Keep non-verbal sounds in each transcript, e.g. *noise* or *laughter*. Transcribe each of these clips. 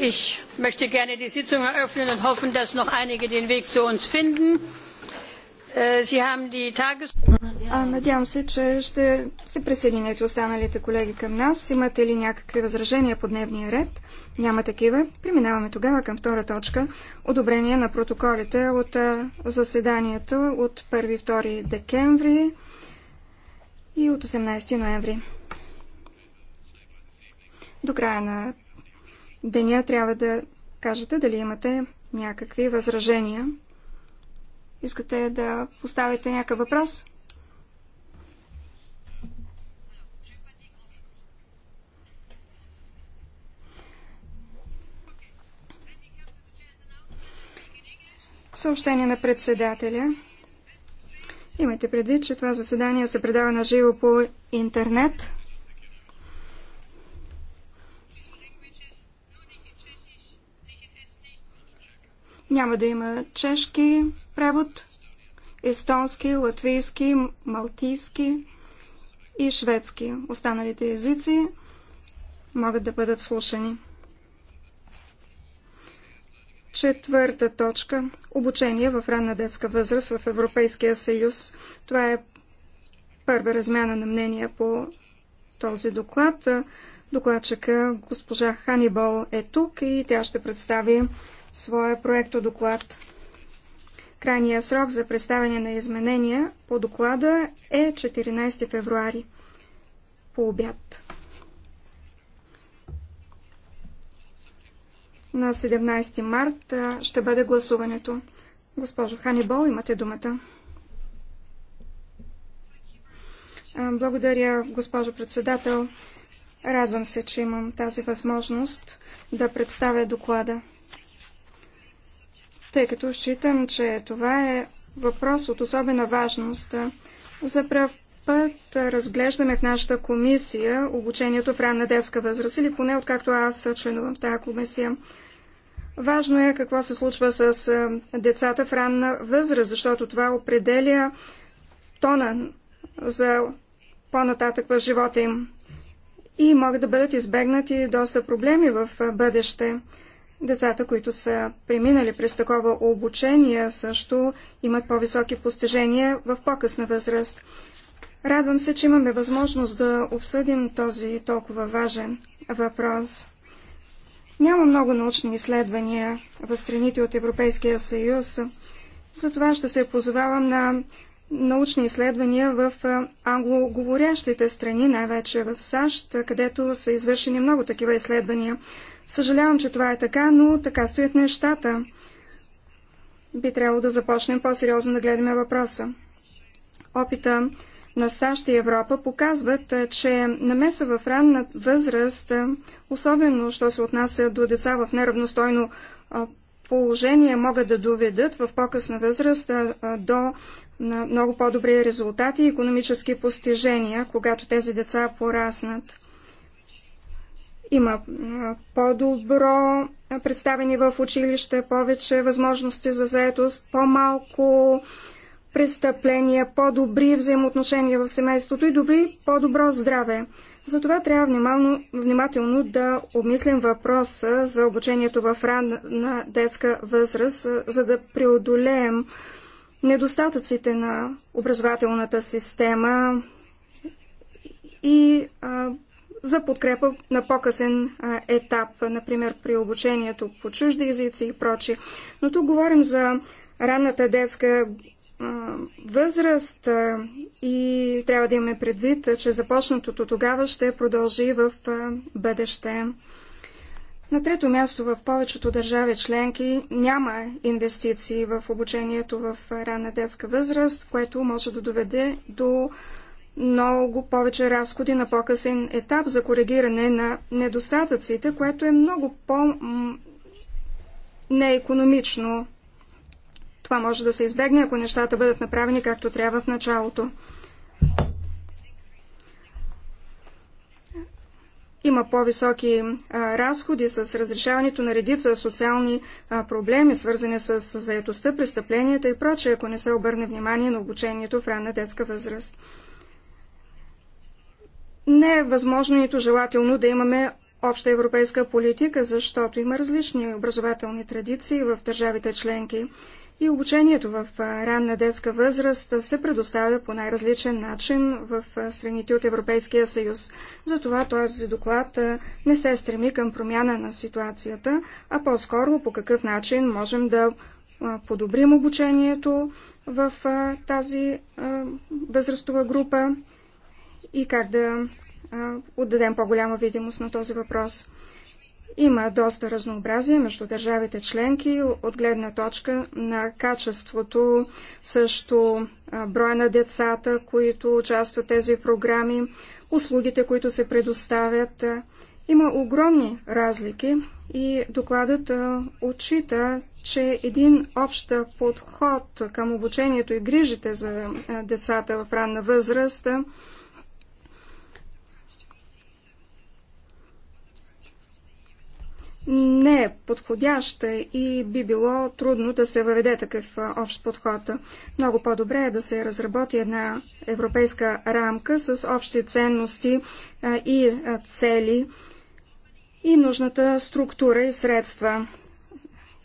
ich möchte gerne die sitzung eröffnen und hoffe dass noch einige den weg zu uns finden. Äh, sie haben die Надявам се, че ще се присъединят останалите колеги към нас. Имате ли някакви възражения по дневния ред? Няма такива. Преминаваме тогава към втора точка. Одобрение на протоколите от заседанието от 1-2 декември и от 18 ноември. До края на деня трябва да кажете дали имате някакви възражения. Искате да поставите някакъв въпрос? Съобщение на председателя. Имайте предвид, че това заседание се предава на живо по интернет. Няма да има чешки превод, естонски, латвийски, малтийски и шведски. Останалите езици могат да бъдат слушани. Четвърта точка – обучение в ранна детска възраст в Европейския съюз. Това е първа размяна на мнения по този доклад. Докладчика госпожа Ханибол е тук и тя ще представи своя проектодоклад. Крайният срок за представяне на изменения по доклада е 14 февруари по обяд. На 17 март ще бъде гласуването. Госпожо Ханибол, имате думата. Благодаря, госпожо председател. Радвам се, че имам тази възможност да представя доклада тъй като считам, че това е въпрос от особена важност. За пръв път разглеждаме в нашата комисия обучението в ранна детска възраст или поне откакто аз членувам в тази комисия. Важно е какво се случва с децата в ранна възраст, защото това определя тона за по-нататък в живота им. И могат да бъдат избегнати доста проблеми в бъдеще. Децата, които са преминали през такова обучение, също имат по-високи постижения в по-късна възраст. Радвам се, че имаме възможност да обсъдим този толкова важен въпрос. Няма много научни изследвания в страните от Европейския съюз, затова ще се позовавам на научни изследвания в англоговорящите страни, най-вече в САЩ, където са извършени много такива изследвания. Съжалявам, че това е така, но така стоят нещата. Би трябвало да започнем по-сериозно да гледаме въпроса. Опита на САЩ и Европа показват, че намеса в ранна възраст, особено що се отнася до деца в неравностойно положение, могат да доведат в по-късна възраст до много по-добри резултати и економически постижения, когато тези деца пораснат. Има по-добро представени в училище, повече възможности за заетост, по-малко престъпления, по-добри взаимоотношения в семейството и добри, по-добро здраве. Затова трябва внимално, внимателно да обмислим въпроса за обучението в ранна детска възраст, за да преодолеем недостатъците на образователната система и а, за подкрепа на по-късен етап, например при обучението по чужди езици и прочи. Но тук говорим за ранната детска възраст и трябва да имаме предвид, че започнатото тогава ще продължи в бъдеще. На трето място в повечето държави членки няма инвестиции в обучението в ранна детска възраст, което може да доведе до много повече разходи на по-късен етап за коригиране на недостатъците, което е много по-неекономично. Това може да се избегне, ако нещата бъдат направени както трябва в началото. Има по-високи разходи с разрешаването на редица социални а, проблеми, свързани с заетостта, престъпленията и прочее, ако не се обърне внимание на обучението в ранна детска възраст не е възможно нито желателно да имаме обща европейска политика, защото има различни образователни традиции в държавите членки и обучението в ранна детска възраст се предоставя по най-различен начин в страните от Европейския съюз. Затова този доклад не се стреми към промяна на ситуацията, а по-скоро по какъв начин можем да подобрим обучението в тази възрастова група, и как да отдадем по-голяма видимост на този въпрос. Има доста разнообразие между държавите членки от гледна точка на качеството, също броя на децата, които участват в тези програми, услугите, които се предоставят. Има огромни разлики и докладът отчита, че един общ подход към обучението и грижите за децата в ранна възраст не е подходяща и би било трудно да се въведе такъв общ подход. Много по-добре е да се разработи една европейска рамка с общи ценности и цели и нужната структура и средства.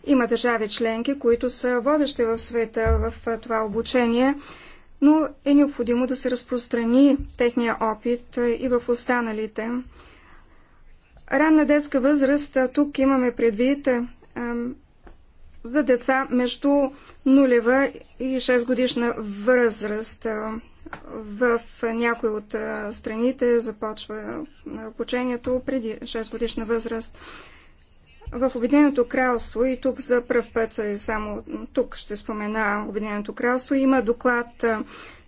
Има държави членки, които са водещи в света в това обучение, но е необходимо да се разпространи техния опит и в останалите. Ранна детска възраст, тук имаме предвид за деца между нулева и 6 годишна възраст. В някои от страните започва обучението преди 6 годишна възраст. В Обединеното кралство, и тук за пръв път, е само тук ще спомена Обединеното кралство, има доклад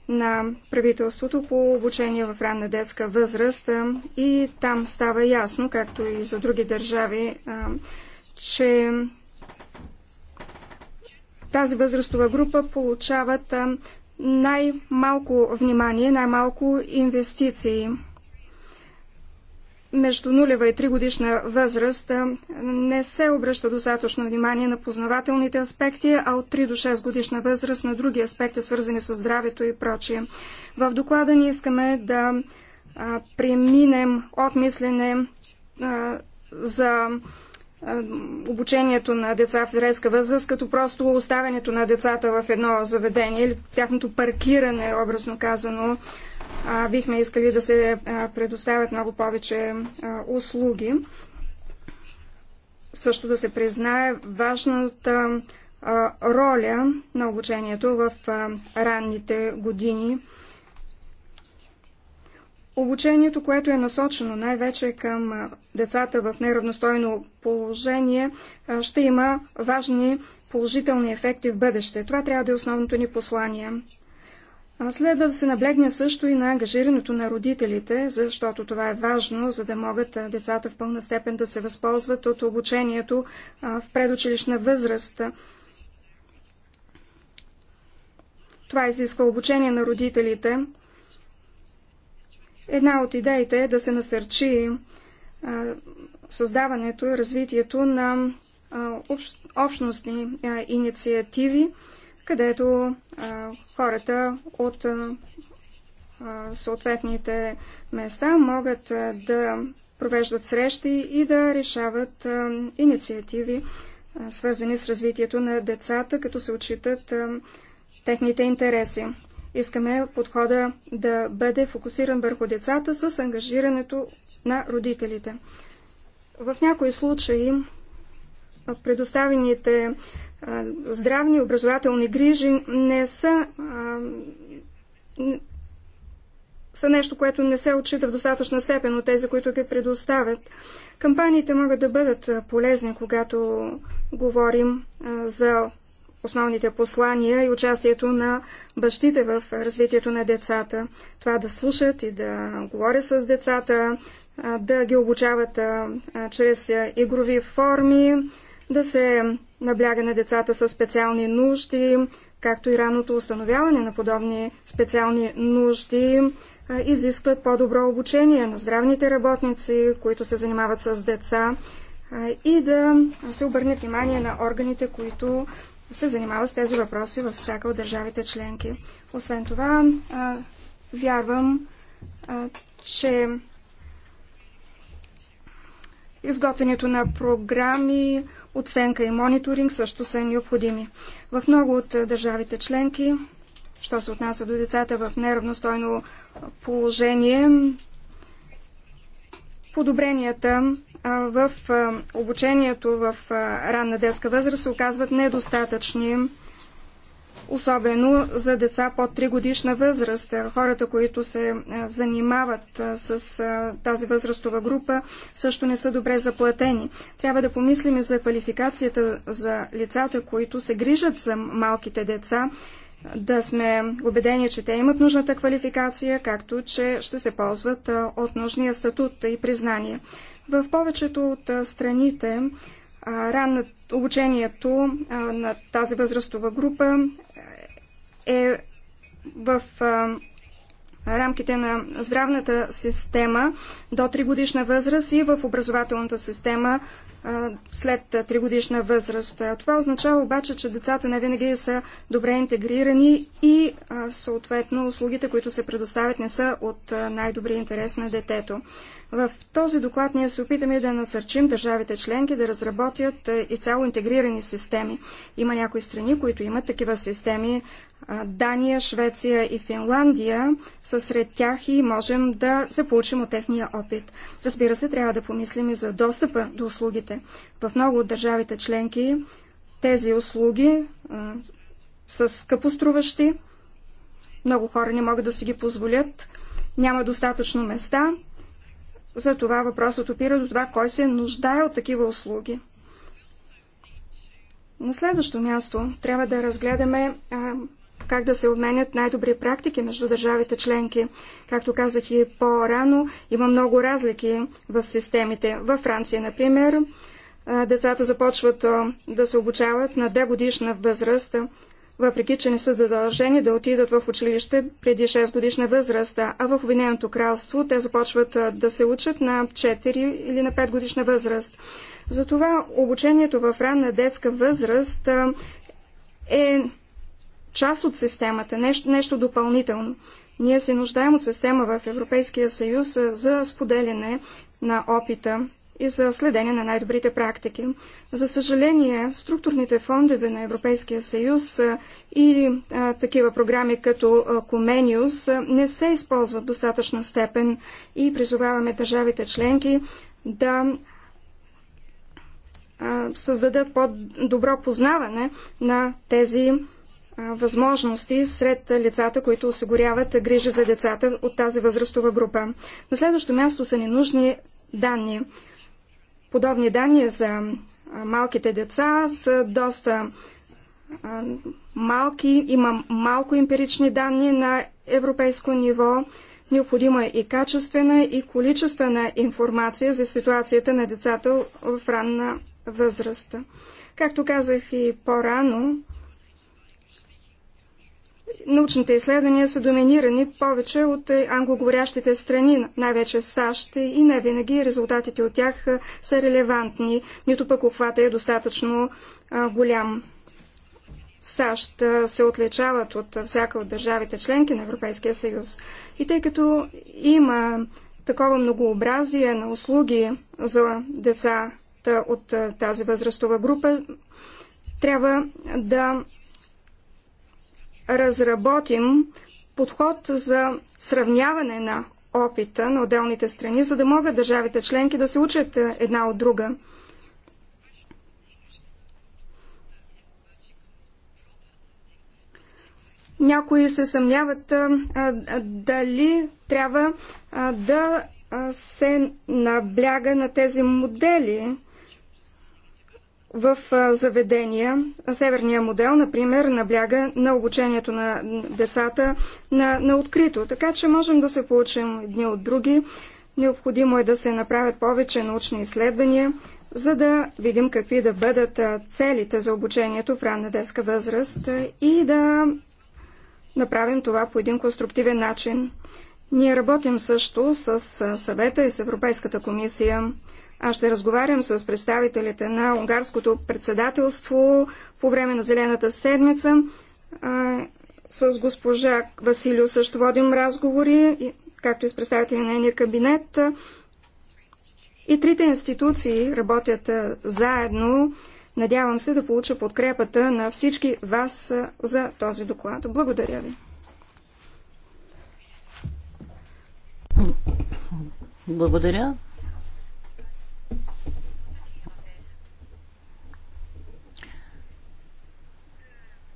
на правителството по обучение в ранна детска възраст и там става ясно, както и за други държави, че тази възрастова група получават най-малко внимание, най-малко инвестиции между нулева и 3 годишна възраст не се обръща достатъчно внимание на познавателните аспекти, а от 3 до 6 годишна възраст на други аспекти, свързани с здравето и прочие. В доклада ни искаме да преминем от мислене за обучението на деца в резка възраст, като просто оставянето на децата в едно заведение или тяхното паркиране, образно казано. А, бихме искали да се предоставят много повече а, услуги. Също да се признае важната а, роля на обучението в ранните години Обучението, което е насочено най-вече към децата в неравностойно положение, ще има важни положителни ефекти в бъдеще. Това трябва да е основното ни послание. Следва да се наблегне също и на ангажирането на родителите, защото това е важно, за да могат децата в пълна степен да се възползват от обучението в предучилищна възраст. Това изисква обучение на родителите, Една от идеите е да се насърчи създаването и развитието на общностни инициативи, където хората от съответните места могат да провеждат срещи и да решават инициативи, свързани с развитието на децата, като се отчитат техните интереси. Искаме подхода да бъде фокусиран върху децата с ангажирането на родителите. В някои случаи предоставените здравни и образователни грижи не са, а, са нещо, което не се отчита в достатъчна степен от тези, които ги предоставят. Кампаниите могат да бъдат полезни, когато говорим за основните послания и участието на бащите в развитието на децата. Това да слушат и да говорят с децата, да ги обучават чрез игрови форми, да се набляга на децата с специални нужди, както и раното установяване на подобни специални нужди, изискват по-добро обучение на здравните работници, които се занимават с деца и да се обърне внимание на органите, които се занимава с тези въпроси във всяка от държавите членки. Освен това, вярвам, че изготвянето на програми, оценка и мониторинг също са необходими. В много от държавите членки, що се отнася до децата в неравностойно положение, подобренията в обучението в ранна детска възраст се оказват недостатъчни, особено за деца под 3 годишна възраст. Хората, които се занимават с тази възрастова група, също не са добре заплатени. Трябва да помислим за квалификацията за лицата, които се грижат за малките деца да сме убедени, че те имат нужната квалификация, както че ще се ползват от нужния статут и признание. В повечето от страните ранно обучението на тази възрастова група е в рамките на здравната система до 3 годишна възраст и в образователната система след 3 годишна възраст. Това означава обаче, че децата не винаги са добре интегрирани и съответно услугите, които се предоставят, не са от най-добрия интерес на детето. В този доклад ние се опитаме да насърчим държавите членки да разработят е, изцяло интегрирани системи. Има някои страни, които имат такива системи. Дания, Швеция и Финландия са сред тях и можем да се получим от техния опит. Разбира се, трябва да помислим и за достъпа до услугите. В много от държавите членки тези услуги а, са скъпоструващи. Много хора не могат да си ги позволят. Няма достатъчно места затова въпросът опира до това, кой се нуждае от такива услуги. На следващо място трябва да разгледаме а, как да се обменят най-добри практики между държавите членки. Както казах и по-рано, има много разлики в системите. Във Франция, например, а, децата започват а, да се обучават на 2 годишна възраст въпреки че не са задължени да отидат в училище преди 6 годишна възраст, а в Обединеното кралство те започват да се учат на 4 или на 5 годишна възраст. Затова обучението в ранна детска възраст е част от системата, нещо, нещо допълнително. Ние се нуждаем от система в Европейския съюз за споделяне на опита и за следение на най-добрите практики. За съжаление, структурните фондове на Европейския съюз и а, такива програми като Comenius, не се използват в достатъчна степен и призоваваме държавите членки да а, създадат по-добро познаване на тези възможности сред лицата, които осигуряват грижи за децата от тази възрастова група. На следващо място са ни нужни данни подобни данни за малките деца са доста малки, има малко емпирични данни на европейско ниво. Необходима е и качествена, и количествена информация за ситуацията на децата в ранна възраст. Както казах и по-рано, научните изследвания са доминирани повече от е, англоговорящите страни, най-вече САЩ, и не винаги резултатите от тях е, са релевантни, нито пък обхвата е достатъчно голям. САЩ е, се отличават от всяка от държавите членки на Европейския съюз. И тъй като има такова многообразие на услуги за децата от тази възрастова група, трябва да разработим подход за сравняване на опита на отделните страни, за да могат държавите членки да се учат е, една от друга. Някои се съмняват а, е, е, дали трябва а, да се набляга на тези модели в заведения. Северния модел, например, набляга на обучението на децата на, на открито. Така че можем да се получим едни от други. Необходимо е да се направят повече научни изследвания, за да видим какви да бъдат целите за обучението в ранна детска възраст и да направим това по един конструктивен начин. Ние работим също с съвета и с Европейската комисия. Аз ще разговарям с представителите на унгарското председателство по време на Зелената седмица. С госпожа Василио също водим разговори, както и с представители на нейния кабинет. И трите институции работят заедно. Надявам се да получа подкрепата на всички вас за този доклад. Благодаря ви. Благодаря.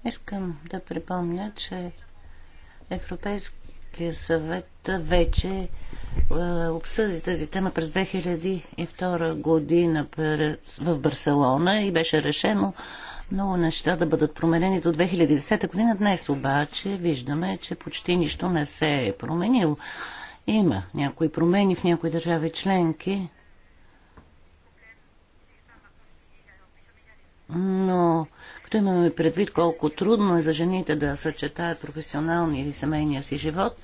Искам да припомня, че Европейския съвет вече е, обсъди тази тема през 2002 година в Барселона и беше решено много неща да бъдат променени до 2010 година. Днес обаче виждаме, че почти нищо не се е променило. Има някои промени в някои държави членки, Но като имаме предвид колко трудно е за жените да съчетаят професионалния и семейния си живот,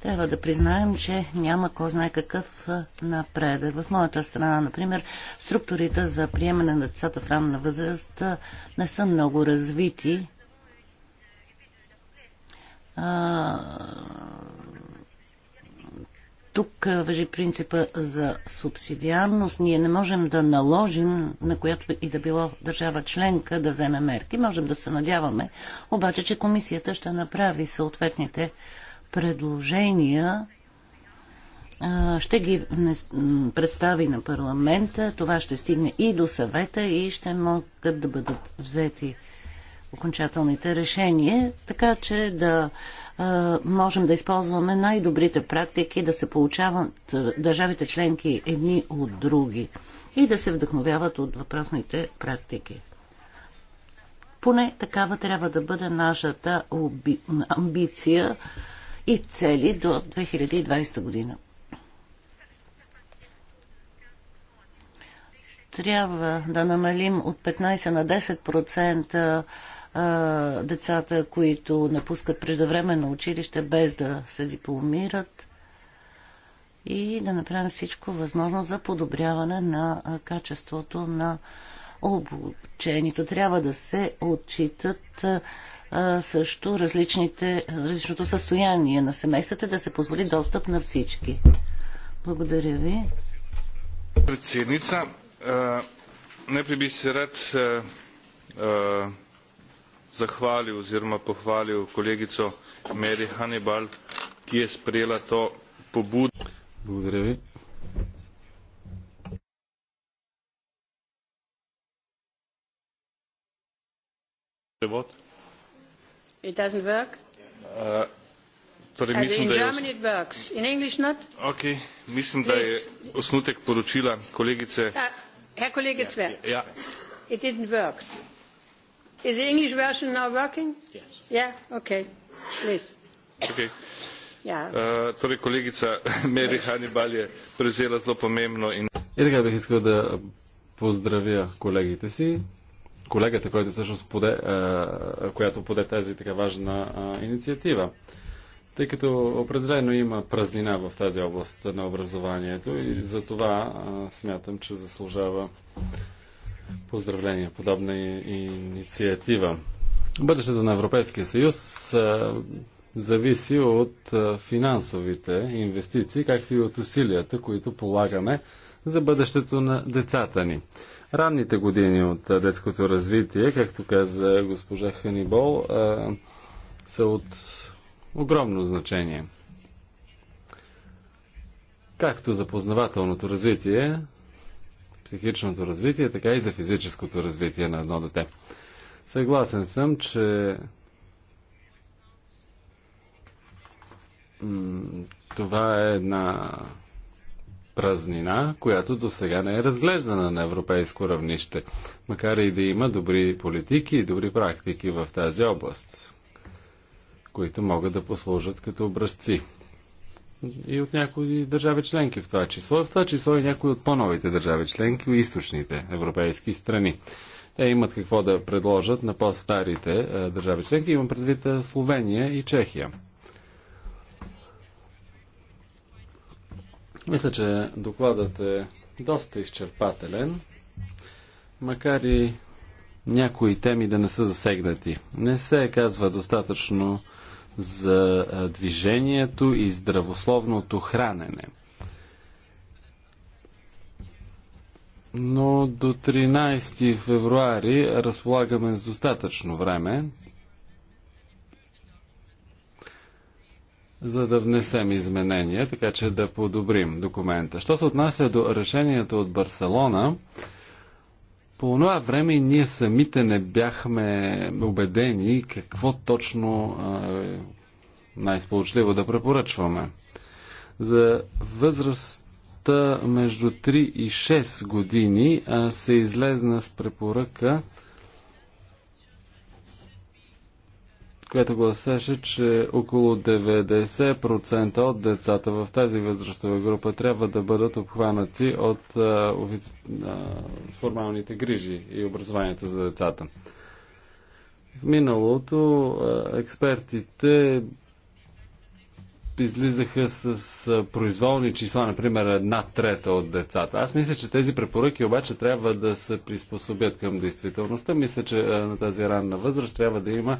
трябва да признаем, че няма кой знае какъв напредък. В моята страна, например, структурите за приемане на децата в ранна възраст не са много развити. Тук въжи принципа за субсидиарност. Ние не можем да наложим на която и да било държава членка да вземе мерки. Можем да се надяваме, обаче, че комисията ще направи съответните предложения, ще ги представи на парламента, това ще стигне и до съвета и ще могат да бъдат взети окончателните решения, така че да можем да използваме най-добрите практики, да се получават държавите членки едни от други и да се вдъхновяват от въпросните практики. Поне такава трябва да бъде нашата амбиция и цели до 2020 година. Трябва да намалим от 15 на 10% децата, които напускат преждевременно училище без да се дипломират и да направим всичко възможно за подобряване на качеството на обучението. Трябва да се отчитат също различните, различното състояние на семействата, да се позволи достъп на всички. Благодаря ви. Председница, не би се рад а, zahvalil oziroma pohvalil kolegico Mary Hannibal, ki je sprejela to pobudo. Благодаря ви. Превод? It doesn't work. Uh, torej mislim, da je German it works. In English not? Okay, mislim, da je osnutek poročila kolegice. Uh, Herr Kollege Zwerg. Ja. It didn't work. Is the English version now working? Yes. Yeah, okay. Please. Okay. *laughs* Uh, torej, kolegica *laughs* Meri Hannibal je prevzela zelo pomembno in. И така бих искал да поздравя колегите си, колегата, който всъщност поде, която поде тази така важна inicijativa. Тъй като определено има празнина в тази област на образованието и за това смятам, че заслужава Поздравления, подобна инициатива. Бъдещето на Европейския съюз а, зависи от а, финансовите инвестиции, както и от усилията, които полагаме за бъдещето на децата ни. Ранните години от а, детското развитие, както каза госпожа Ханибол, са от огромно значение. Както за познавателното развитие, психичното развитие, така и за физическото развитие на едно дете. Съгласен съм, че това е една празнина, която до сега не е разглеждана на европейско равнище, макар и да има добри политики и добри практики в тази област, които могат да послужат като образци и от някои държави членки в това число, в това число и някои от по-новите държави членки, източните европейски страни. Те имат какво да предложат на по-старите е, държави членки, имам предвид е, Словения и Чехия. Мисля, че докладът е доста изчерпателен, макар и някои теми да не са засегнати. Не се казва достатъчно за движението и здравословното хранене. Но до 13 февруари разполагаме с достатъчно време, за да внесем изменения, така че да подобрим документа. Що се отнася до решението от Барселона, по това време ние самите не бяхме убедени какво точно е най-сполучливо да препоръчваме. За възрастта между 3 и 6 години се излезна с препоръка която гласеше, че около 90% от децата в тази възрастова група трябва да бъдат обхванати от формалните грижи и образованието за децата. В миналото експертите излизаха с произволни числа, например една трета от децата. Аз мисля, че тези препоръки обаче трябва да се приспособят към действителността. Мисля, че на тази ранна възраст трябва да има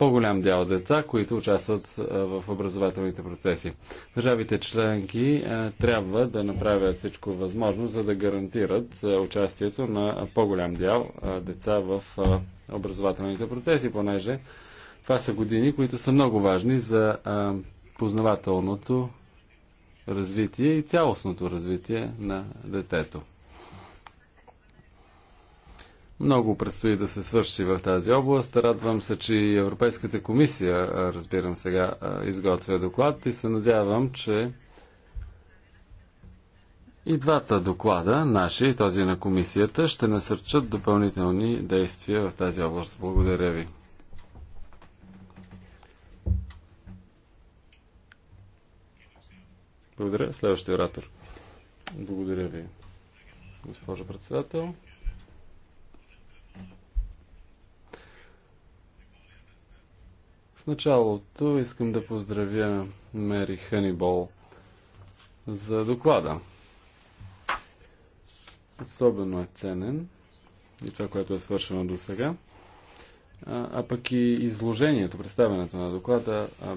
по-голям дял деца, които участват в образователните процеси. Държавите членки трябва да направят всичко възможно, за да гарантират участието на по-голям дял деца в образователните процеси, понеже това са години, които са много важни за познавателното развитие и цялостното развитие на детето. Много предстои да се свърши в тази област. Радвам се, че и Европейската комисия, разбирам сега, изготвя доклад и се надявам, че и двата доклада, наши и този на комисията, ще насърчат допълнителни действия в тази област. Благодаря ви. Благодаря. Следващия оратор. Благодаря ви, госпожо председател. началото искам да поздравя Мери Ханибол за доклада. Особено е ценен и това, което е свършено до сега. А, а пък и изложението, представянето на доклада а,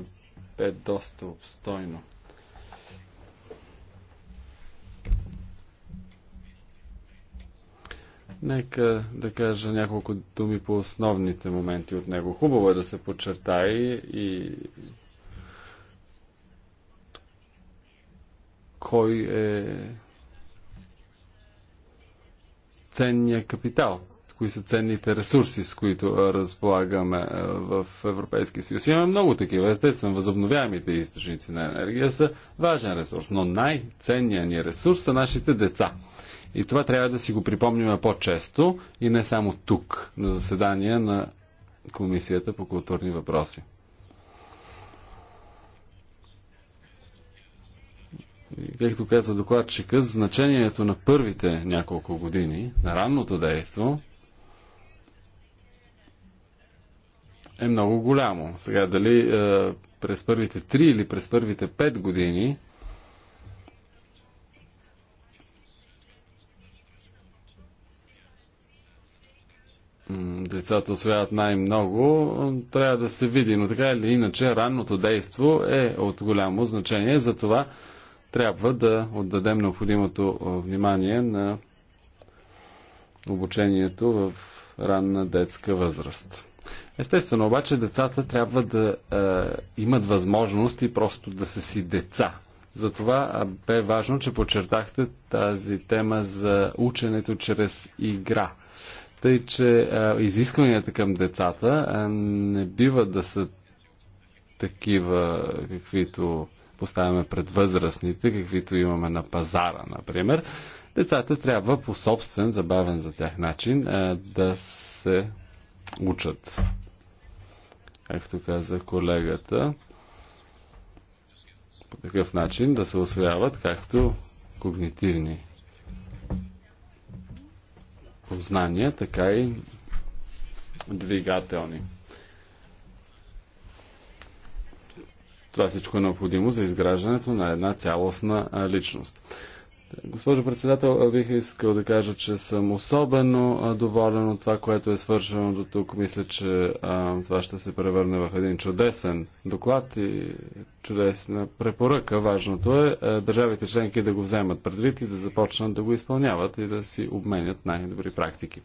бе доста обстойно. Нека да кажа няколко думи по основните моменти от него. Хубаво е да се подчертае и кой е ценния капитал, кои са ценните ресурси, с които разполагаме е, в Европейския съюз. Имаме много такива. Естествено, възобновяемите източници на енергия са важен ресурс, но най-ценният ни ресурс са нашите деца. И това трябва да си го припомняме по-често и не само тук, на заседания на Комисията по културни въпроси. както каза докладчика, значението на първите няколко години, на ранното действо, е много голямо. Сега дали е, през първите три или през първите пет години децата освояват най-много, трябва да се види. Но така или иначе, ранното действо е от голямо значение. Затова трябва да отдадем необходимото внимание на обучението в ранна детска възраст. Естествено, обаче, децата трябва да е, имат възможност и просто да са си деца. Затова бе важно, че подчертахте тази тема за ученето чрез игра – тъй, че а, изискванията към децата а, не бива да са такива, каквито поставяме пред възрастните, каквито имаме на пазара, например. Децата трябва по собствен, забавен за тях начин а, да се учат. Както каза колегата, по такъв начин да се освояват както когнитивни познания, така и двигателни. Това всичко е необходимо за изграждането на една цялостна личност. Госпожо председател, бих искал да кажа, че съм особено доволен от това, което е свършено до тук. Мисля, че а, това ще се превърне в един чудесен доклад и чудесна препоръка. Важното е а, държавите членки да го вземат предвид и да започнат да го изпълняват и да си обменят най-добри практики.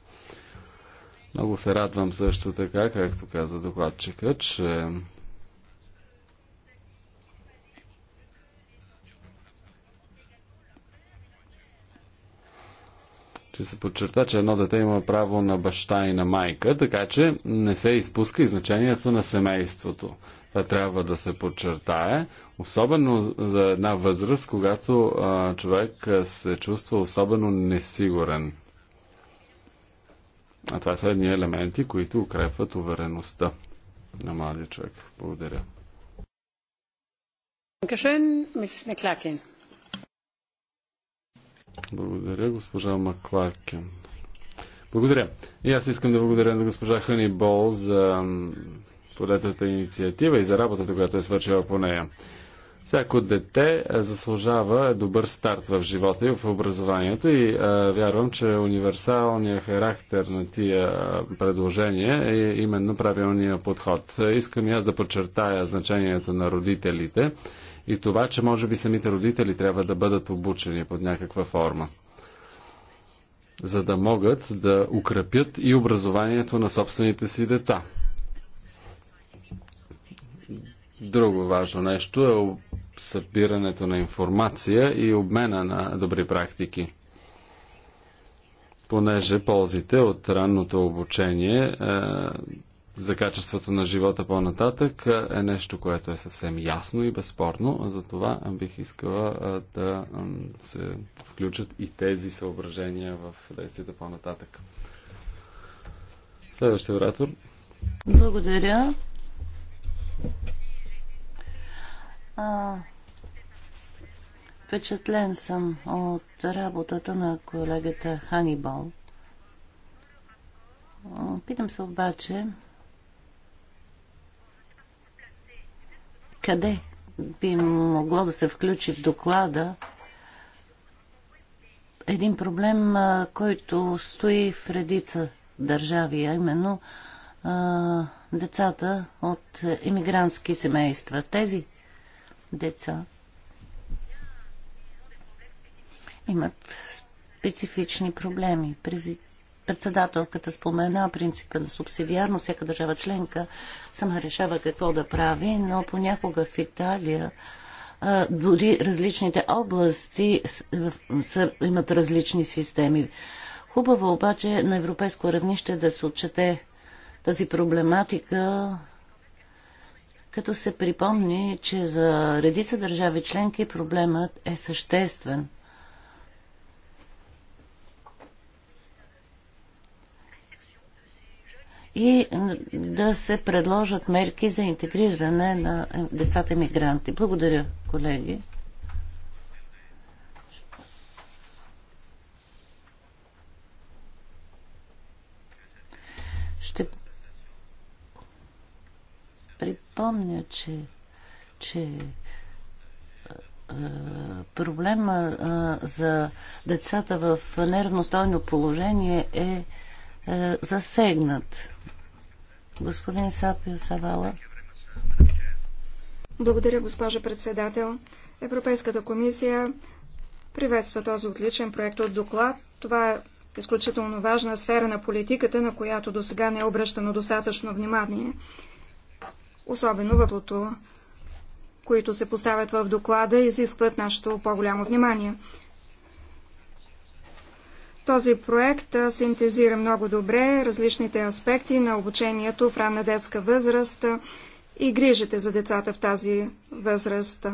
Много се радвам също така, както каза докладчика, че Ще се подчерта, че едно дете има право на баща и на майка, така че не се изпуска и значението на семейството. Това трябва да се подчертае, особено за една възраст, когато а, човек се чувства особено несигурен. А това са едни елементи, които укрепват увереността на младия човек. Благодаря. Dankeschön, Mrs. McLaughlin. Благодаря, госпожа Макларкен. Благодаря. И аз искам да благодаря на госпожа Хъни Бол за подетата инициатива и за работата, която е свършила по нея. Всяко дете заслужава добър старт в живота и в образованието и а, вярвам, че универсалният характер на тия предложения е именно правилния подход. Искам и аз да подчертая значението на родителите и това, че може би самите родители трябва да бъдат обучени под някаква форма, за да могат да укрепят и образованието на собствените си деца. Друго важно нещо е събирането на информация и обмена на добри практики понеже ползите от ранното обучение е, за качеството на живота по-нататък е нещо, което е съвсем ясно и безспорно. Затова бих искала да се включат и тези съображения в действията по-нататък. Следващия оратор. Благодаря. А, впечатлен съм от работата на колегата Ханибал. Питам се обаче, къде би могло да се включи в доклада един проблем, който стои в редица държави, а именно децата от иммигрантски семейства. Тези деца имат специфични проблеми. През Председателката спомена принципа на субсидиарност. Всяка държава членка сама решава какво да прави, но понякога в Италия дори различните области са, имат различни системи. Хубаво обаче на европейско равнище да се отчете тази проблематика, като се припомни, че за редица държави членки проблемът е съществен. и е, да се предложат мерки за интегриране на е, децата мигранти. Благодаря, колеги. Ще припомня, че, че е, проблема за децата в нервностойно положение е засегнат. Господин Сапио Савала. Благодаря, госпожа председател. Европейската комисия приветства този отличен проект от доклад. Това е изключително важна сфера на политиката, на която до сега не е обръщано достатъчно внимание. Особено въпрото, които се поставят в доклада, изискват нашето по-голямо внимание. Този проект синтезира много добре различните аспекти на обучението в ранна детска възраст и грижите за децата в тази възраст.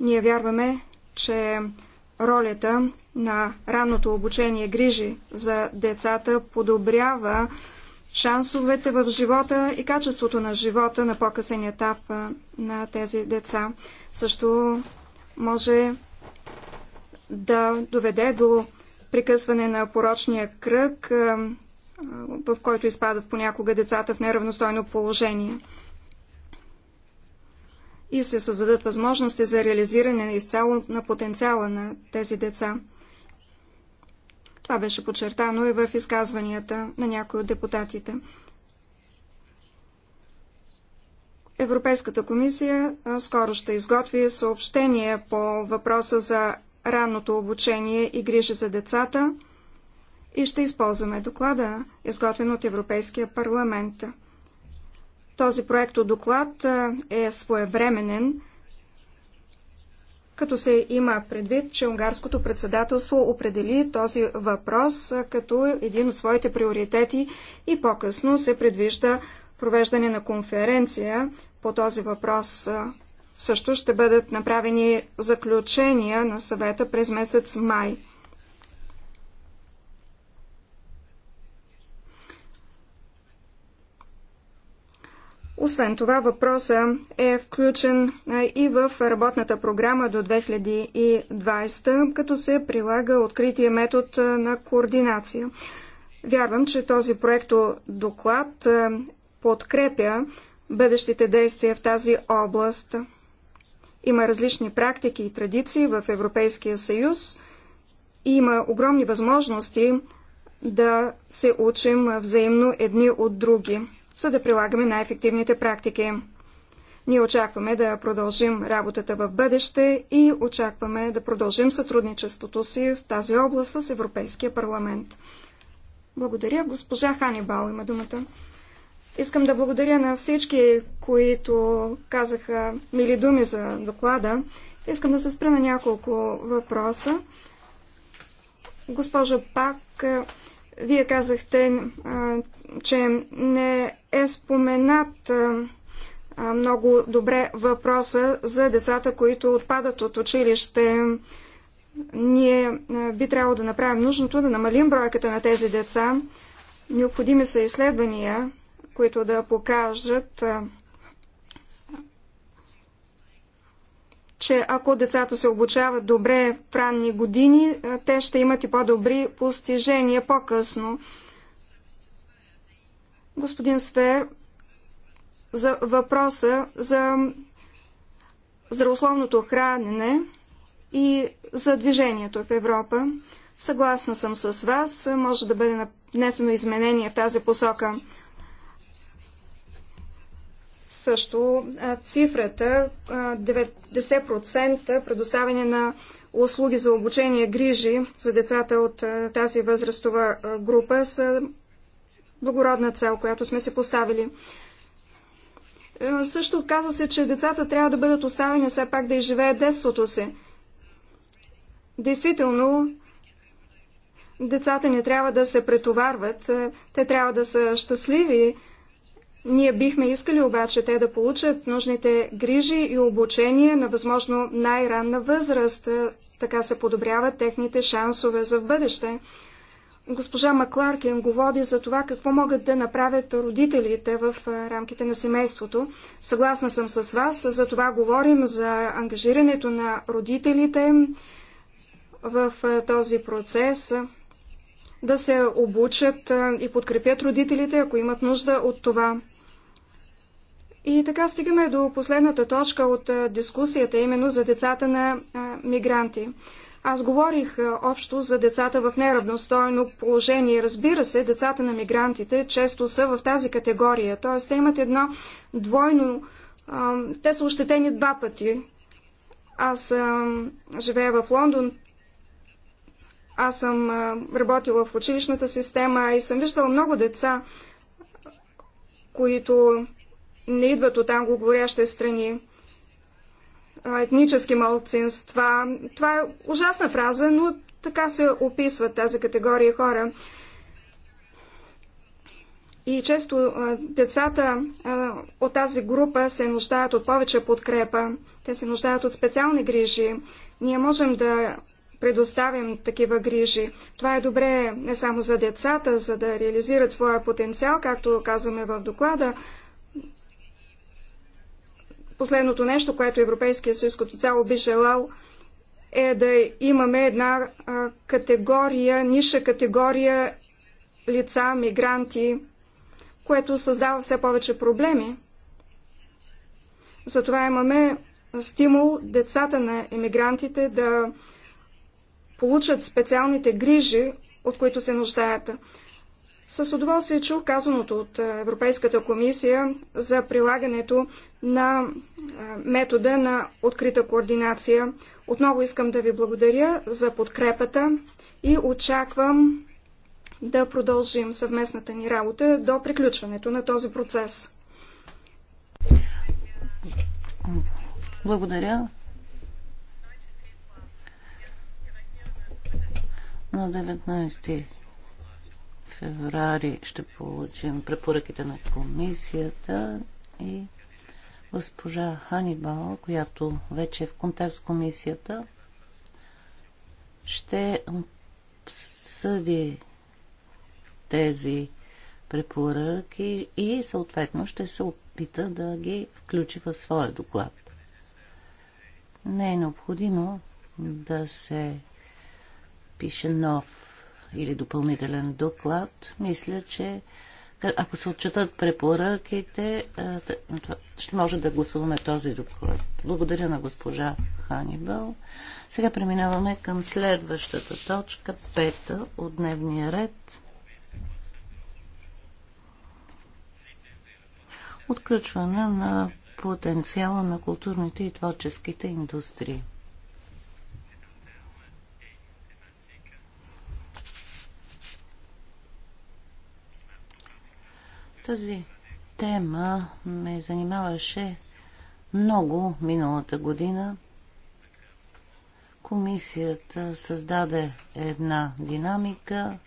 Ние вярваме, че ролята на ранното обучение грижи за децата подобрява шансовете в живота и качеството на живота на по-късен етап на тези деца. Също може да доведе до прекъсване на порочния кръг, в който изпадат понякога децата в неравностойно положение. И се създадат възможности за реализиране изцяло на потенциала на тези деца. Това беше подчертано и в изказванията на някои от депутатите. Европейската комисия скоро ще изготви съобщение по въпроса за ранното обучение и грижи за децата и ще използваме доклада, изготвен от Европейския парламент. Този проект от доклад е своевременен, като се има предвид, че унгарското председателство определи този въпрос като един от своите приоритети и по-късно се предвижда провеждане на конференция по този въпрос също ще бъдат направени заключения на съвета през месец май. Освен това, въпроса е включен и в работната програма до 2020, като се прилага открития метод на координация. Вярвам, че този проекто доклад подкрепя бъдещите действия в тази област. Има различни практики и традиции в Европейския съюз и има огромни възможности да се учим взаимно едни от други, за да прилагаме най-ефективните практики. Ние очакваме да продължим работата в бъдеще и очакваме да продължим сътрудничеството си в тази област с Европейския парламент. Благодаря. Госпожа Ханибал има думата. Искам да благодаря на всички, които казаха мили думи за доклада. Искам да се спра на няколко въпроса. Госпожо Пак, вие казахте, че не е споменат много добре въпроса за децата, които отпадат от училище. Ние би трябвало да направим нужното, да намалим бройката на тези деца. Необходими са изследвания които да покажат, че ако децата се обучават добре в ранни години, те ще имат и по-добри постижения по-късно. Господин Сфер, за въпроса за здравословното хранене и за движението в Европа. Съгласна съм с вас, може да бъде внесено изменение в тази посока. Също цифрата 90% предоставяне на услуги за обучение грижи за децата от тази възрастова група са благородна цел, която сме се поставили. Също каза се, че децата трябва да бъдат оставени все пак да изживеят детството си. Действително, децата не трябва да се претоварват, те трябва да са щастливи, ние бихме искали обаче те да получат нужните грижи и обучение на възможно най-ранна възраст. Така се подобряват техните шансове за в бъдеще. Госпожа Макларкин говори за това какво могат да направят родителите в рамките на семейството. Съгласна съм с вас, за това говорим за ангажирането на родителите в този процес, да се обучат и подкрепят родителите, ако имат нужда от това. И така стигаме до последната точка от дискусията, именно за децата на мигранти. Аз говорих общо за децата в неравностойно положение. Разбира се, децата на мигрантите често са в тази категория, т.е. те имат едно двойно... Те са ощетени два пъти. Аз живея в Лондон, аз съм работила в училищната система и съм виждала много деца, които не идват от англоговорящите страни. Етнически малцинства. Това е ужасна фраза, но така се описват тази категория хора. И често децата от тази група се нуждаят от повече подкрепа. Те се нуждаят от специални грижи. Ние можем да предоставим такива грижи. Това е добре не само за децата, за да реализират своя потенциал, както казваме в доклада, Последното нещо, което Европейския съюз като цяло би желал, е да имаме една категория, ниша категория лица, мигранти, което създава все повече проблеми. Затова имаме стимул децата на емигрантите да получат специалните грижи, от които се нуждаят. С удоволствие чух казаното от е, Европейската комисия за прилагането на е, метода на открита координация. Отново искам да ви благодаря за подкрепата и очаквам да продължим съвместната ни работа до приключването на този процес. Благодаря. На 19 феврари ще получим препоръките на комисията и госпожа Ханибал, която вече е в контакт с комисията, ще обсъди тези препоръки и съответно ще се опита да ги включи в своя доклад. Не е необходимо да се пише нов или допълнителен доклад, мисля, че ако се отчитат препоръките, е, ще може да гласуваме този доклад. Благодаря на госпожа Ханибал. Сега преминаваме към следващата точка, пета от дневния ред. Отключване на потенциала на културните и творческите индустрии. Тази тема ме занимаваше много миналата година. Комисията създаде една динамика.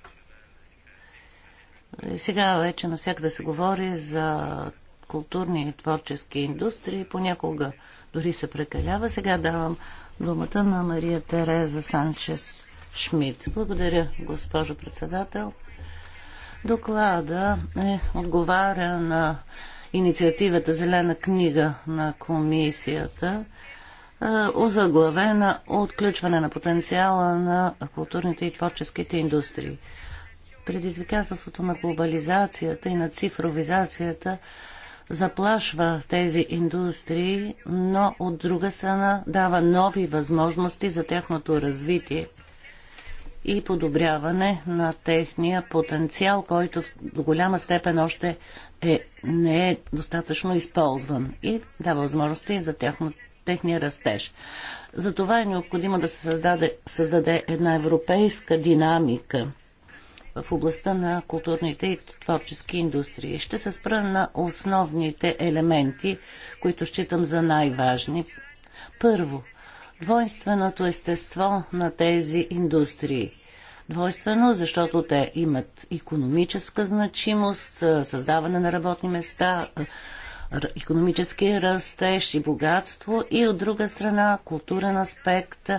Сега вече навсякъде се говори за културни и творчески индустрии. Понякога дори се прекалява. Сега давам думата на Мария Тереза Санчес Шмидт. Благодаря, госпожо председател. Доклада е, отговаря на инициативата Зелена книга на комисията, е, озаглавена отключване на потенциала на културните и творческите индустрии. Предизвикателството на глобализацията и на цифровизацията заплашва тези индустрии, но от друга страна дава нови възможности за тяхното развитие – и подобряване на техния потенциал, който до голяма степен още е, не е достатъчно използван и дава възможности за тяхно, техния растеж. Затова е необходимо да се създаде, създаде една европейска динамика в областта на културните и творчески индустрии. Ще се спра на основните елементи, които считам за най-важни. Първо – двойственото естество на тези индустрии. Двойствено, защото те имат економическа значимост, създаване на работни места, економически растеж и богатство и от друга страна културен аспект,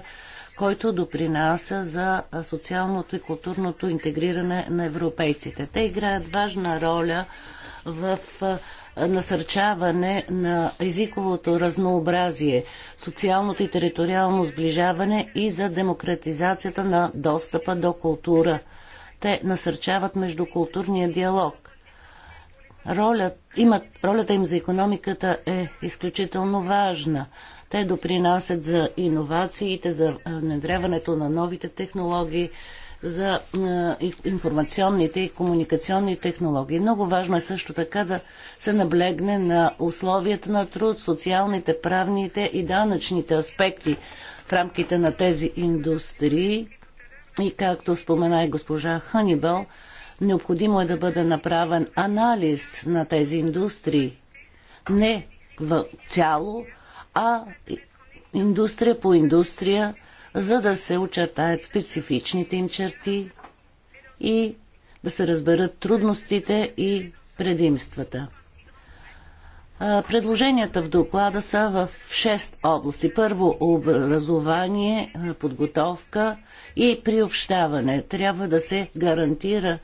който допринася за социалното и културното интегриране на европейците. Те играят важна роля в насърчаване на езиковото разнообразие, социалното и териториално сближаване и за демократизацията на достъпа до култура. Те насърчават междукултурния диалог. Ролят, имат, ролята им за економиката е изключително важна. Те допринасят за иновациите, за внедряването на новите технологии, за е, информационните и комуникационни технологии. Много важно е също така да се наблегне на условията на труд, социалните, правните и данъчните аспекти в рамките на тези индустрии. И както спомена и госпожа Ханибал, необходимо е да бъде направен анализ на тези индустрии. Не в цяло, а индустрия по индустрия за да се очертаят специфичните им черти и да се разберат трудностите и предимствата. Предложенията в доклада са в 6 области. Първо образование, подготовка и приобщаване. Трябва да се гарантира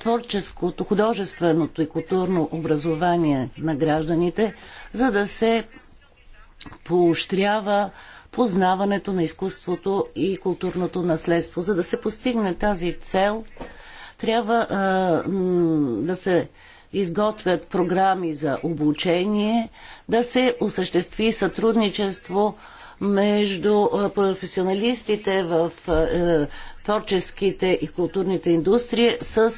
творческото, художественото и културно образование на гражданите, за да се поощрява познаването на изкуството и културното наследство. За да се постигне тази цел, трябва а, да се изготвят програми за обучение, да се осъществи сътрудничество между професионалистите в е, творческите и културните индустрии с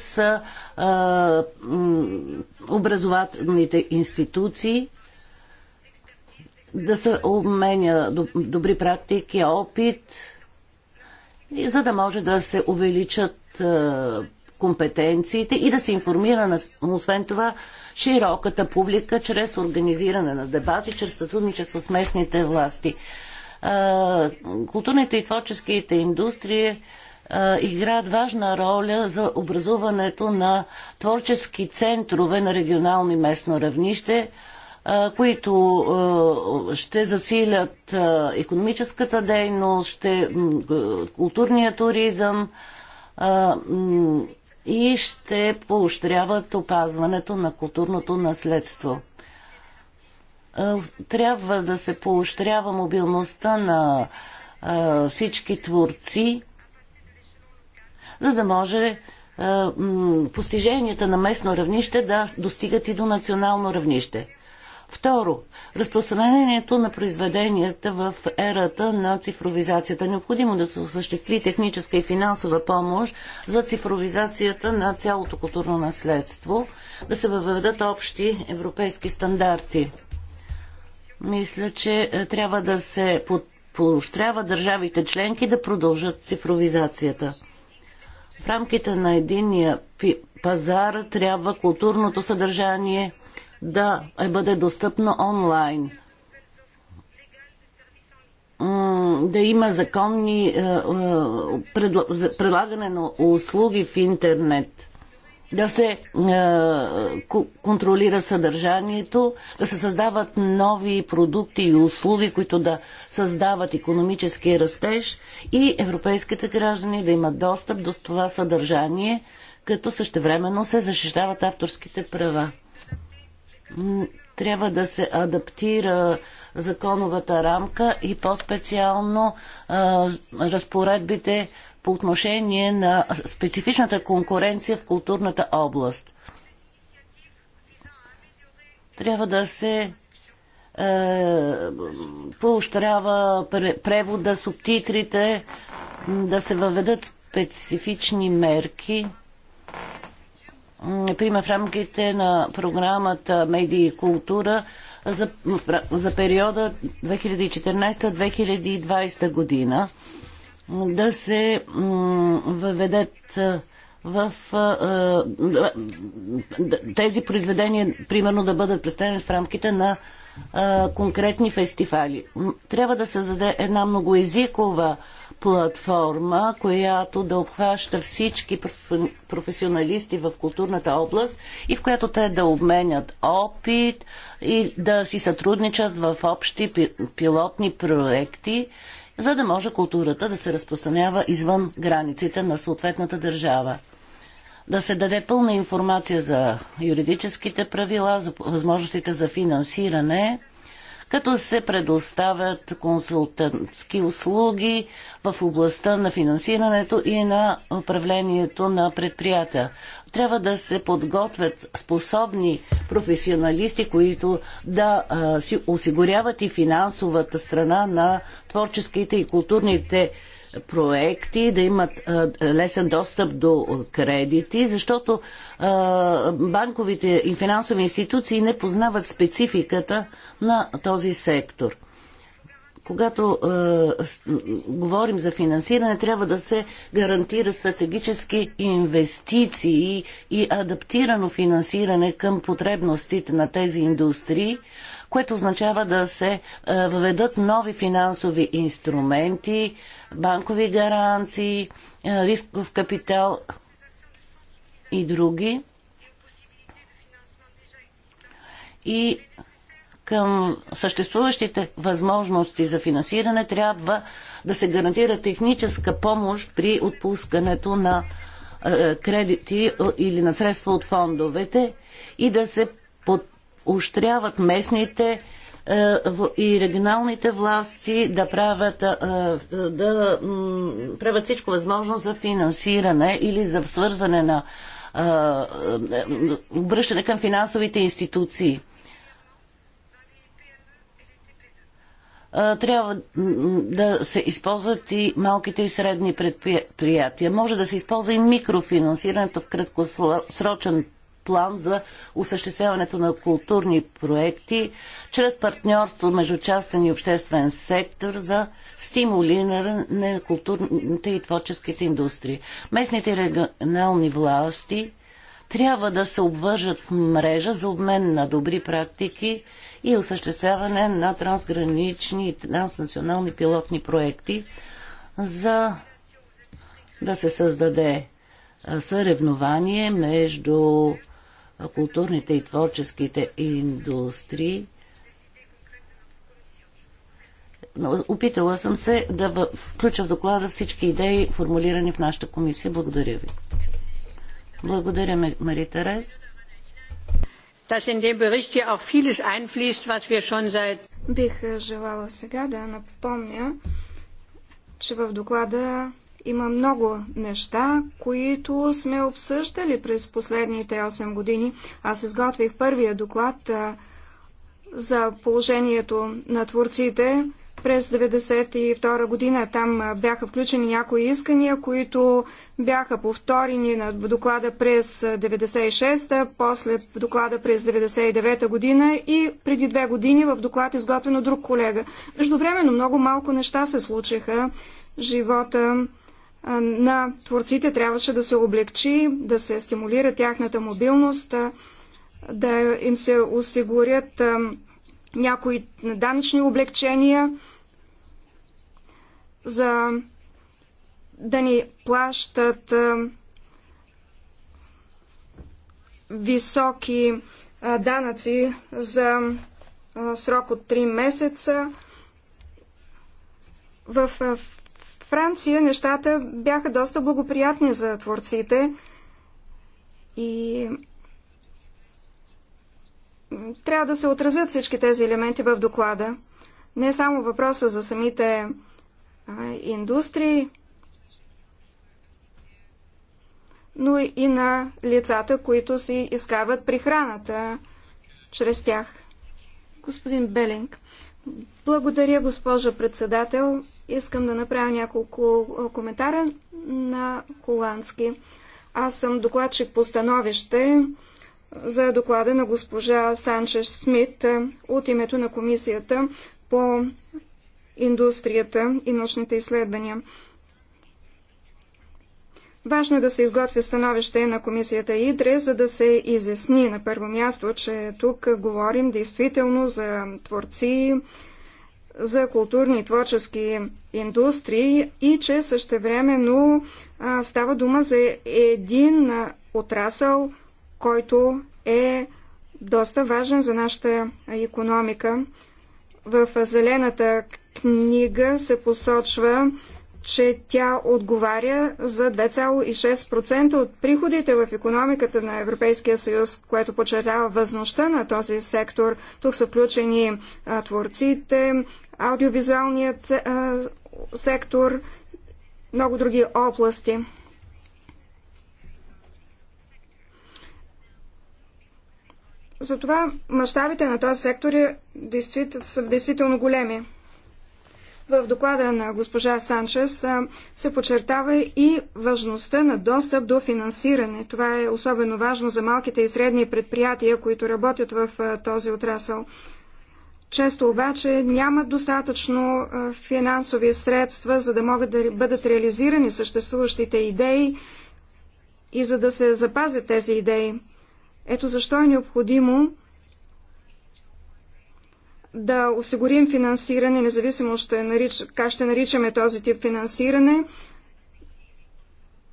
образователните институции да се обменя добри практики, опит, и за да може да се увеличат е, компетенциите и да се информира, на, освен това, широката публика чрез организиране на дебати, чрез сътрудничество с местните власти. Е, културните и творческите индустрии е, играят важна роля за образуването на творчески центрове на регионално и местно равнище – които ще засилят економическата дейност, ще, културния туризъм и ще поощряват опазването на културното наследство. Трябва да се поощрява мобилността на всички творци, за да може постиженията на местно равнище да достигат и до национално равнище. Второ, разпространението на произведенията в ерата на цифровизацията. Необходимо да се осъществи техническа и финансова помощ за цифровизацията на цялото културно наследство, да се въведат общи европейски стандарти. Мисля, че е, трябва да се поощрява държавите членки да продължат цифровизацията. В рамките на единия пазар трябва културното съдържание – да бъде достъпно онлайн. Да има законни е, е, предлагане на услуги в интернет да се е, контролира съдържанието, да се създават нови продукти и услуги, които да създават економически растеж и европейските граждани да имат достъп до това съдържание, като същевременно се защищават авторските права трябва да се адаптира законовата рамка и по-специално разпоредбите по отношение на специфичната конкуренция в културната област. Трябва да се е, поощрява превода, субтитрите, да се въведат специфични мерки например, в рамките на програмата Медии и култура за, за периода 2014-2020 година да се въведат в тези произведения, примерно, да бъдат представени в рамките на конкретни фестивали. Трябва да създаде една многоезикова платформа, която да обхваща всички професионалисти в културната област и в която те да обменят опит и да си сътрудничат в общи пилотни проекти, за да може културата да се разпространява извън границите на съответната държава да се даде пълна информация за юридическите правила, за възможностите за финансиране като се предоставят консултантски услуги в областта на финансирането и на управлението на предприятия. Трябва да се подготвят способни професионалисти, които да а, си осигуряват и финансовата страна на творческите и културните проекти, да имат лесен достъп до кредити, защото банковите и финансови институции не познават спецификата на този сектор. Когато е, говорим за финансиране, трябва да се гарантира стратегически инвестиции и адаптирано финансиране към потребностите на тези индустрии, което означава да се е, въведат нови финансови инструменти, банкови гаранции, е, рисков капитал и други. И към съществуващите възможности за финансиране трябва да се гарантира техническа помощ при отпускането на е, кредити или на средства от фондовете и да се под Ощряват местните е, и регионалните власти да правят, е, е, да правят всичко възможно за финансиране или за свързване на обръщане към финансовите институции. Трябва да се използват и малките и средни предприятия. Може да се използва и микрофинансирането в краткосрочен план за осъществяването на културни проекти чрез партньорство между частен и обществен сектор за стимулиране на културните и творческите индустрии. Местните и регионални власти трябва да се обвържат в мрежа за обмен на добри практики и осъществяване на трансгранични и транснационални пилотни проекти за да се създаде съревнование между културните и творческите индустрии. Опитала съм се да включа в доклада всички идеи, формулирани в нашата комисия. Благодаря ви. Благодаря, Мари Терез. Бих желала сега да напомня, че в доклада има много неща, които сме обсъждали през последните 8 години. Аз изготвих първия доклад а, за положението на творците през 1992 година. Там бяха включени някои искания, които бяха повторени в доклада през 1996, после в доклада през 1999 година и преди две години в доклад е изготвен от друг колега. Междувременно много малко неща се случиха. Живота на творците трябваше да се облегчи, да се стимулира тяхната мобилност, да им се осигурят някои данъчни облегчения, за да ни плащат високи данъци за срок от 3 месеца. В Франция нещата бяха доста благоприятни за творците и трябва да се отразят всички тези елементи в доклада. Не само въпроса за самите а, индустрии, но и на лицата, които си изкарват прихраната чрез тях. Господин Белинг, благодаря, госпожа председател. Искам да направя няколко коментара на холандски. Аз съм докладчик по становище за доклада на госпожа Санчеш Смит от името на Комисията по индустрията и научните изследвания. Важно е да се изготви становище на комисията ИДРЕ, за да се изясни на първо място, че тук говорим действително за творци, за културни и творчески индустрии и че същевременно а, става дума за един отрасъл, който е доста важен за нашата економика. В зелената книга се посочва, че тя отговаря за 2,6% от приходите в економиката на Европейския съюз, което подчертава възможността на този сектор. Тук са включени а, творците, аудиовизуалният сектор, много други области. Затова мащабите на този сектор е са действително големи. В доклада на госпожа Санчес се подчертава и важността на достъп до финансиране. Това е особено важно за малките и средни предприятия, които работят в този отрасъл. Често обаче няма достатъчно финансови средства, за да могат да бъдат реализирани съществуващите идеи и за да се запазят тези идеи. Ето защо е необходимо да осигурим финансиране, независимо ще нарич... как ще наричаме този тип финансиране,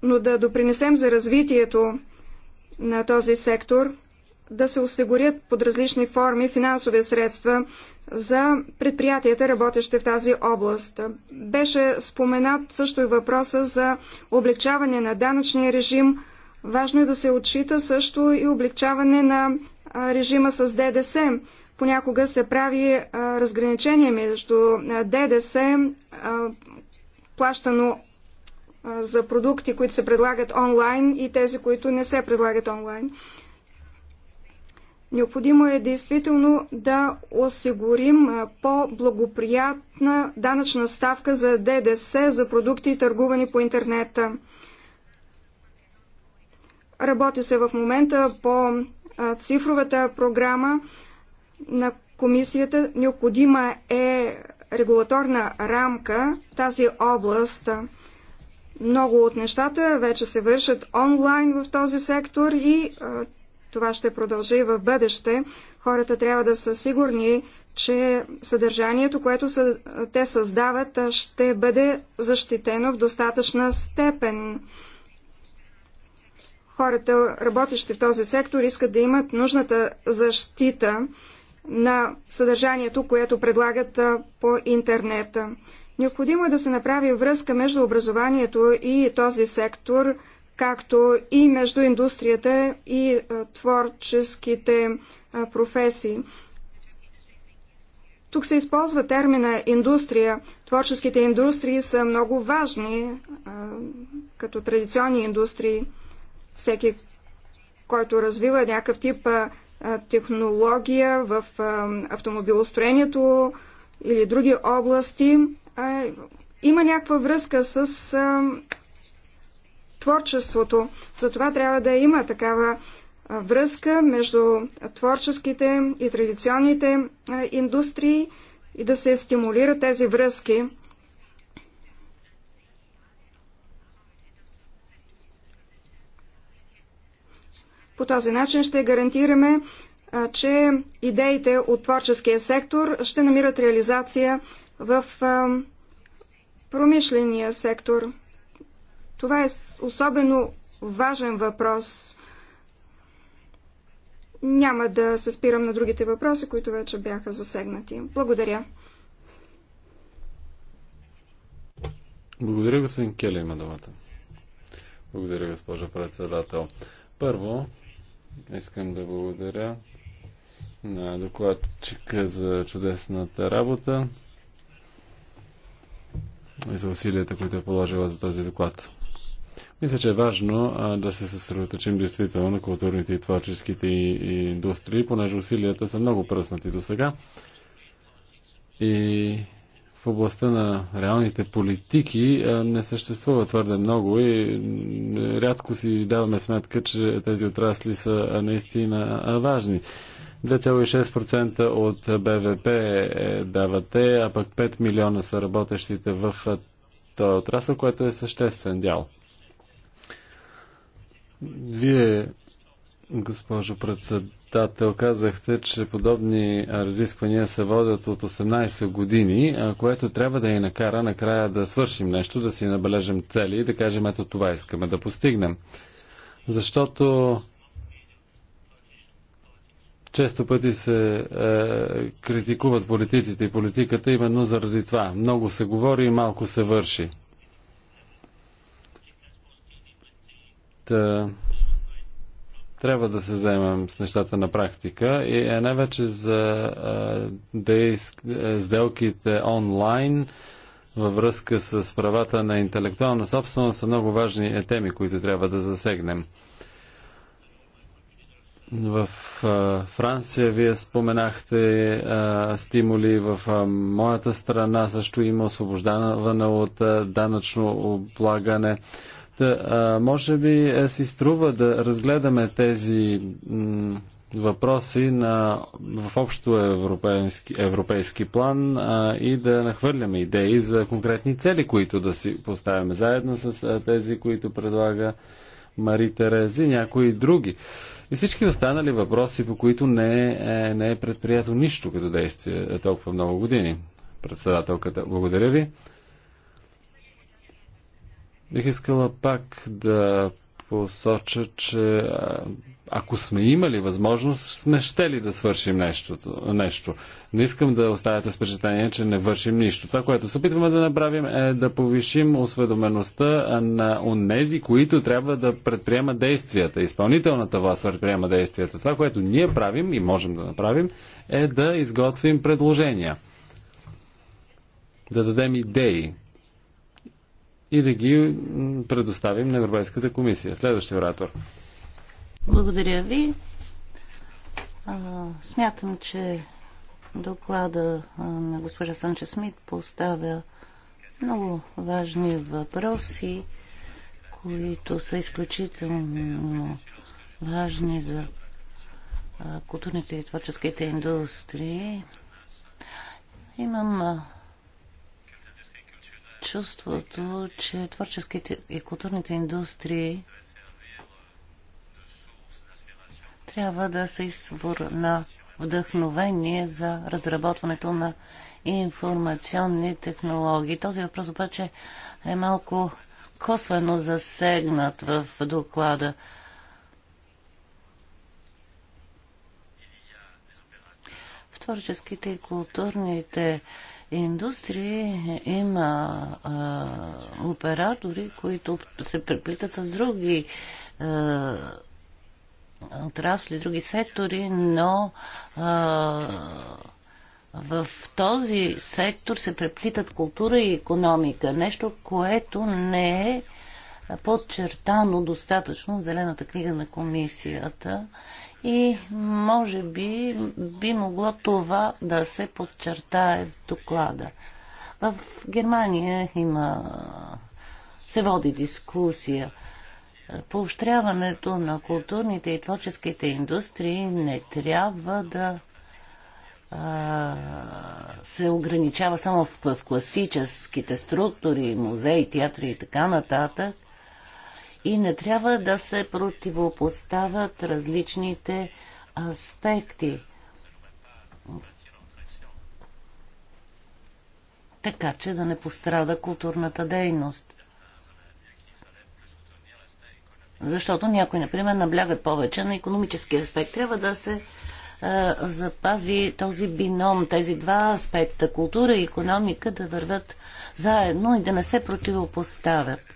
но да допринесем за развитието на този сектор – да се осигурят под различни форми финансови средства за предприятията, работещи в тази област. Беше споменат също и въпроса за облегчаване на данъчния режим. Важно е да се отчита също и облегчаване на режима с ДДС. Понякога се прави разграничение между ДДС, плащано за продукти, които се предлагат онлайн и тези, които не се предлагат онлайн. Необходимо е действително да осигурим по-благоприятна данъчна ставка за ДДС за продукти, търгувани по интернета. Работи се в момента по цифровата програма на комисията. Необходима е регулаторна рамка тази област. Много от нещата вече се вършат онлайн в този сектор и това ще продължи и в бъдеще. Хората трябва да са сигурни, че съдържанието, което са, те създават, ще бъде защитено в достатъчна степен. Хората, работещи в този сектор, искат да имат нужната защита на съдържанието, което предлагат по интернета. Необходимо е да се направи връзка между образованието и този сектор – както и между индустрията и е, творческите е, професии. Тук се използва термина индустрия. Творческите индустрии са много важни е, като традиционни индустрии. Всеки, който развива някакъв тип технология в автомобилостроението или други области, има някаква връзка с творчеството. Затова трябва да има такава връзка между творческите и традиционните индустрии и да се стимулират тези връзки. По този начин ще гарантираме, че идеите от творческия сектор ще намират реализация в промишления сектор. Това е особено важен въпрос. Няма да се спирам на другите въпроси, които вече бяха засегнати. Благодаря. Благодаря, господин Келе, има думата. Благодаря, госпожа председател. Първо, искам да благодаря на докладчика за чудесната работа и за усилията, които е положила за този доклад. Мисля, че е важно а, да се съсредоточим действително на културните и творческите и, и индустрии, понеже усилията са много пръснати до сега. И в областта на реалните политики не съществува твърде много и рядко си даваме сметка, че тези отрасли са наистина важни. 2,6% от БВП е, давате, а пък 5 милиона са работещите в този отрасъл, което е съществен дял. Вие, госпожо председател, казахте, че подобни разисквания се водят от 18 години, което трябва да ни накара накрая да свършим нещо, да си набележим цели и да кажем ето това искаме да постигнем. Защото често пъти се е, критикуват политиците и политиката именно заради това. Много се говори и малко се върши. Та, трябва да се заемем с нещата на практика и е най-вече за да сделките онлайн във връзка с правата на интелектуална собственост са много важни е, теми, които трябва да засегнем. В Франция вие споменахте стимули, в моята страна също има освобождаване от данъчно облагане. Та, е, а, може би е, си струва да разгледаме тези въпроси на, в общо европейски, европейски план а, е, и да нахвърляме идеи за конкретни цели, които да си поставяме заедно с а, тези, които предлага Мари Терези, и някои други. И всички останали въпроси, по които не е, не е предприято нищо като действие толкова много години. Председателката, благодаря ви. Бих искала пак да посоча, че ако сме имали възможност, сме щели да свършим нещото, нещо. Не искам да оставяте с впечатление, че не вършим нищо. Това, което се опитваме да направим е да повишим осведомеността на онези, които трябва да предприемат действията. Изпълнителната власт предприема действията. Това, което ние правим и можем да направим е да изготвим предложения. Да дадем идеи, и да ги предоставим на Европейската комисия. Следващия оратор. Благодаря ви. А, смятам, че доклада на госпожа Санче Смит поставя много важни въпроси, които са изключително важни за културните и творческите индустрии. Имам чувството, че творческите и културните индустрии трябва да са извор на вдъхновение за разработването на информационни технологии. Този въпрос обаче е малко косвено засегнат в доклада. В творческите и културните индустрии има а, оператори, които се преплитат с други а, отрасли, други сектори, но а, в този сектор се преплитат култура и економика. Нещо, което не е подчертано достатъчно в Зелената книга на комисията и може би би могло това да се подчертае в доклада. В Германия има се води дискусия. Поощряването на културните и творческите индустрии не трябва да а, се ограничава само в, в класическите структури, музеи, театри и така нататък, и не трябва да се противопоставят различните аспекти. Така че да не пострада културната дейност. Защото някой, например, наблягат повече на економически аспект. Трябва да се е, запази този бином, тези два аспекта, култура и економика, да вървят заедно и да не се противопоставят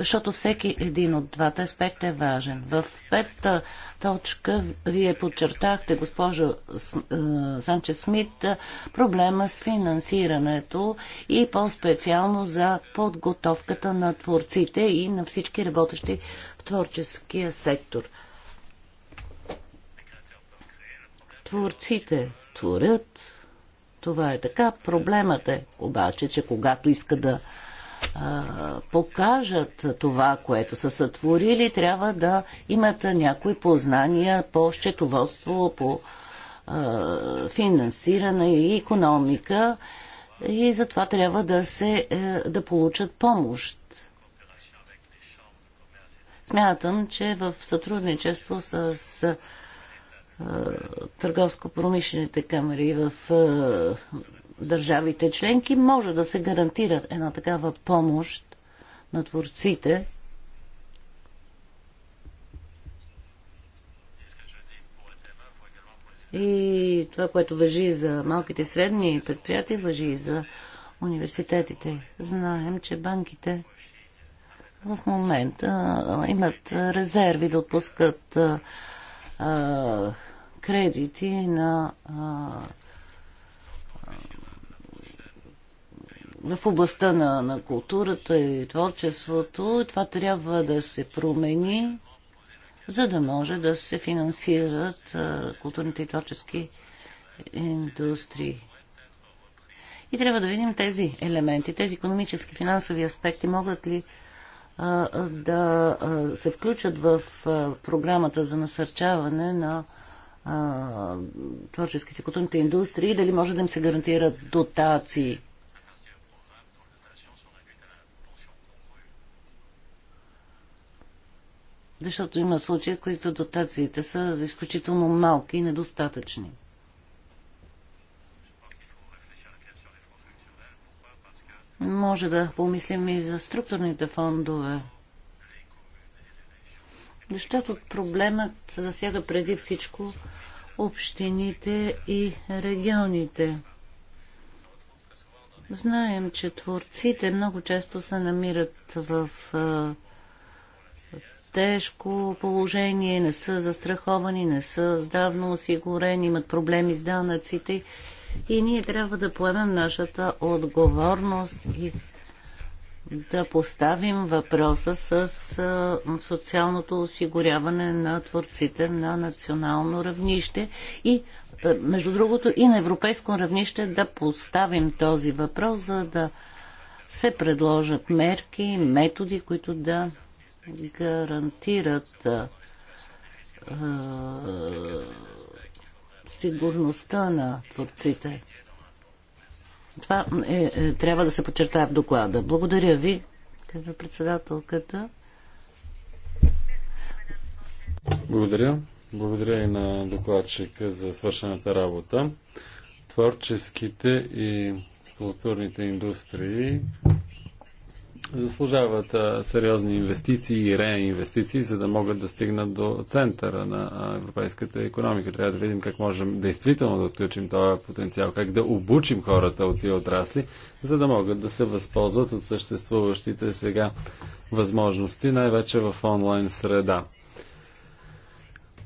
защото всеки един от двата аспекта е важен. В петта точка вие подчертахте, госпожо е, Санче Смит, е, проблема с финансирането и по-специално за подготовката на творците и на всички работещи в творческия сектор. Творците творят, това е така. Проблемът е обаче, че когато иска да покажат това, което са сътворили, трябва да имат някои познания по счетоводство, по а, финансиране и економика и затова трябва да, се, е, да получат помощ. Смятам, че в сътрудничество с търговско-промишлените камери в държавите членки може да се гарантира една такава помощ на творците. И това, което въжи за малките и средни предприятия, въжи и за университетите. Знаем, че банките в момента имат резерви да отпускат а, кредити на а, в областта на, на културата и творчеството. Това трябва да се промени, за да може да се финансират а, културните и творчески индустрии. И трябва да видим тези елементи, тези економически, финансови аспекти могат ли а, да а, се включат в а, програмата за насърчаване на а, творческите културните индустрии, дали може да им се гарантират дотации. защото има случаи, които дотациите са изключително малки и недостатъчни. Може да помислим и за структурните фондове. Защото проблемът засяга преди всичко общините и регионите. Знаем, че творците много често се намират в а, тежко положение, не са застраховани, не са здравно осигурени, имат проблеми с данъците и ние трябва да поемем нашата отговорност и да поставим въпроса с социалното осигуряване на творците на национално равнище и между другото и на европейско равнище да поставим този въпрос, за да се предложат мерки, методи, които да гарантират а, сигурността на творците. Това е, е, трябва да се подчертая в доклада. Благодаря ви, каза председателката. Благодаря. Благодаря и на докладчика за свършената работа. Творческите и културните индустрии заслужават а, сериозни инвестиции и реинвестиции, за да могат да стигнат до центъра на европейската економика. Трябва да видим как можем действително да отключим този потенциал, как да обучим хората от тия отрасли, за да могат да се възползват от съществуващите сега възможности, най-вече в онлайн среда.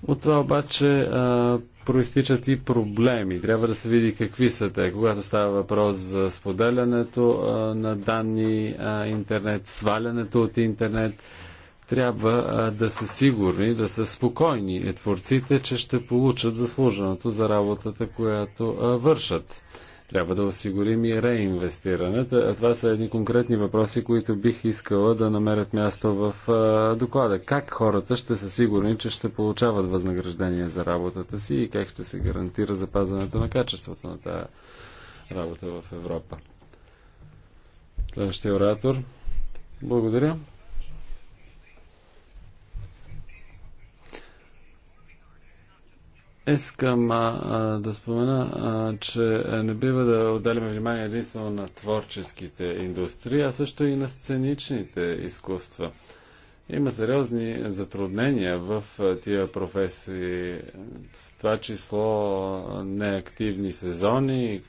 От това обаче а, проистичат и проблеми. Трябва да се види какви са те. Когато става въпрос за споделянето а, на данни, а, интернет, свалянето от интернет, трябва а, да са сигурни, да са спокойни творците, че ще получат заслуженото за работата, която а, вършат. Трябва да осигурим и реинвестирането. Това са едни конкретни въпроси, които бих искала да намерят място в доклада. Как хората ще са сигурни, че ще получават възнаграждение за работата си и как ще се гарантира запазването на качеството на тази работа в Европа? Следващия оратор. Благодаря. Искам а, а, да спомена, а, че не бива да отделяме внимание единствено на творческите индустрии, а също и на сценичните изкуства. Има сериозни затруднения в тия професии, в това число неактивни сезони,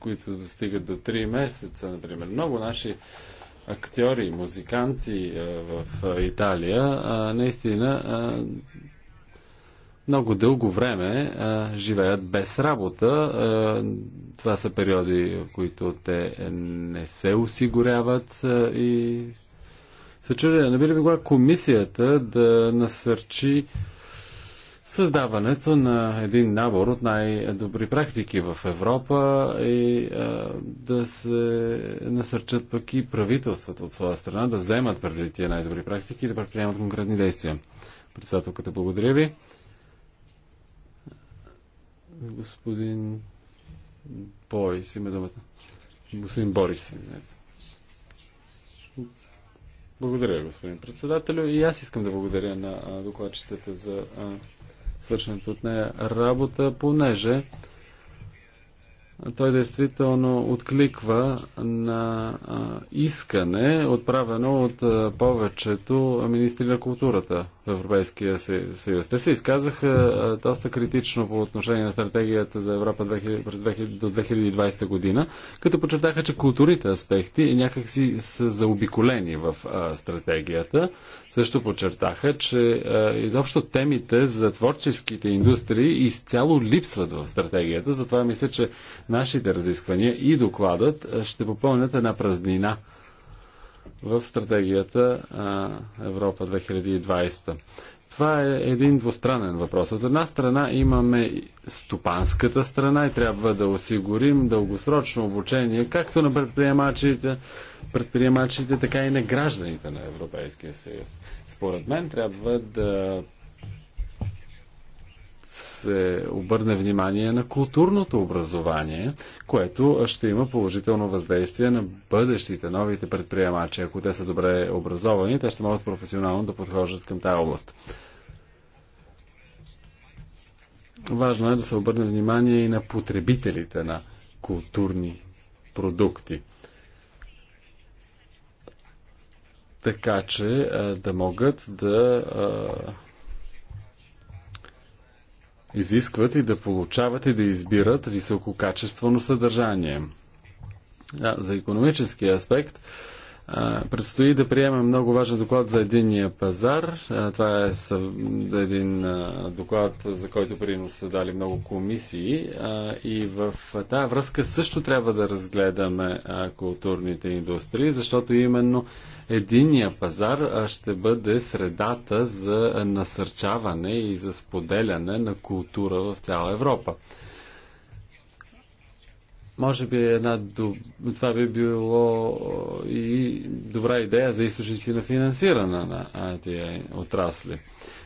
които достигат до 3 месеца, например. Много наши актьори, музиканти в Италия наистина много дълго време а, живеят без работа. А, това са периоди, в които те не се осигуряват а, и се чудя, не би ли била комисията да насърчи създаването на един набор от най-добри практики в Европа и а, да се насърчат пък и правителствата от своя страна да вземат преди тия най-добри практики и да предприемат конкретни действия. Председателката, благодаря ви. Господин Бойс, има думата. Господин Борис, Благодаря, господин председател, И аз искам да благодаря на докладчицата за свършената от нея работа, понеже той действително откликва на искане, отправено от повечето министри на културата в Европейския съюз. Те се изказаха доста критично по отношение на стратегията за Европа 2000, през 2000, до 2020 година, като подчертаха, че културните аспекти някакси са заобиколени в а, стратегията. Също подчертаха, че а, изобщо темите за творческите индустрии изцяло липсват в стратегията. Затова мисля, че нашите разисквания и докладът ще попълнят една празнина в стратегията Европа 2020. Това е един двустранен въпрос. От една страна имаме стопанската страна и трябва да осигурим дългосрочно обучение както на предприемачите, предприемачите така и на гражданите на Европейския съюз. Според мен трябва да се обърне внимание на културното образование, което ще има положително въздействие на бъдещите, новите предприемачи. Ако те са добре образовани, те ще могат професионално да подхождат към тази област. Важно е да се обърне внимание и на потребителите на културни продукти. Така че да могат да изискват и да получават и да избират висококачествено съдържание. за економически аспект Предстои да приемем много важен доклад за единния пазар. Това е един доклад, за който принос са дали много комисии. И в тази връзка също трябва да разгледаме културните индустрии, защото именно единния пазар ще бъде средата за насърчаване и за споделяне на култура в цяла Европа. Може би е една доб... това би било и добра идея за източници на финансиране на тези отрасли.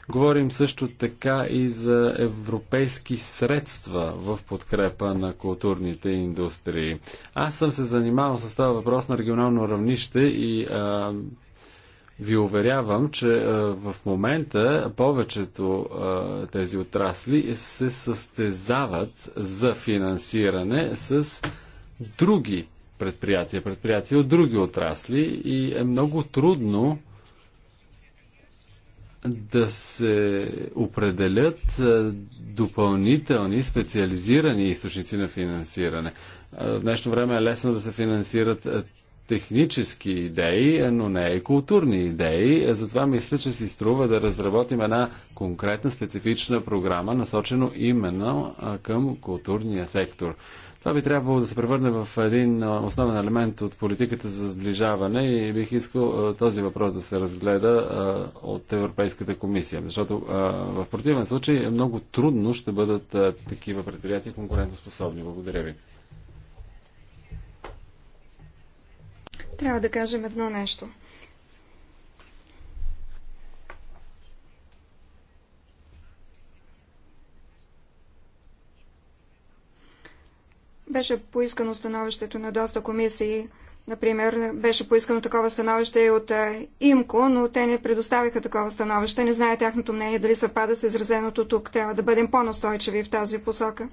Говорим също така и за европейски средства в подкрепа на културните индустрии. Аз съм се занимавал с това въпрос на регионално равнище и а, ви уверявам, че в момента повечето тези отрасли се състезават за финансиране с други предприятия, предприятия от други отрасли и е много трудно да се определят допълнителни специализирани източници на финансиране. В днешно време е лесно да се финансират технически идеи, но не и културни идеи. Затова мисля, че си струва да разработим една конкретна специфична програма, насочено именно към културния сектор. Това би трябвало да се превърне в един основен елемент от политиката за сближаване и бих искал този въпрос да се разгледа от Европейската комисия, защото в противен случай много трудно ще бъдат такива предприятия конкурентоспособни. Благодаря ви. трябва да кажем едно нещо. Беше поискано становището на доста комисии. Например, беше поискано такова становище и от ИМКО, но те не предоставиха такова становище. Не знае тяхното мнение дали съвпада с изразеното тук. Трябва да бъдем по-настойчиви в тази посока.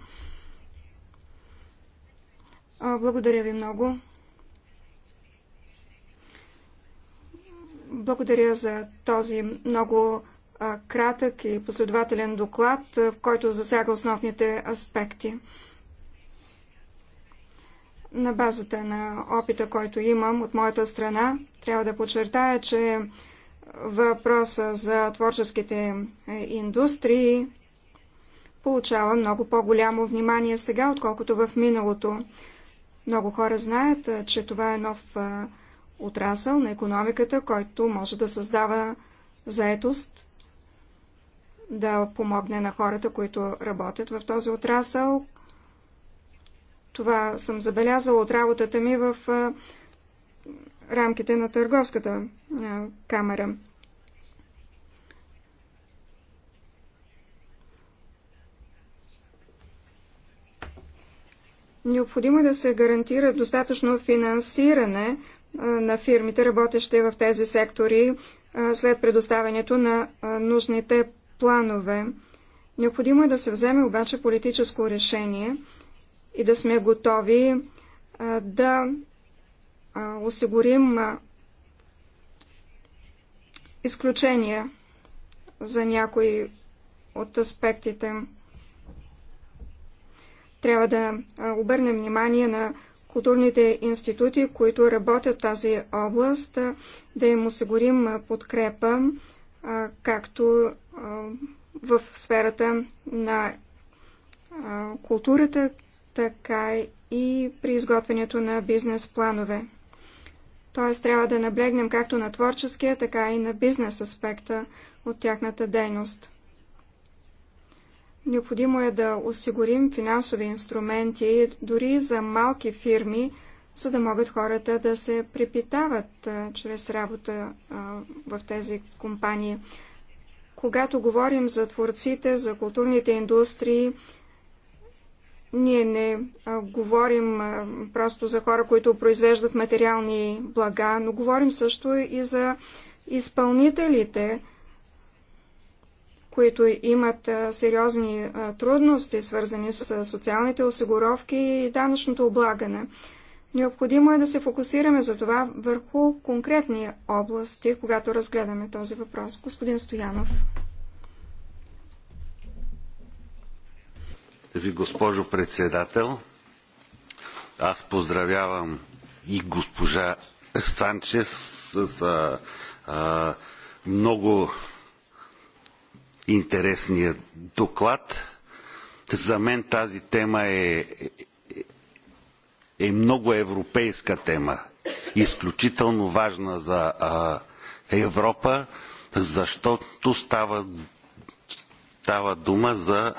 Благодаря ви много. Благодаря за този много кратък и последователен доклад, в който засяга основните аспекти. На базата на опита, който имам от моята страна, трябва да подчертая, че въпроса за творческите е, индустрии получава много по-голямо внимание сега, отколкото в миналото. Много хора знаят, че това е нов отрасъл на економиката, който може да създава заетост, да помогне на хората, които работят в този отрасъл. Това съм забелязала от работата ми в рамките на търговската камера. Необходимо е да се гарантира достатъчно финансиране на фирмите, работещи в тези сектори, след предоставянето на нужните планове. Необходимо е да се вземе обаче политическо решение и да сме готови да осигурим изключения за някои от аспектите. Трябва да обърнем внимание на културните институти, които работят в тази област, да им осигурим подкрепа, както в сферата на културата, така и при изготвянето на бизнес планове. Т.е. трябва да наблегнем както на творческия, така и на бизнес аспекта от тяхната дейност. Необходимо е да осигурим финансови инструменти дори за малки фирми, за да могат хората да се препитават а, чрез работа а, в тези компании. Когато говорим за творците, за културните индустрии, ние не а, говорим а, просто за хора, които произвеждат материални блага, но говорим също и за изпълнителите, които имат сериозни трудности, свързани с социалните осигуровки и данъчното облагане. Необходимо е да се фокусираме за това върху конкретни области, когато разгледаме този въпрос. Господин Стоянов. Ви, госпожо председател, аз поздравявам и госпожа Станче с а, а, много интересния доклад. За мен тази тема е, е, е много европейска тема, изключително важна за а, Европа, защото става, става дума за,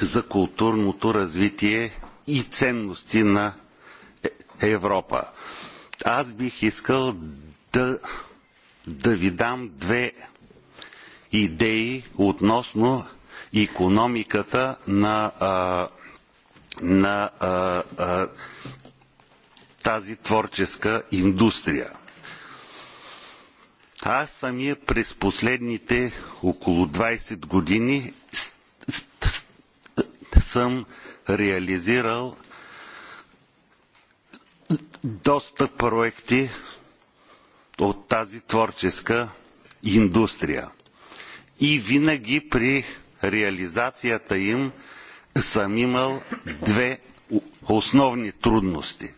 за културното развитие и ценности на Европа. Аз бих искал да, да ви дам две идеи относно економиката на, а, на а, а, тази творческа индустрия. Аз самия през последните около 20 години съм реализирал доста проекти от тази творческа индустрия и винаги при реализацията им съм имал две основни трудности.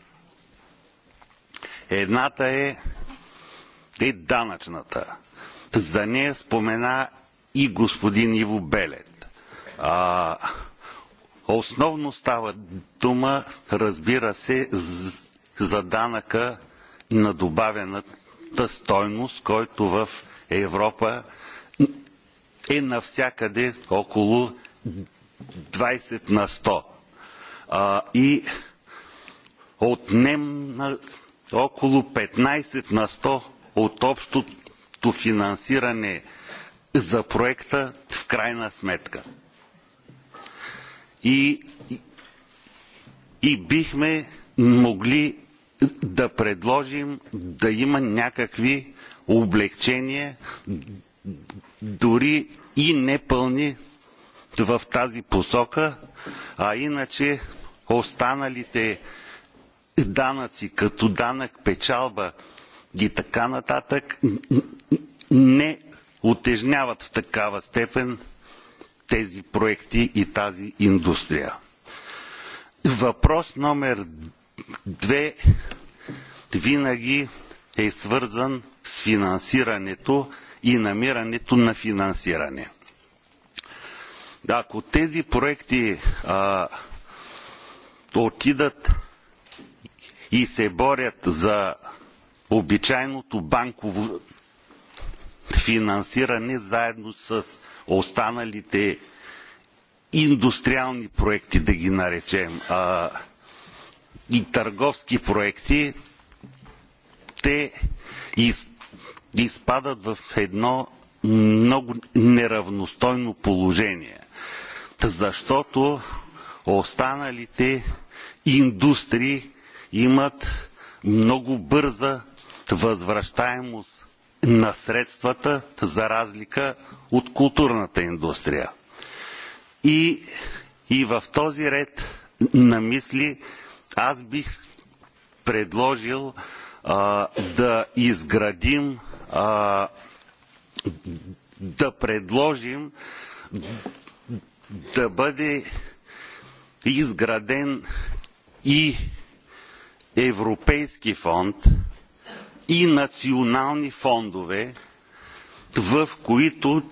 Едната е, и е данъчната. За нея спомена и господин Иво Белет. А, основно става дума, разбира се, за данъка на добавената стойност, който в Европа е навсякъде около 20 на 100. А, и на около 15 на 100 от общото финансиране за проекта в крайна сметка. И, и бихме могли да предложим да има някакви облегчения, дори и не пълни в тази посока, а иначе останалите данъци, като данък печалба и така нататък, не отежняват в такава степен тези проекти и тази индустрия. Въпрос номер две винаги е свързан с финансирането и намирането на финансиране. Ако тези проекти а, отидат и се борят за обичайното банково финансиране заедно с останалите индустриални проекти, да ги наречем, а, и търговски проекти, те из, изпадат в едно много неравностойно положение, защото останалите индустрии имат много бърза възвръщаемост на средствата, за разлика от културната индустрия. И, и в този ред на мисли аз бих предложил а, да изградим да предложим да бъде изграден и Европейски фонд, и национални фондове, в които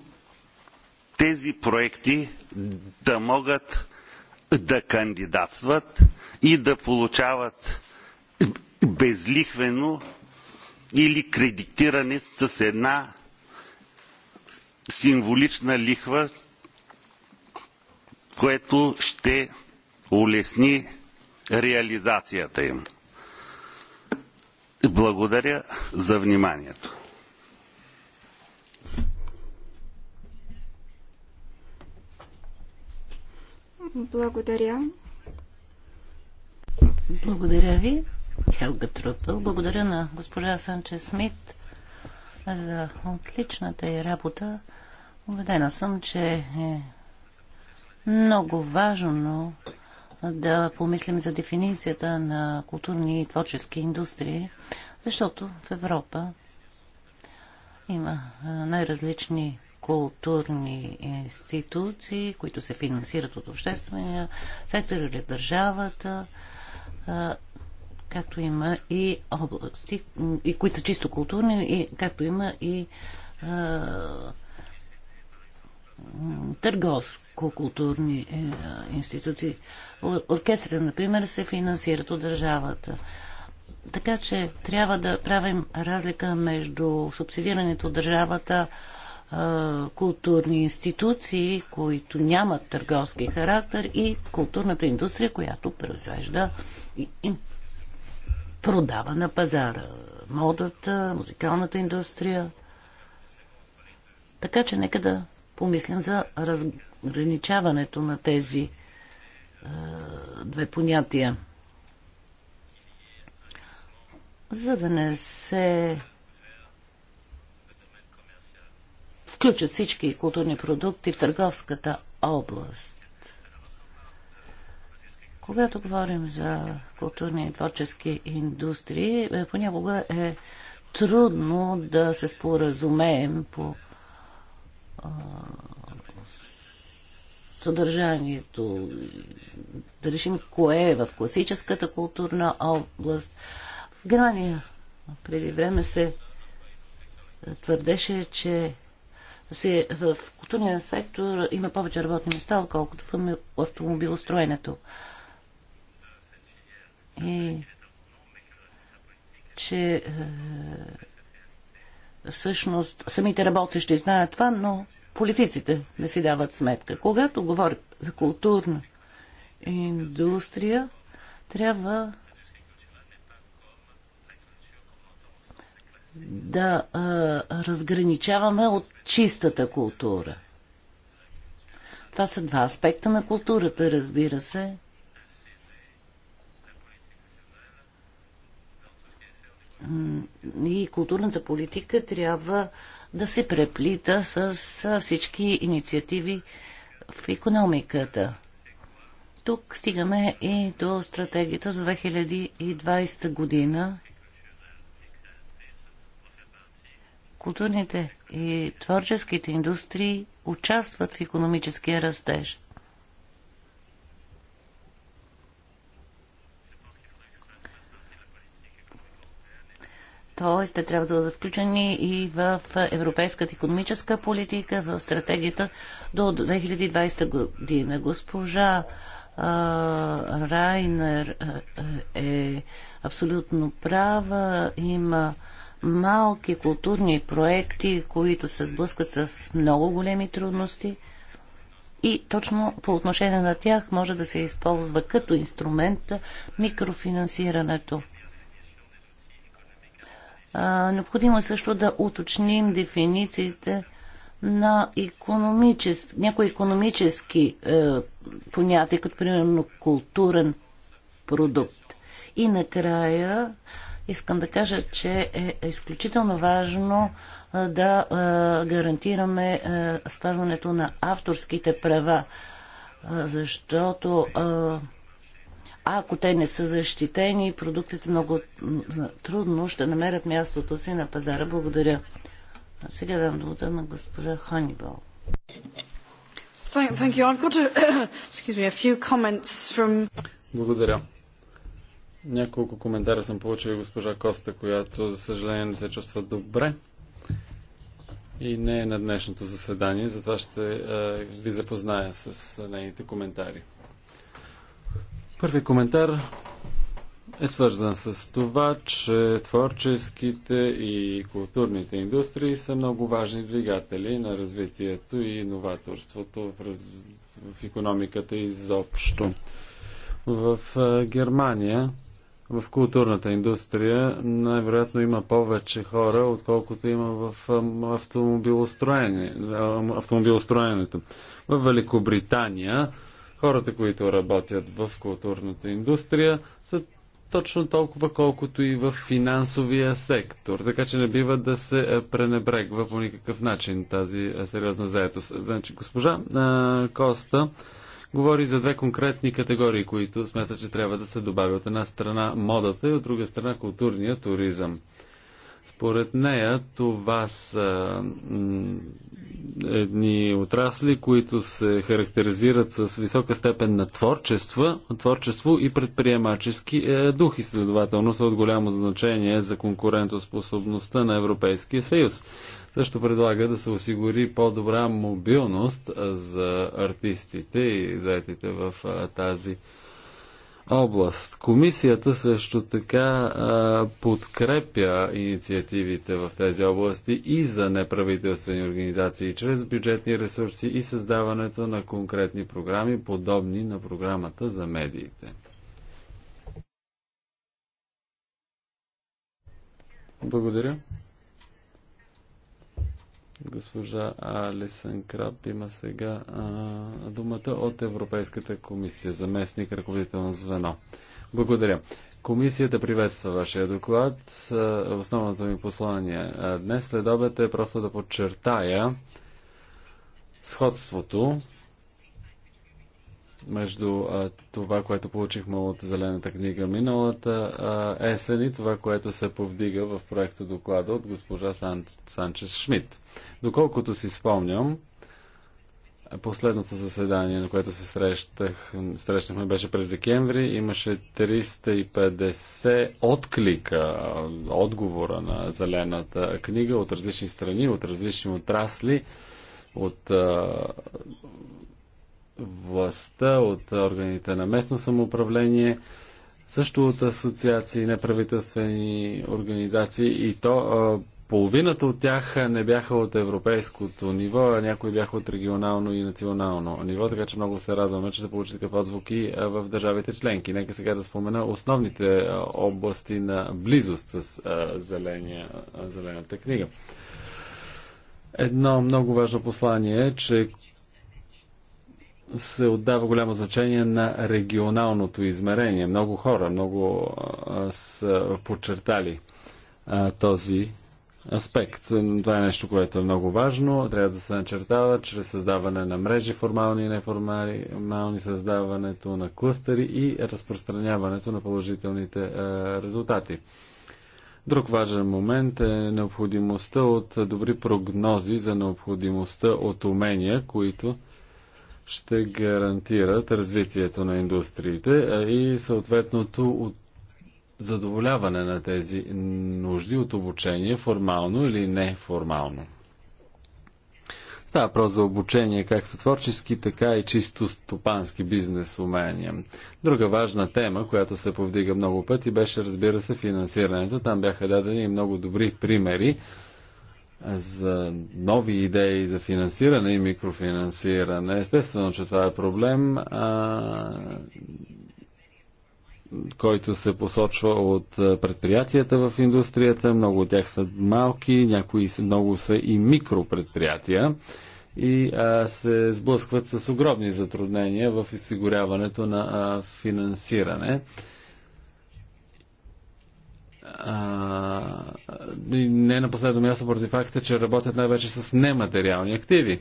тези проекти да могат да кандидатстват и да получават безлихвено или кредитиране с една символична лихва, което ще улесни реализацията им. Благодаря за вниманието. Благодаря. Благодаря ви. Хелга Трупел. Благодаря на госпожа Санче Смит за отличната й работа. Убедена съм, че е много важно да помислим за дефиницията на културни и творчески индустрии, защото в Европа има най-различни културни институции, които се финансират от обществения сектор или държавата както има и области, и които са чисто културни, и както има и а, търговско-културни е, институции. Оркестрите, например, се финансират от държавата. Така че трябва да правим разлика между субсидирането от държавата културни институции, които нямат търговски характер и културната индустрия, която произвежда продава на пазара модата, музикалната индустрия. Така че нека да помислим за разграничаването на тези е, две понятия. За да не се включат всички културни продукти в търговската област. Когато говорим за културни и творчески индустрии, е, понякога е трудно да се споразумеем по а, съдържанието, да решим кое е в класическата културна област. В Германия преди време се твърдеше, че се, в културния сектор има повече работни места, отколкото в автомобилостроенето. И е, че е, всъщност самите работещи знаят това, но политиците не си дават сметка. Когато говорим за културна индустрия, трябва да а, е, разграничаваме от чистата култура. Това са два аспекта на културата, разбира се. и културната политика трябва да се преплита с всички инициативи в економиката. Тук стигаме и до стратегията за 2020 година. Културните и творческите индустрии участват в економическия растеж. т.е. те трябва да бъдат включени и в европейската економическа политика, в стратегията до 2020 година. Госпожа Райнер е, е абсолютно права. Има малки културни проекти, които се сблъскват с много големи трудности. И точно по отношение на тях може да се използва като инструмент микрофинансирането. Необходимо е също да уточним дефинициите на економичес... някои економически е, понятия, като примерно културен продукт. И накрая искам да кажа, че е изключително важно е, да е, гарантираме е, спазването на авторските права, защото а ако те не са защитени, продуктите много трудно ще намерят мястото си на пазара. Благодаря. А сега дам думата на госпожа Ханибал. Благодаря. Няколко коментара съм получил госпожа Коста, която, за съжаление, не се чувства добре и не е на днешното заседание, затова ще ви запозная с нейните коментари. Първи коментар е свързан с това, че творческите и културните индустрии са много важни двигатели на развитието и новаторството в, раз... в економиката изобщо. В Германия, в културната индустрия, най-вероятно има повече хора, отколкото има в автомобилостроене... автомобилостроенето. В Великобритания Хората, които работят в културната индустрия, са точно толкова, колкото и в финансовия сектор. Така че не бива да се е, пренебрегва по никакъв начин тази е, сериозна заетост. Значи, госпожа а, е, Коста говори за две конкретни категории, които смята, че трябва да се добави от една страна модата и от друга страна културния туризъм. Според нея това са едни отрасли, които се характеризират с висока степен на творчество, творчество и предприемачески е, дух и следователно са от голямо значение за конкурентоспособността на Европейския съюз. Също предлага да се осигури по-добра мобилност за артистите и заетите в тази област. Комисията също така а, подкрепя инициативите в тези области и за неправителствени организации чрез бюджетни ресурси и създаването на конкретни програми, подобни на програмата за медиите. Благодаря. Госпожа Алисън Краб има сега а, думата от Европейската комисия, заместник ръководител на звено. Благодаря. Комисията приветства вашия доклад. Основното ми послание днес след обед е просто да подчертая сходството между а, това, което получихме от Зелената книга миналата а, есен и това, което се повдига в проекто доклада от госпожа Сан, Санчес Шмидт. Доколкото си спомням, последното заседание, на което се срещах, срещахме, беше през декември. Имаше 350 отклика, отговора на Зелената книга от различни страни, от различни отрасли от а, властта, от органите на местно самоуправление, също от асоциации, неправителствени организации и то половината от тях не бяха от европейското ниво, а някои бяха от регионално и национално ниво, така че много се радваме, че се получи такъв отзвук и в държавите членки. Нека сега да спомена основните области на близост с зеления, зелената книга. Едно много важно послание е, че се отдава голямо значение на регионалното измерение. Много хора, много са подчертали този аспект. Това е нещо, което е много важно. Трябва да се начертава чрез създаване на мрежи, формални и неформални, създаването на клъстери и разпространяването на положителните резултати. Друг важен момент е необходимостта от добри прогнози за необходимостта от умения, които ще гарантират развитието на индустриите и съответното задоволяване на тези нужди от обучение, формално или неформално. Става просто за обучение, както творчески, така и чисто стопански бизнес умения. Друга важна тема, която се повдига много пъти, беше, разбира се, финансирането. Там бяха дадени много добри примери за нови идеи за финансиране и микрофинансиране. Естествено, че това е проблем, а, който се посочва от предприятията в индустрията. Много от тях са малки, някои много са и микропредприятия и а, се сблъскват с огромни затруднения в изсигуряването на а, финансиране. А, а, не на последно място поради факта, че работят най-вече с нематериални активи.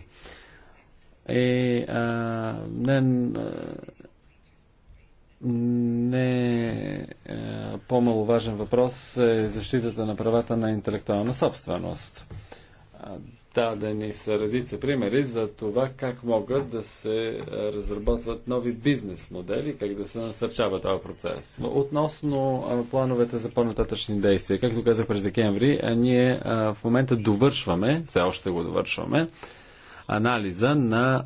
И а, не, не по-маловажен въпрос е защитата на правата на интелектуална собственост дадени са редица примери за това как могат да се разработват нови бизнес модели, как да се насърчава този процес. Относно плановете за по-нататъчни действия, както казах през декември, ние в момента довършваме, все още го довършваме, анализа на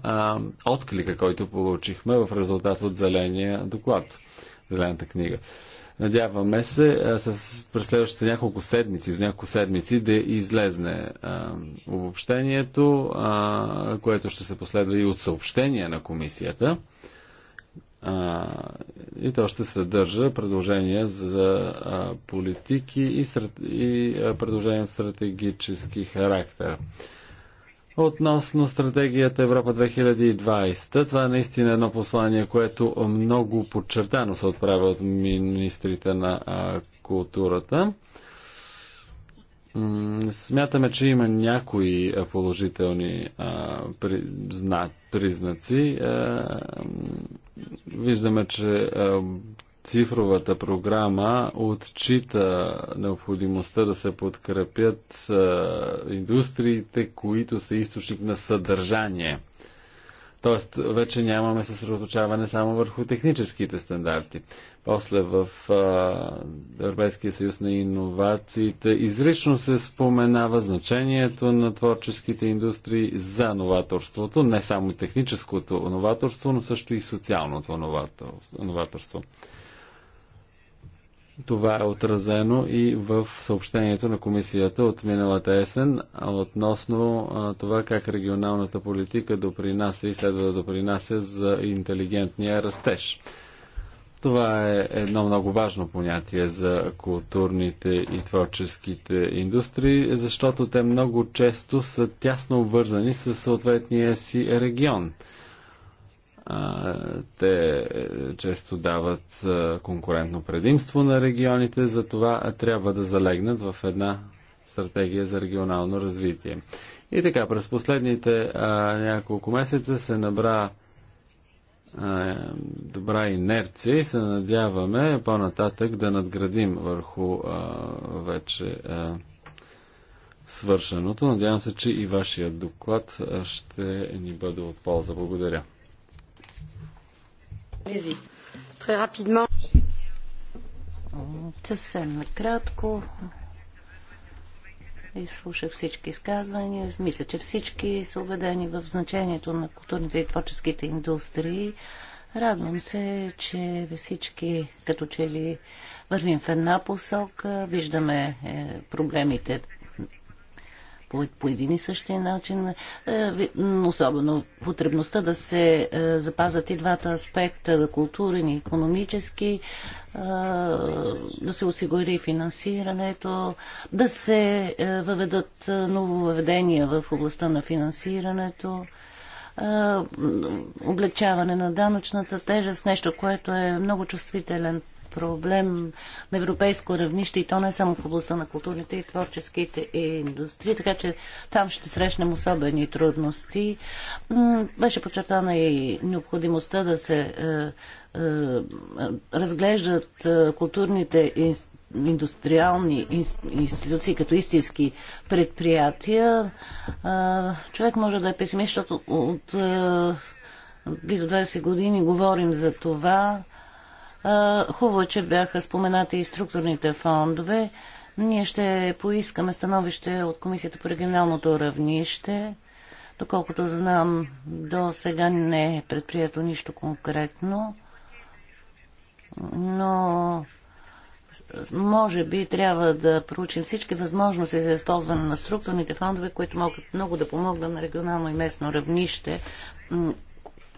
отклика, който получихме в резултат от зеления доклад, зелената книга. Надяваме се с, през следващите няколко седмици, до няколко седмици да излезне а, обобщението, а, което ще се последва и от съобщение на комисията. А, и то ще съдържа предложения за а, политики и, и а, предложения стратегически характер. Относно стратегията Европа 2020, това е наистина едно послание, което много подчертано се отправя от министрите на културата. Смятаме, че има някои положителни а, признаци. А, виждаме, че а, цифровата програма отчита необходимостта да се подкрепят индустриите, които са източник на съдържание. Тоест, вече нямаме съсредоточаване само върху техническите стандарти. После в Европейския съюз на иновациите изрично се споменава значението на творческите индустрии за новаторството, не само техническото новаторство, но също и социалното новаторство. Това е отразено и в съобщението на комисията от миналата есен относно това как регионалната политика допринася и следва да допринася за интелигентния растеж. Това е едно много важно понятие за културните и творческите индустрии, защото те много често са тясно обвързани с съответния си регион те е, често дават е, конкурентно предимство на регионите, затова трябва да залегнат в една стратегия за регионално развитие. И така, през последните а, няколко месеца се набра а, добра инерция и се надяваме по-нататък да надградим върху а, вече а, свършеното. Надявам се, че и вашия доклад ще ни бъде от полза. Благодаря. Съвсем накратко. Изслушах всички изказвания. Мисля, че всички са убедени в значението на културните и творческите индустрии. Радвам се, че всички като че ли вървим в една посока, виждаме е, проблемите по, по един и същи начин. Е, особено потребността да се е, запазят и двата аспекта, културен и економически, е, да се осигури финансирането, да се въведат нововъведения в областта на финансирането облегчаване на данъчната тежест, нещо, което е много чувствителен проблем на европейско равнище и то не само в областта на културните и творческите индустрии, така че там ще срещнем особени трудности. Беше подчертана и необходимостта да се е, е, разглеждат е, културните институции индустриални институции като истински предприятия, е, човек може да е песимист, защото от е, близо 20 години говорим за това. Хубаво, че бяха споменати и структурните фондове. Ние ще поискаме становище от Комисията по регионалното равнище. Доколкото знам, до сега не е предприето нищо конкретно, но може би трябва да проучим всички възможности за използване на структурните фондове, които могат много да помогнат на регионално и местно равнище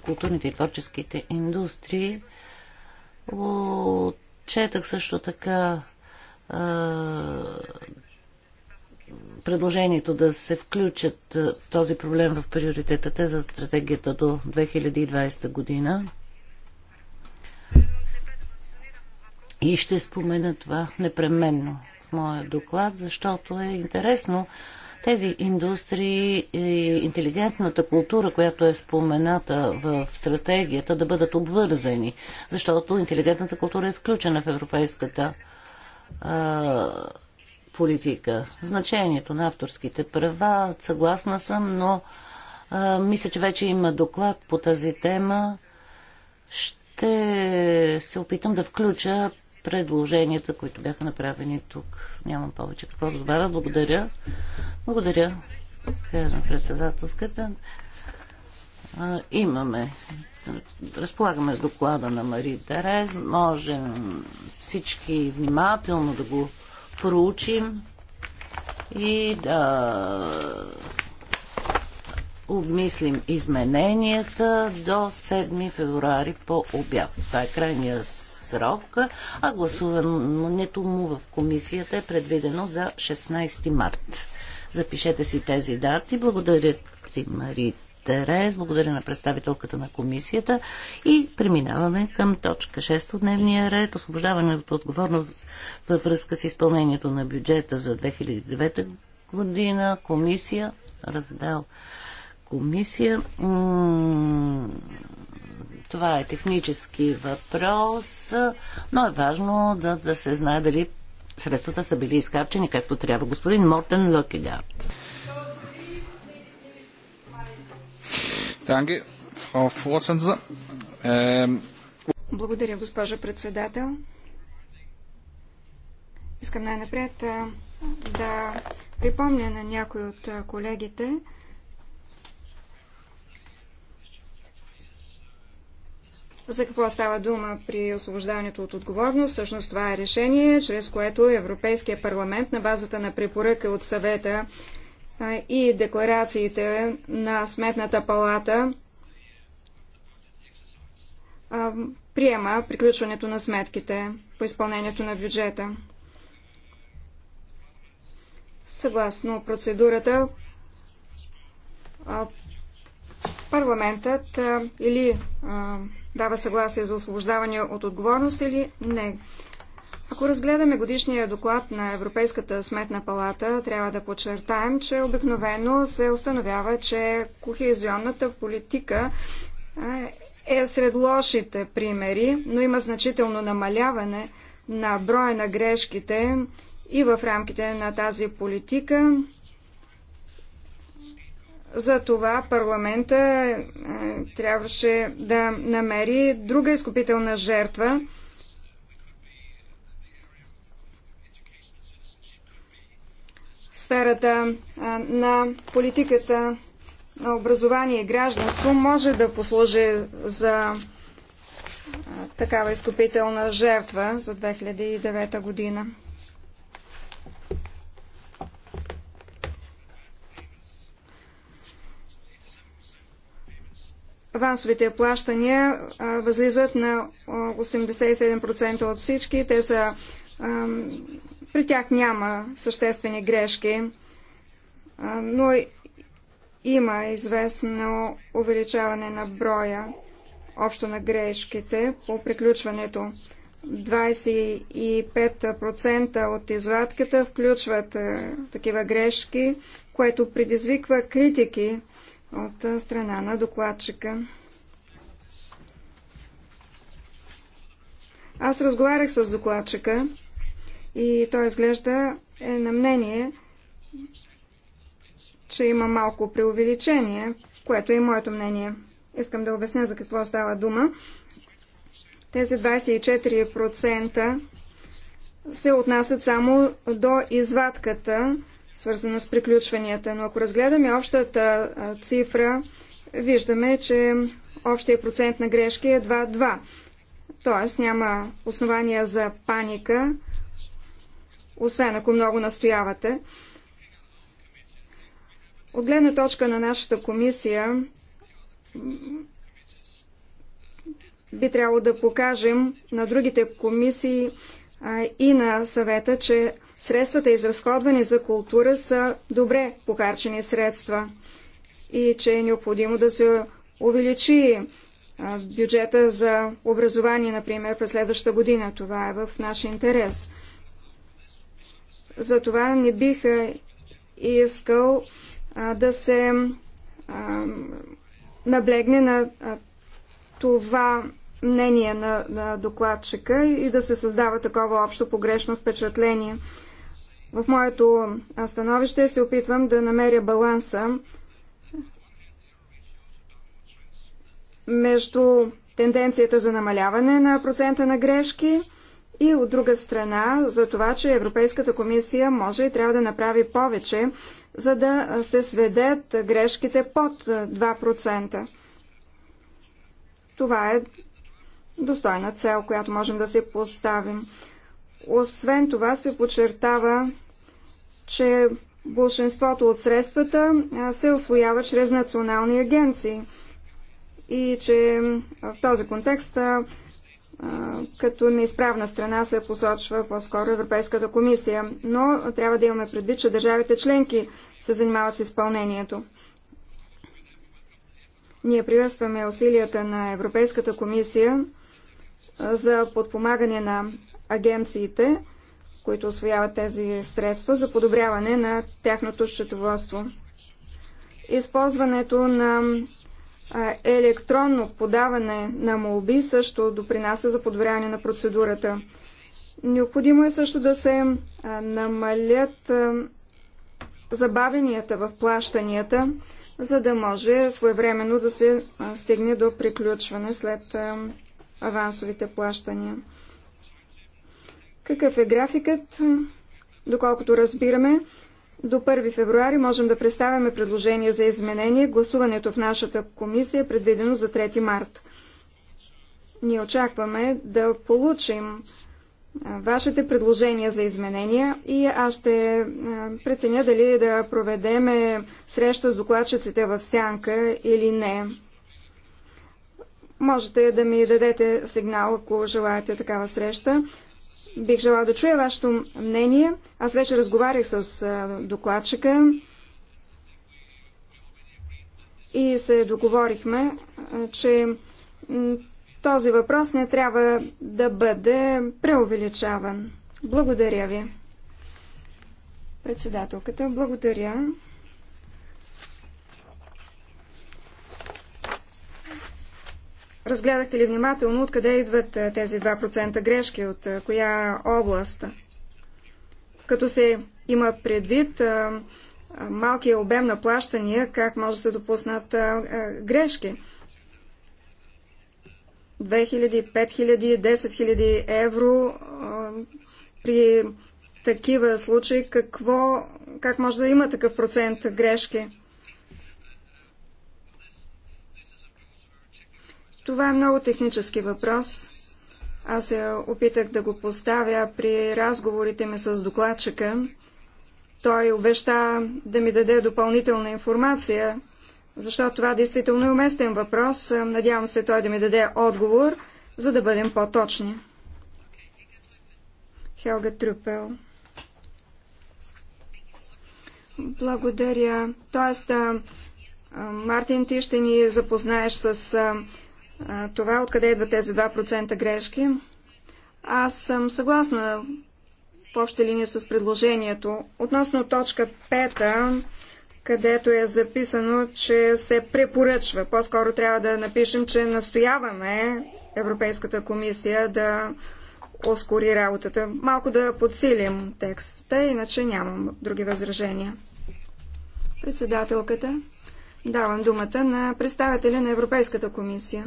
културните и творческите индустрии Четах също така а, предложението да се включат а, този проблем в приоритетите за стратегията до 2020 година. И ще спомена това непременно в моя доклад, защото е интересно тези индустрии и интелигентната култура, която е спомената в стратегията, да бъдат обвързани, защото интелигентната култура е включена в европейската а, политика. Значението на авторските права, съгласна съм, но а, мисля, че вече има доклад по тази тема. Ще се опитам да включа предложенията, които бяха направени тук. Нямам повече какво да добавя. Благодаря. Благодаря. Казвам председателската. А, имаме. Разполагаме с доклада на Мари Дарез. Можем всички внимателно да го проучим и да обмислим измененията до 7 февруари по обяд. Това е крайния срок, а гласуването му в комисията е предвидено за 16 март. Запишете си тези дати. Благодаря ти, Мари Терез. Благодаря на представителката на комисията. И преминаваме към точка 6 от дневния ред. Освобождаване от отговорност във връзка с изпълнението на бюджета за 2009 година. Комисия раздел комисия. Това е технически въпрос, но е важно да, да се знае дали средствата са били изкарчени както трябва. Господин Мортен Лъкегард. Ähm, Благодаря, госпожа председател. Искам най-напред да припомня на някой от колегите, За какво става дума при освобождаването от отговорност? Всъщност това е решение, чрез което Европейския парламент на базата на препоръка от съвета и декларациите на Сметната палата приема приключването на сметките по изпълнението на бюджета. Съгласно процедурата, парламентът или дава съгласие за освобождаване от отговорност или не. Ако разгледаме годишния доклад на Европейската сметна палата, трябва да подчертаем, че обикновено се установява, че кохезионната политика е сред лошите примери, но има значително намаляване на броя на грешките и в рамките на тази политика за това парламента е, трябваше да намери друга изкупителна жертва. Сферата е, на политиката на образование и гражданство може да послужи за е, такава изкупителна жертва за 2009 година. авансовите плащания възлизат на 87% от всички. Те са, при тях няма съществени грешки, но има известно увеличаване на броя общо на грешките по приключването. 25% от извадката включват такива грешки, което предизвиква критики от страна на докладчика. Аз разговарях с докладчика и той изглежда е на мнение, че има малко преувеличение, което е и моето мнение. Искам да обясня за какво става дума. Тези 24% се отнасят само до извадката свързана с приключванията. Но ако разгледаме общата цифра, виждаме, че общия процент на грешки е 2-2. Тоест няма основания за паника, освен ако много настоявате. От гледна точка на нашата комисия би трябвало да покажем на другите комисии и на съвета, че средствата, изразходвани за култура, са добре похарчени средства и че е необходимо да се увеличи бюджета за образование, например, през следващата година. Това е в наш интерес. Затова не бих искал да се наблегне на това мнение на, на докладчика и да се създава такова общо погрешно впечатление. В моето становище се опитвам да намеря баланса между тенденцията за намаляване на процента на грешки и от друга страна за това, че Европейската комисия може и трябва да направи повече, за да се сведят грешките под 2%. Това е достойна цел, която можем да се поставим. Освен това се подчертава, че большинството от средствата се освоява чрез национални агенции и че в този контекст като неизправна страна се посочва по-скоро Европейската комисия, но трябва да имаме предвид, че държавите членки се занимават с изпълнението. Ние приветстваме усилията на Европейската комисия за подпомагане на агенциите, които освояват тези средства, за подобряване на тяхното счетоводство. Използването на електронно подаване на молби също допринася за подобряване на процедурата. Необходимо е също да се намалят забавенията в плащанията, за да може своевременно да се стигне до приключване след авансовите плащания. Какъв е графикът? Доколкото разбираме, до 1 февруари можем да представяме предложение за изменение. Гласуването в нашата комисия е предвидено за 3 март. Ние очакваме да получим вашите предложения за изменения и аз ще преценя дали да проведеме среща с докладчиците в сянка или не. Можете да ми дадете сигнал, ако желаете такава среща. Бих желал да чуя вашето мнение. Аз вече разговарях с докладчика и се договорихме, че този въпрос не трябва да бъде преувеличаван. Благодаря ви. Председателката, благодаря. Разгледахте ли внимателно откъде идват е, тези 2% грешки, от е, коя област? Като се има предвид е, малкия обем на плащания, как може да се допуснат грешки? 2000, 5000, 10 000 евро при такива случаи, какво, как може да има такъв процент грешки? Това е много технически въпрос. Аз се опитах да го поставя при разговорите ми с докладчика. Той обеща да ми даде допълнителна информация, защото това действително е уместен въпрос. Надявам се той да ми даде отговор, за да бъдем по-точни. Хелга Трюпел. Благодаря. Тоест, Мартин, ти ще ни запознаеш с това, откъде идват тези 2% грешки. Аз съм съгласна в обща линия с предложението. Относно точка 5, където е записано, че се препоръчва. По-скоро трябва да напишем, че настояваме Европейската комисия да ускори работата. Малко да подсилим текста, иначе нямам други възражения. Председателката, давам думата на представителя на Европейската комисия.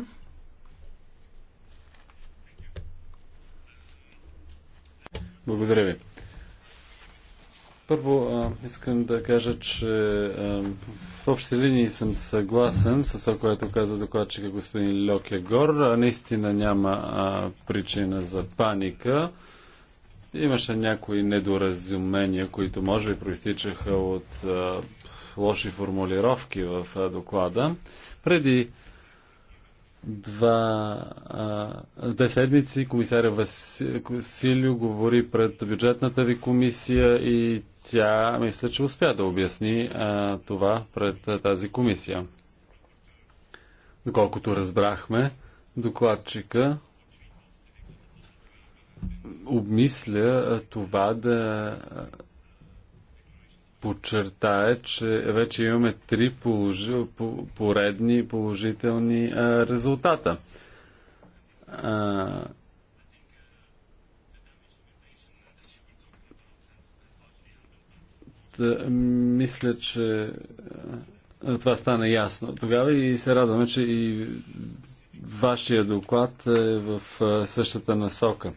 Благодаря ви. Първо, а, искам да кажа, че а, в общи линии съм съгласен с това, което каза докладчика господин Льокегор. Наистина няма а, причина за паника. Имаше някои недоразумения, които може би проистичаха от а, лоши формулировки в а, доклада. Преди два, а, две седмици комисаря Василио говори пред бюджетната ви комисия и тя мисля, че успя да обясни а, това пред а, тази комисия. Доколкото разбрахме, докладчика обмисля това да подчертая, че вече имаме три положи, поредни положителни а, резултата. А, да, мисля, че а, това стана ясно тогава и се радваме, че и вашия доклад е в а, същата насока.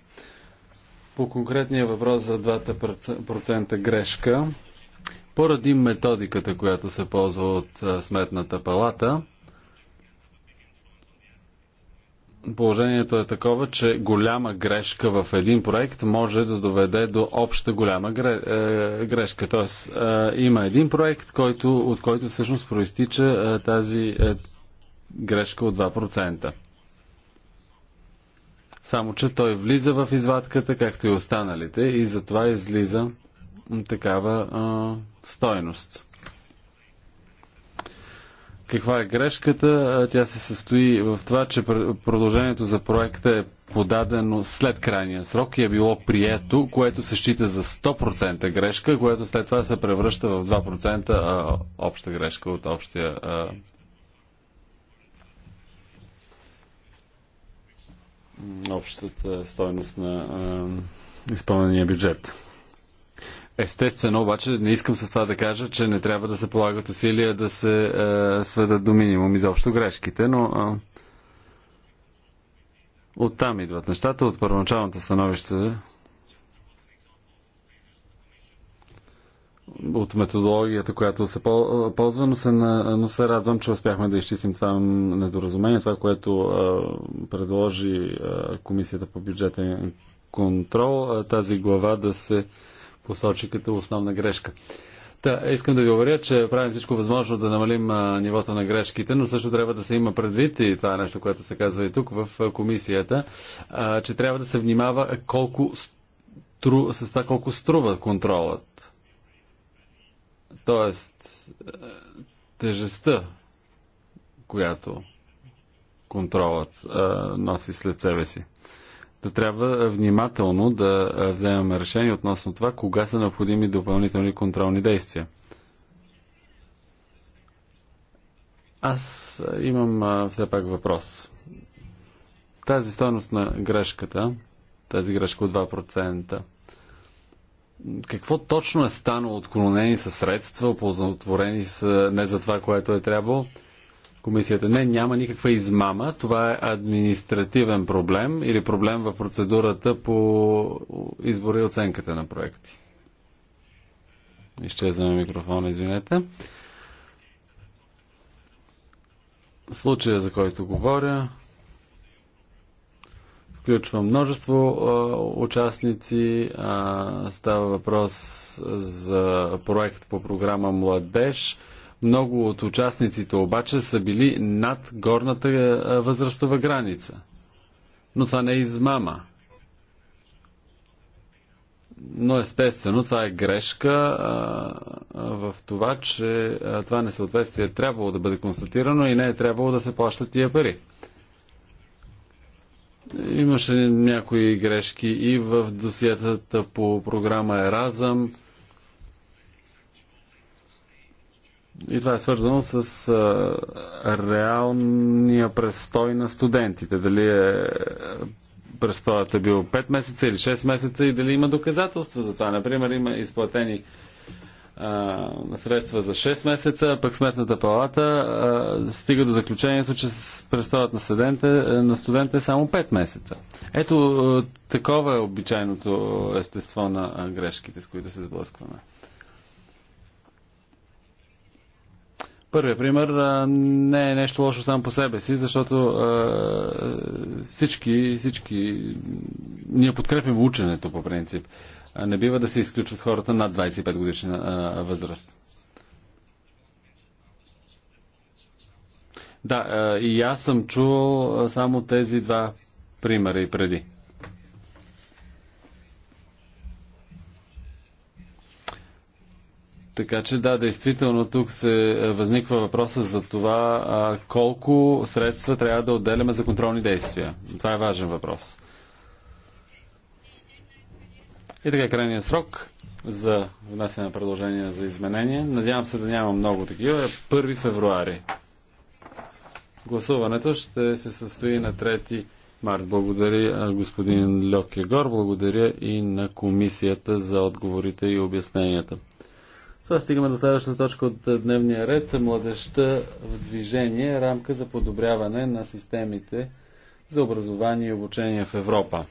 По конкретния въпрос за 2% грешка, поради методиката, която се ползва от Сметната палата, положението е такова, че голяма грешка в един проект може да доведе до обща голяма е, грешка. Тоест, е, има един проект, който, от който всъщност проистича е, тази грешка от 2%. Само, че той влиза в извадката, както и останалите, и затова излиза такава а, стойност. Каква е грешката? Тя се състои в това, че продължението за проекта е подадено след крайния срок и е било прието, което се счита за 100% грешка, което след това се превръща в 2% обща грешка от общия общата стойност на изпълнения бюджет. Естествено, обаче, не искам с това да кажа, че не трябва да се полагат усилия да се е, сведат до минимум изобщо грешките, но е, оттам идват нещата, от първоначалното становище от методологията, която се ползва, но се, но се радвам, че успяхме да изчистим това недоразумение, това, което а, е, предложи а, е, Комисията по бюджетен контрол, а, е, тази глава да се посочи като основна грешка. Та, искам да ви уверя, че правим всичко възможно да намалим а, нивото на грешките, но също трябва да се има предвид, и това е нещо, което се казва и тук в комисията, а, че трябва да се внимава колко стру, с това колко струва контролът. Тоест, тежестта, която контролът а, носи след себе си да трябва внимателно да вземаме решение относно това, кога са необходими допълнителни контролни действия. Аз имам все пак въпрос. Тази стойност на грешката, тази грешка от 2%, какво точно е станало? Отклонени са средства, оползотворени са не за това, което е трябвало комисията. Не, няма никаква измама. Това е административен проблем или проблем в процедурата по избора и оценката на проекти. Изчезваме микрофона, извинете. Случая, за който говоря, включва множество а, участници. А, става въпрос за проект по програма Младеж – много от участниците обаче са били над горната е, е, възрастова граница. Но това не е измама. Но естествено, това е грешка а, е, а, в това, че а, това несъответствие е трябвало да бъде констатирано и не е трябвало да се плащат тия пари. Имаше някои грешки и в досиетата по програма Еразъм. И това е свързано с а, реалния престой на студентите. Дали е, престоят е бил 5 месеца или 6 месеца и дали има доказателства за това. Например, има изплатени а, средства за 6 месеца, пък Сметната палата а, стига до заключението, че престоят на студента, на студента е само 5 месеца. Ето такова е обичайното естество на грешките, с които се сблъскваме. Първият пример не е нещо лошо само по себе си, защото всички, всички ние подкрепим ученето по принцип. Не бива да се изключват хората над 25 годишна възраст. Да, и аз съм чувал само тези два примера и преди. Така че да, действително тук се е, възниква въпроса за това а, колко средства трябва да отделяме за контролни действия. Това е важен въпрос. И така, крайният срок за внасяне на предложения за изменение. Надявам се да няма много такива. 1 е февруари. Гласуването ще се състои на 3 март. Благодаря господин Егор. благодаря и на комисията за отговорите и обясненията. Сега стигаме до следващата точка от дневния ред. Младеща в движение. Рамка за подобряване на системите за образование и обучение в Европа.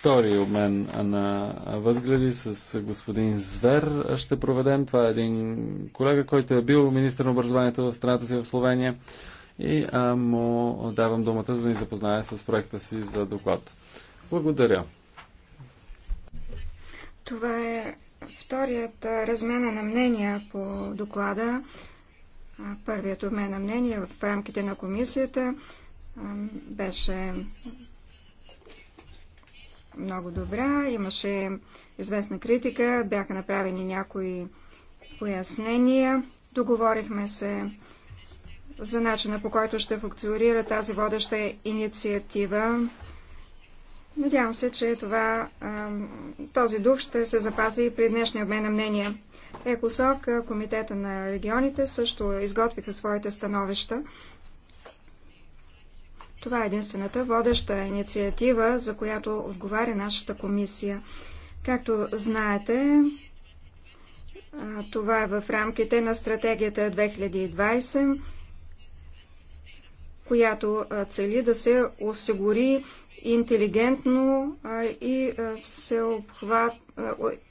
Втори обмен на възгледи с господин Звер ще проведем. Това е един колега, който е бил министър на образованието в страната си в Словения и а, му давам думата, за да ни запознае с проекта си за доклад. Благодаря. Това е Вторият размена на мнения по доклада, първият обмен на мнения в рамките на комисията беше много добра. Имаше известна критика, бяха направени някои пояснения. Договорихме се за начина по който ще функционира тази водеща инициатива. Надявам се, че това, този дух ще се запази и при днешния обмен на мнения. ЕКОСОК, Комитета на регионите също изготвиха своите становища. Това е единствената водеща инициатива, за която отговаря нашата комисия. Както знаете, това е в рамките на стратегията 2020, която цели да се осигури интелигентно и всеобхват,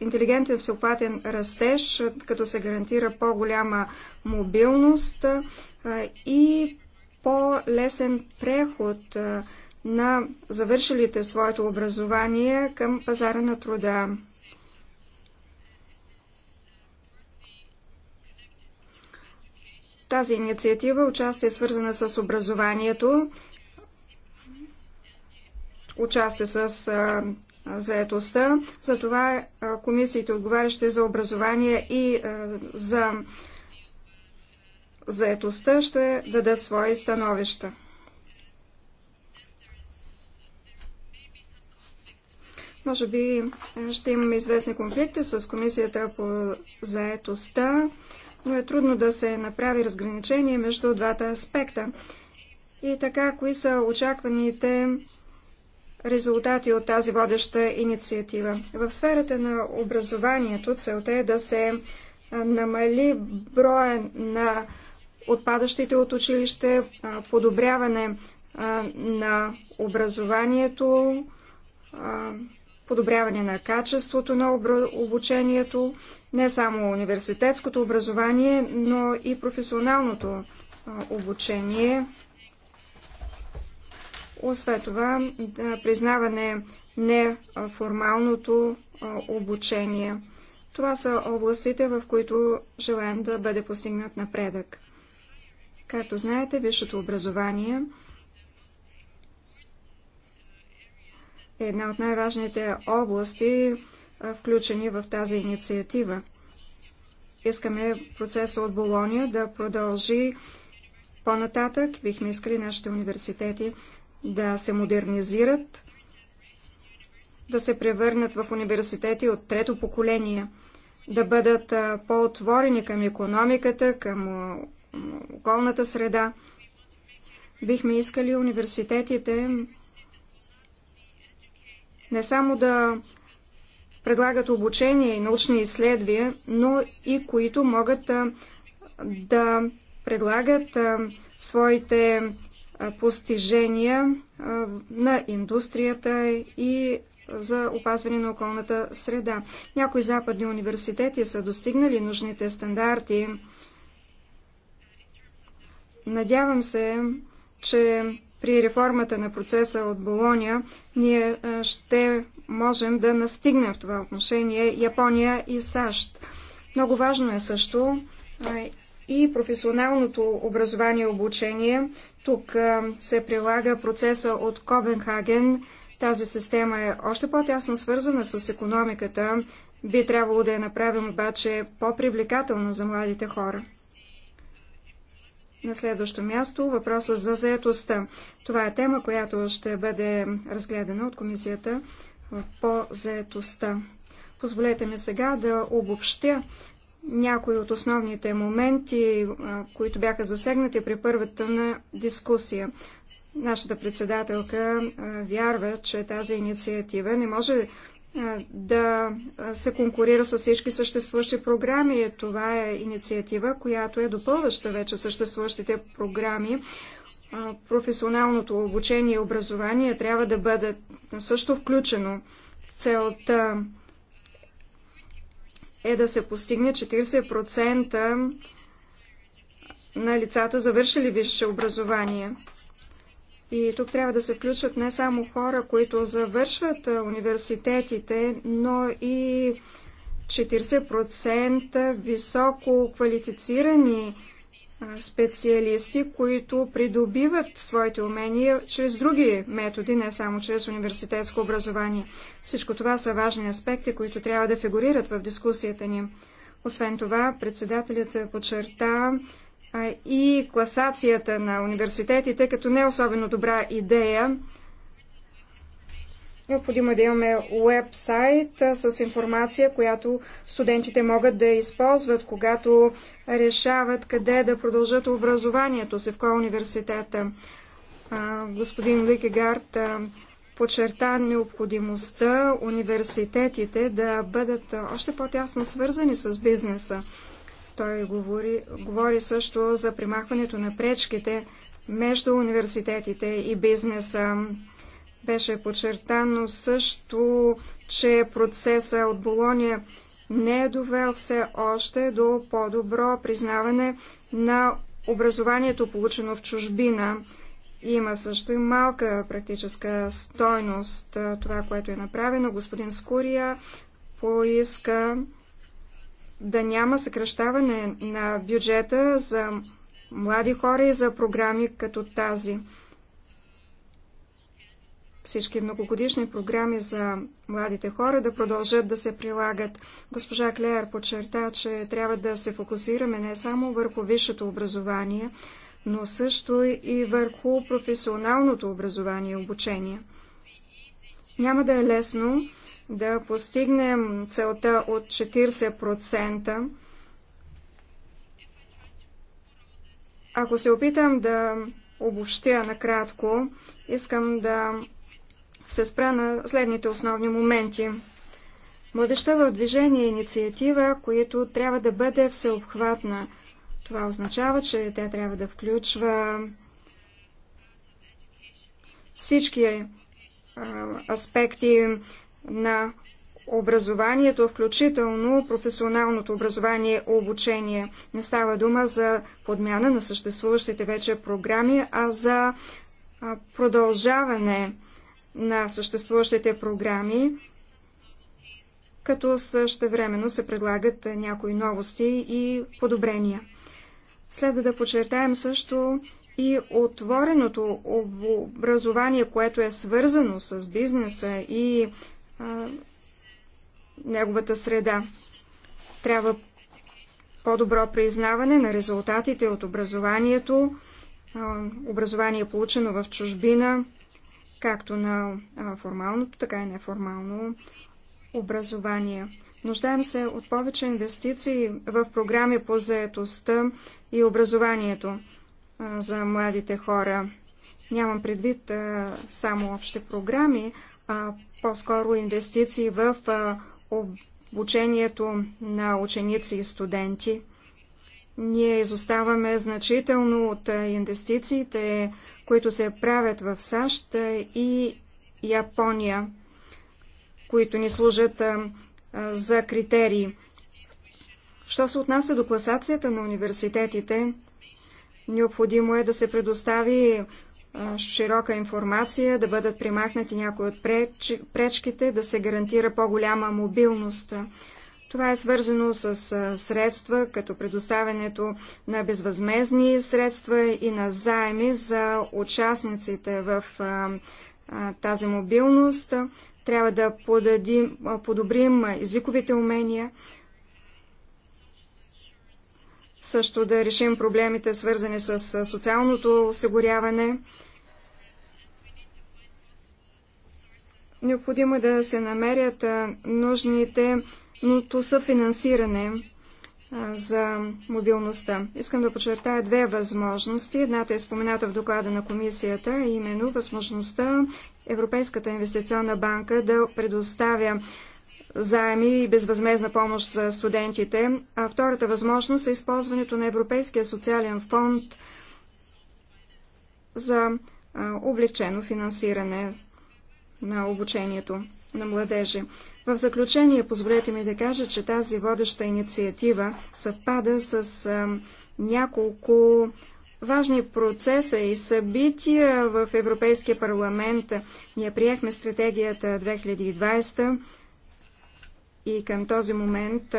интелигентен всеобхватен растеж, като се гарантира по-голяма мобилност и по-лесен преход на завършилите своето образование към пазара на труда. Тази инициатива участие е свързана с образованието участие с заедостта. Затова комисиите, отговарящи за образование и за заедостта, ще дадат свои становища. Може би ще имаме известни конфликти с комисията по заедостта, но е трудно да се направи разграничение между двата аспекта. И така, кои са очакваните резултати от тази водеща инициатива. В сферата на образованието целта е да се намали броя на отпадащите от училище, подобряване на образованието, подобряване на качеството на обучението, не само университетското образование, но и професионалното обучение, освен това, признаване неформалното обучение. Това са областите, в които желаем да бъде постигнат напредък. Както знаете, висшето образование е една от най-важните области, включени в тази инициатива. Искаме процеса от Болония да продължи по-нататък. Бихме искали нашите университети да се модернизират, да се превърнат в университети от трето поколение, да бъдат по-отворени към економиката, към околната среда. Бихме искали университетите не само да предлагат обучение и научни изследвия, но и които могат да предлагат своите постижения на индустрията и за опазване на околната среда. Някои западни университети са достигнали нужните стандарти. Надявам се, че при реформата на процеса от Болония ние ще можем да настигнем в това отношение Япония и САЩ. Много важно е също и професионалното образование и обучение. Тук се прилага процеса от Копенхаген. Тази система е още по-тясно свързана с економиката. Би трябвало да я направим обаче по-привлекателна за младите хора. На следващо място въпроса за заетостта. Това е тема, която ще бъде разгледана от комисията по заетостта. Позволете ми сега да обобщя някои от основните моменти, които бяха засегнати при първата на дискусия. Нашата председателка вярва, че тази инициатива не може да се конкурира с всички съществуващи програми. Това е инициатива, която е допълваща вече съществуващите програми. Професионалното обучение и образование трябва да бъде също включено. Целта е да се постигне 40% на лицата, завършили висше образование. И тук трябва да се включат не само хора, които завършват университетите, но и 40% високо квалифицирани специалисти, които придобиват своите умения чрез други методи, не само чрез университетско образование. Всичко това са важни аспекти, които трябва да фигурират в дискусията ни. Освен това, председателят подчерта и класацията на университетите като не особено добра идея, Необходимо е да имаме уебсайт с информация, която студентите могат да използват, когато решават къде да продължат образованието си в кой университета. Господин Ликегард подчерта необходимостта университетите да бъдат още по-тясно свързани с бизнеса. Той говори, говори също за примахването на пречките между университетите и бизнеса. Беше подчертано също, че процеса от Болония не е довел все още до по-добро признаване на образованието, получено в чужбина. Има също и малка практическа стойност това, което е направено. Господин Скурия поиска да няма съкръщаване на бюджета за млади хора и за програми като тази всички многогодишни програми за младите хора да продължат да се прилагат. Госпожа Клеер подчерта, че трябва да се фокусираме не само върху висшето образование, но също и върху професионалното образование и обучение. Няма да е лесно да постигнем целта от 40%. Ако се опитам да обобщя накратко, искам да се спра на следните основни моменти. Младеща в движение е инициатива, която трябва да бъде всеобхватна. Това означава, че тя трябва да включва всички аспекти на образованието, включително професионалното образование и обучение. Не става дума за подмяна на съществуващите вече програми, а за продължаване на съществуващите програми, като същевременно се предлагат някои новости и подобрения. Следва да подчертаем също и отвореното образование, което е свързано с бизнеса и а, неговата среда. Трябва по-добро признаване на резултатите от образованието, а, образование получено в чужбина, както на формалното, така и неформално образование. Нуждаем се от повече инвестиции в програми по заетостта и образованието за младите хора. Нямам предвид само общи програми, а по-скоро инвестиции в обучението на ученици и студенти. Ние изоставаме значително от инвестициите които се правят в САЩ и Япония, които ни служат за критерии. Що се отнася до класацията на университетите, необходимо е да се предостави широка информация, да бъдат примахнати някои от пречките, да се гарантира по-голяма мобилност. Това е свързано с средства, като предоставянето на безвъзмезни средства и на заеми за участниците в тази мобилност. Трябва да подадим, подобрим езиковите умения, също да решим проблемите, свързани с социалното осигуряване. Необходимо е да се намерят нужните ното съфинансиране за мобилността. Искам да подчертая две възможности. Едната е спомената в доклада на комисията, именно възможността Европейската инвестиционна банка да предоставя заеми и безвъзмезна помощ за студентите. А втората възможност е използването на Европейския социален фонд за облегчено финансиране на обучението на младежи. В заключение, позволете ми да кажа, че тази водеща инициатива съвпада с а, няколко важни процеса и събития в Европейския парламент. Ние приехме стратегията 2020 и към този момент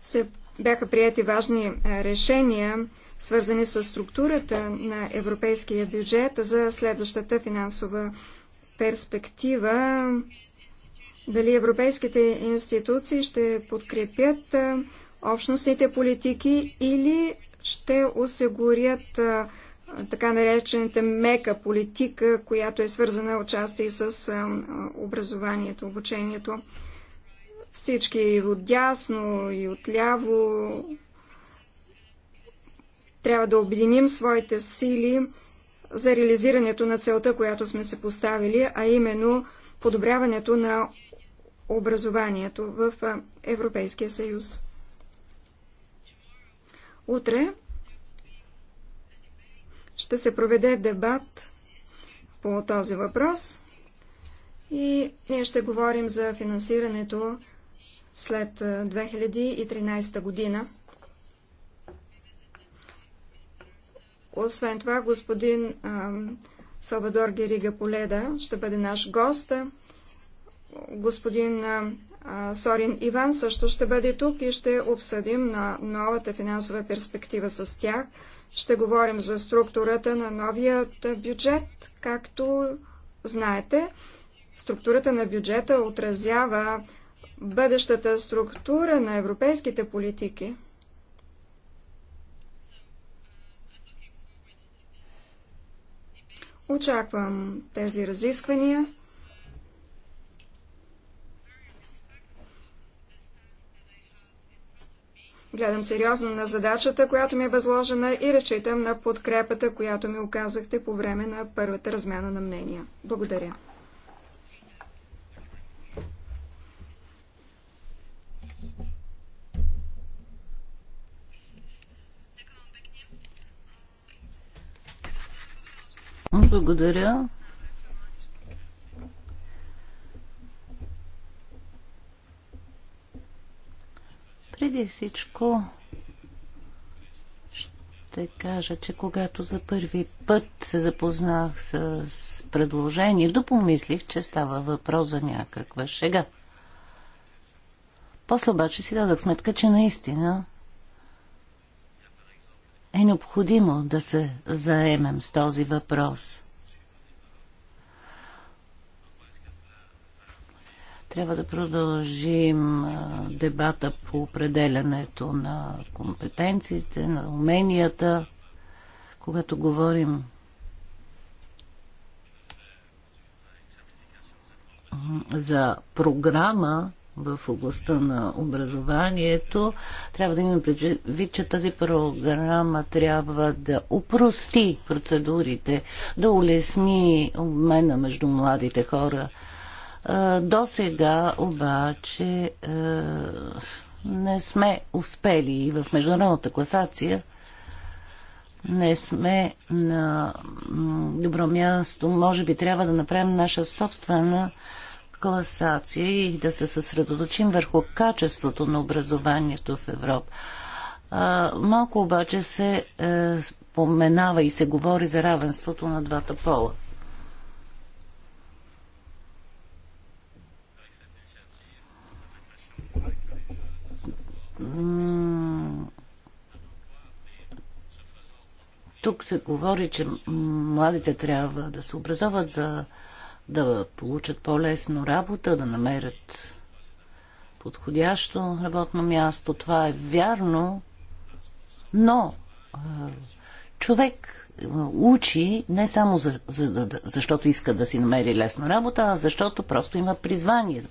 се бяха прияти важни решения, свързани с структурата на европейския бюджет за следващата финансова година перспектива дали европейските институции ще подкрепят общностните политики или ще осигурят така наречената мека политика, която е свързана отчасти с образованието, обучението. Всички и от дясно, и от ляво трябва да обединим своите сили за реализирането на целта, която сме се поставили, а именно подобряването на образованието в Европейския съюз. Утре ще се проведе дебат по този въпрос и ние ще говорим за финансирането след 2013 година. Освен това, господин Салвадор Герига Поледа ще бъде наш гост. Господин Сорин Иван също ще бъде тук и ще обсъдим на новата финансова перспектива с тях. Ще говорим за структурата на новият бюджет, както знаете. Структурата на бюджета отразява бъдещата структура на европейските политики. Очаквам тези разисквания. Гледам сериозно на задачата, която ми е възложена и разчитам на подкрепата, която ми оказахте по време на първата размяна на мнения. Благодаря. Благодаря. Преди всичко ще кажа, че когато за първи път се запознах с предложението, помислих, че става въпрос за някаква шега. После обаче си дадах сметка, че наистина е необходимо да се заемем с този въпрос. Трябва да продължим дебата по определянето на компетенциите, на уменията, когато говорим за програма, в областта на образованието. Трябва да имаме предвид, че тази програма трябва да упрости процедурите, да улесни обмена между младите хора. До сега обаче не сме успели и в международната класация не сме на добро място. Може би трябва да направим наша собствена класация и да се съсредоточим върху качеството на образованието в Европа. Малко обаче се е, споменава и се говори за равенството на двата пола. Тук се говори, че младите трябва да се образоват за да получат по-лесно работа, да намерят подходящо работно място. Това е вярно, но човек учи не само за, за, защото иска да си намери лесно работа, а защото просто има призвание.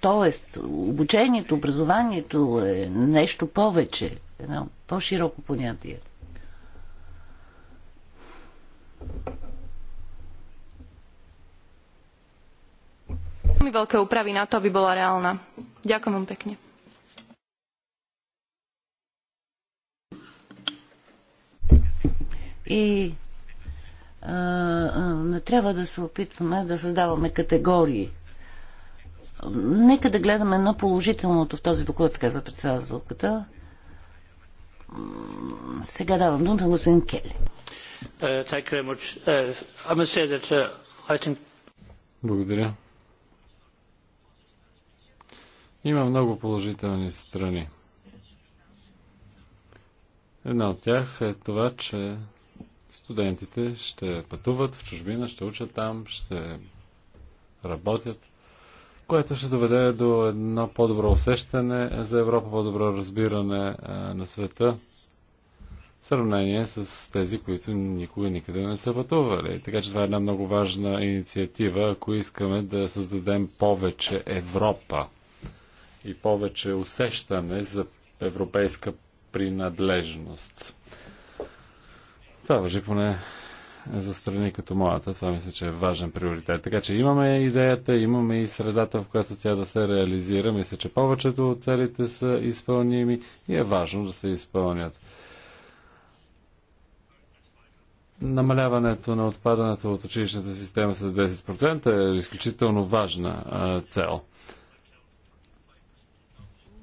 Тоест, обучението, образованието е нещо повече, едно по-широко понятие. veľké úpravy na to, aby bola reálna. Ďakujem vám pekne. И а, не трябва да се опитваме да създаваме категории. Нека да гледаме на положителното в този доклад, казва председателката. Сега давам думата на господин Кели. Uh, uh, uh, think... Благодаря. Има много положителни страни. Една от тях е това, че студентите ще пътуват в чужбина, ще учат там, ще работят, което ще доведе до едно по-добро усещане за Европа, по-добро разбиране на света, в сравнение с тези, които никога никъде не са пътували. Така че това е една много важна инициатива, ако искаме да създадем повече Европа и повече усещане за европейска принадлежност. Това въжи поне за страни като моята. Това мисля, че е важен приоритет. Така че имаме идеята, имаме и средата, в която тя да се реализира. Мисля, че повечето от целите са изпълними и е важно да се изпълнят. Намаляването на отпадането от училищната система с 10% е изключително важна цел.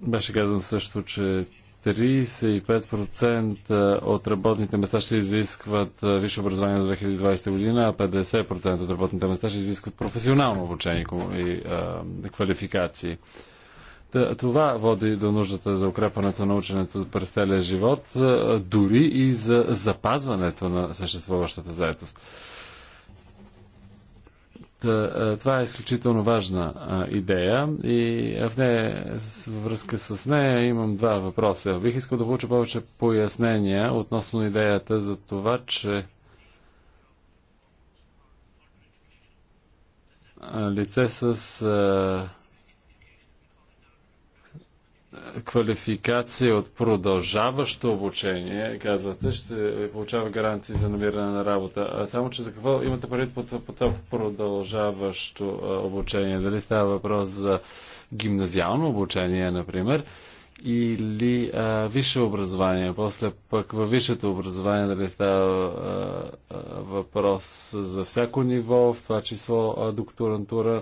Беше казано също, че 35% от работните места ще изискват висше образование до 2020 година, а 50% от работните места ще изискват професионално обучение и а, квалификации. Това води до нуждата за укрепването на ученето през целия живот, дори и за запазването на съществуващата заетост. Е, това е изключително важна е, идея и е, в нея, във връзка с нея имам два въпроса. Бих искал да получа повече пояснения относно идеята за това, че лице с квалификация от продължаващо обучение, казвате, ще получава гаранции за намиране на работа. А само, че за какво имате пари по, по това продължаващо обучение? Дали става въпрос за гимназиално обучение, например, или а, висше образование? После пък във висшето образование дали става а, а, въпрос за всяко ниво, в това число а, докторантура?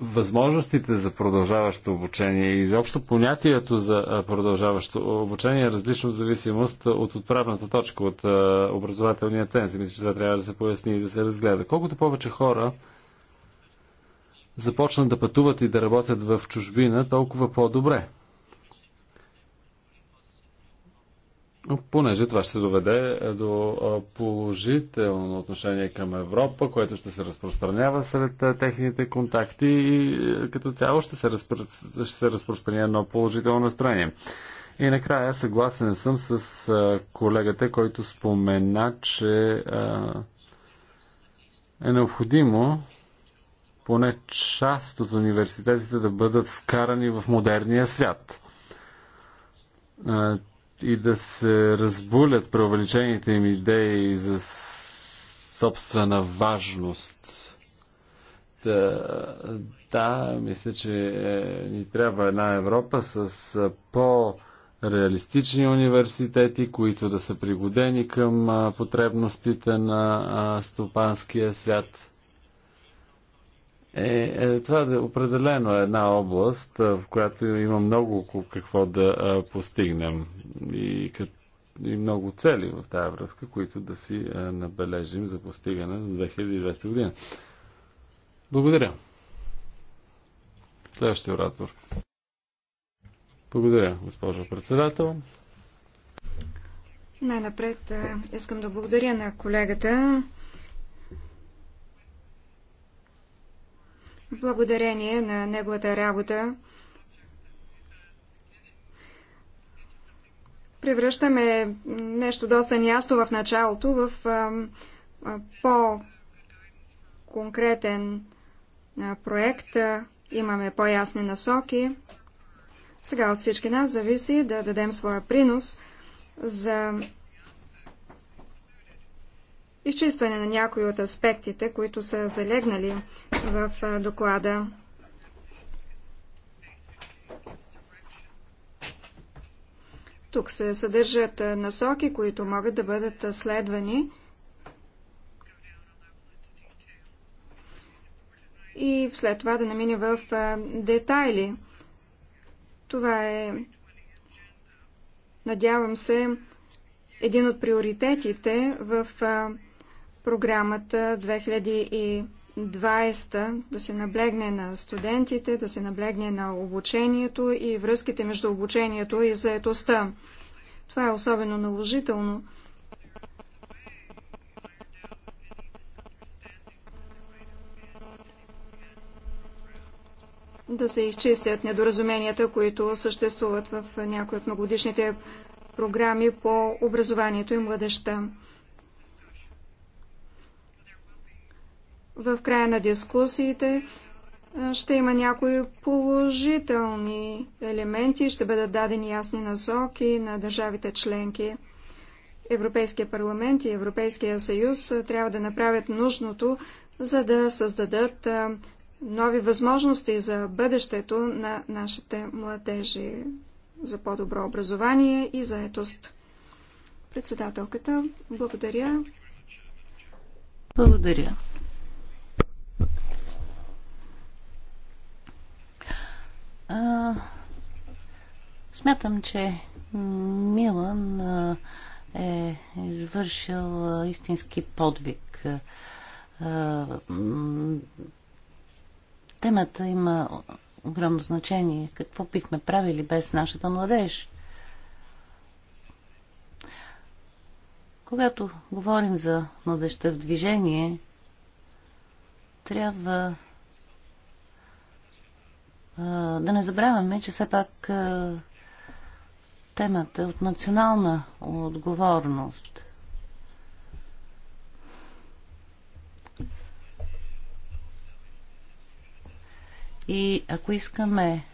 възможностите за продължаващо обучение и изобщо понятието за продължаващо обучение е различно в зависимост от отправната точка, от образователния ценз. Мисля, че това трябва да се поясни и да се разгледа. Колкото повече хора започнат да пътуват и да работят в чужбина, толкова по-добре. понеже това ще доведе е, до положително отношение към Европа, което ще се разпространява сред техните контакти и е, като цяло ще се, разпро... ще се разпространи едно положително настроение. И накрая съгласен съм с колегата, който спомена, че е необходимо поне част от университетите да бъдат вкарани в модерния свят и да се разбулят преувеличените им идеи за собствена важност. Да, да мисля, че е, ни трябва една Европа с е, по- реалистични университети, които да са пригодени към е, потребностите на стопанския свят е, е това да е определено е една област, е, в която има много какво да е, постигнем и, и много цели в тази връзка, които да си набележим за постигане на 2020 година. Благодаря. Следващия оратор. Благодаря, госпожо председател. Най-напред искам да благодаря на колегата Благодарение на неговата работа превръщаме нещо доста неясно в началото в по-конкретен проект. Имаме по-ясни насоки. Сега от всички нас зависи да дадем своя принос за изчистване на някои от аспектите, които са залегнали в доклада. Тук се съдържат насоки, които могат да бъдат следвани и след това да намине в детайли. Това е, надявам се, един от приоритетите в програмата 2020 да се наблегне на студентите, да се наблегне на обучението и връзките между обучението и заетостта. Това е особено наложително. Да се изчистят недоразуменията, които съществуват в някои от многодишните програми по образованието и младеща. В края на дискусиите ще има някои положителни елементи, ще бъдат дадени ясни насоки на държавите членки. Европейския парламент и Европейския съюз трябва да направят нужното, за да създадат нови възможности за бъдещето на нашите младежи за по-добро образование и заетост. Председателката, благодаря. Благодаря. А, смятам, че Милан е извършил истински подвиг. Темата има огромно значение. Какво бихме правили без нашата младеж? Когато говорим за младеща в движение, трябва да не забравяме, че все пак темата е от национална отговорност. И ако искаме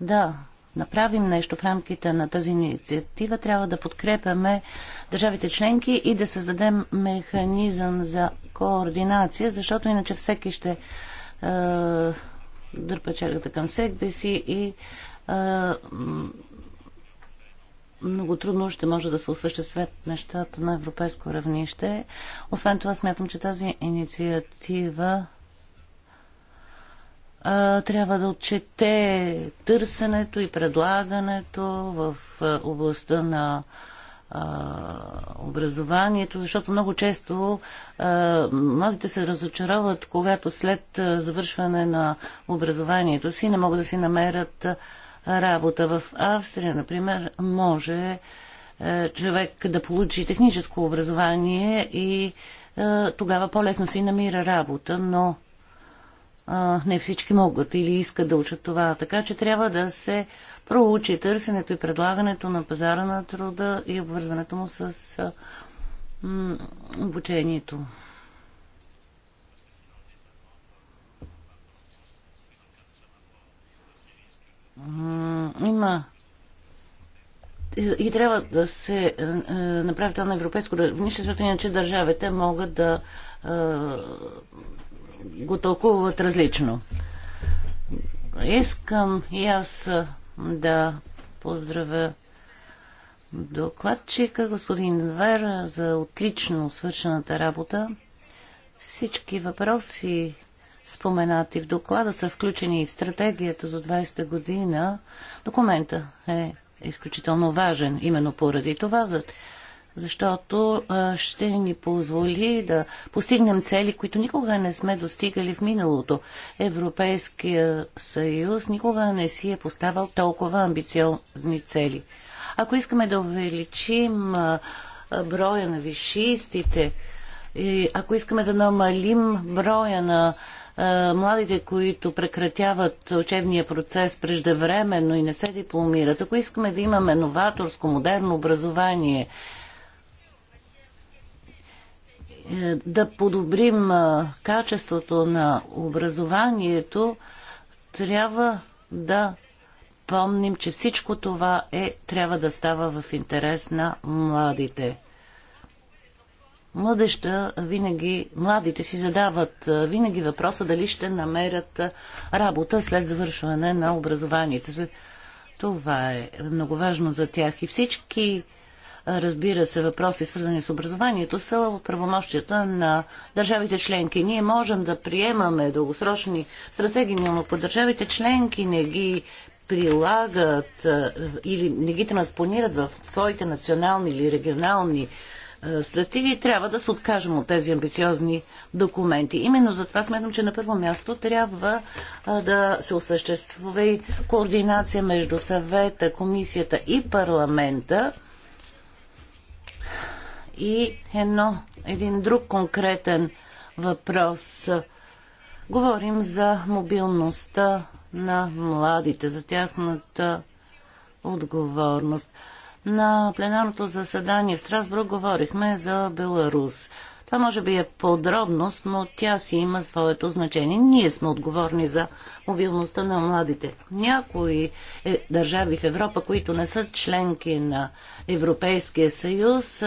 да направим нещо в рамките на тази инициатива, трябва да подкрепяме държавите членки и да създадем механизъм за координация, защото иначе всеки ще е, дърпачагата към себе си и а, много трудно ще може да се осъществят нещата на европейско равнище. Освен това, смятам, че тази инициатива а, трябва да отчете търсенето и предлагането в областта на а, образованието, защото много често младите се разочароват, когато след завършване на образованието си не могат да си намерят работа. В Австрия, например, може е, човек да получи техническо образование и е, тогава по-лесно си намира работа, но е, не всички могат или искат да учат това. Така че трябва да се проучи търсенето и предлагането на пазара на труда и обвързването му с обучението. Има. И трябва да се е, е, направи това на европейско равнище, защото иначе държавите могат да е, го тълкуват различно. Искам и аз да поздравя докладчика, господин Вера, за отлично свършената работа. Всички въпроси, споменати в доклада, са включени и в стратегията до 20-та година. Документа е изключително важен именно поради това, за защото ще ни позволи да постигнем цели, които никога не сме достигали в миналото. Европейския съюз никога не си е поставал толкова амбициозни цели. Ако искаме да увеличим броя на вишистите, и ако искаме да намалим броя на младите, които прекратяват учебния процес преждевременно и не се дипломират, ако искаме да имаме новаторско, модерно образование, е, да подобрим е, качеството на образованието, трябва да помним, че всичко това е, трябва да става в интерес на младите. Младеща винаги, младите си задават е, винаги въпроса дали ще намерят работа след завършване на образованието. Това е много важно за тях и всички разбира се, въпроси свързани с образованието са от правомощията на държавите членки. Ние можем да приемаме дългосрочни стратегии, но ако държавите членки не ги прилагат или не ги транспонират в своите национални или регионални стратегии, трябва да се откажем от тези амбициозни документи. Именно за това смятам, че на първо място трябва да се осъществува и координация между съвета, комисията и парламента, и едно, един друг конкретен въпрос. Говорим за мобилността на младите, за тяхната отговорност. На пленарното заседание в Страсбург говорихме за Беларус. Това може би е подробност, но тя си има своето значение. Ние сме отговорни за мобилността на младите. Някои е, държави в Европа, които не са членки на Европейския съюз,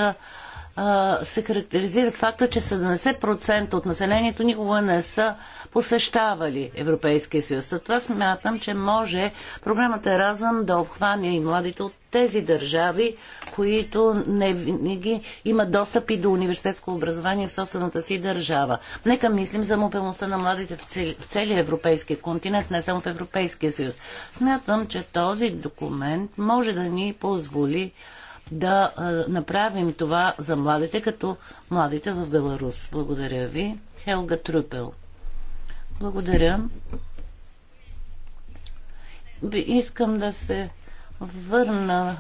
а, се характеризират факта, че 70% от населението никога не са посещавали Европейския съюз. За това смятам, че може програмата Еразъм да обхване и младите от тези държави, които не винаги имат достъп и до университетско образование в собствената си държава. Нека мислим за мобилността на младите в, цели, в целия европейски континент, не само в Европейския съюз. Смятам, че този документ може да ни позволи да направим това за младите, като младите в Беларус. Благодаря ви. Хелга Трупел. Благодаря. Искам да се върна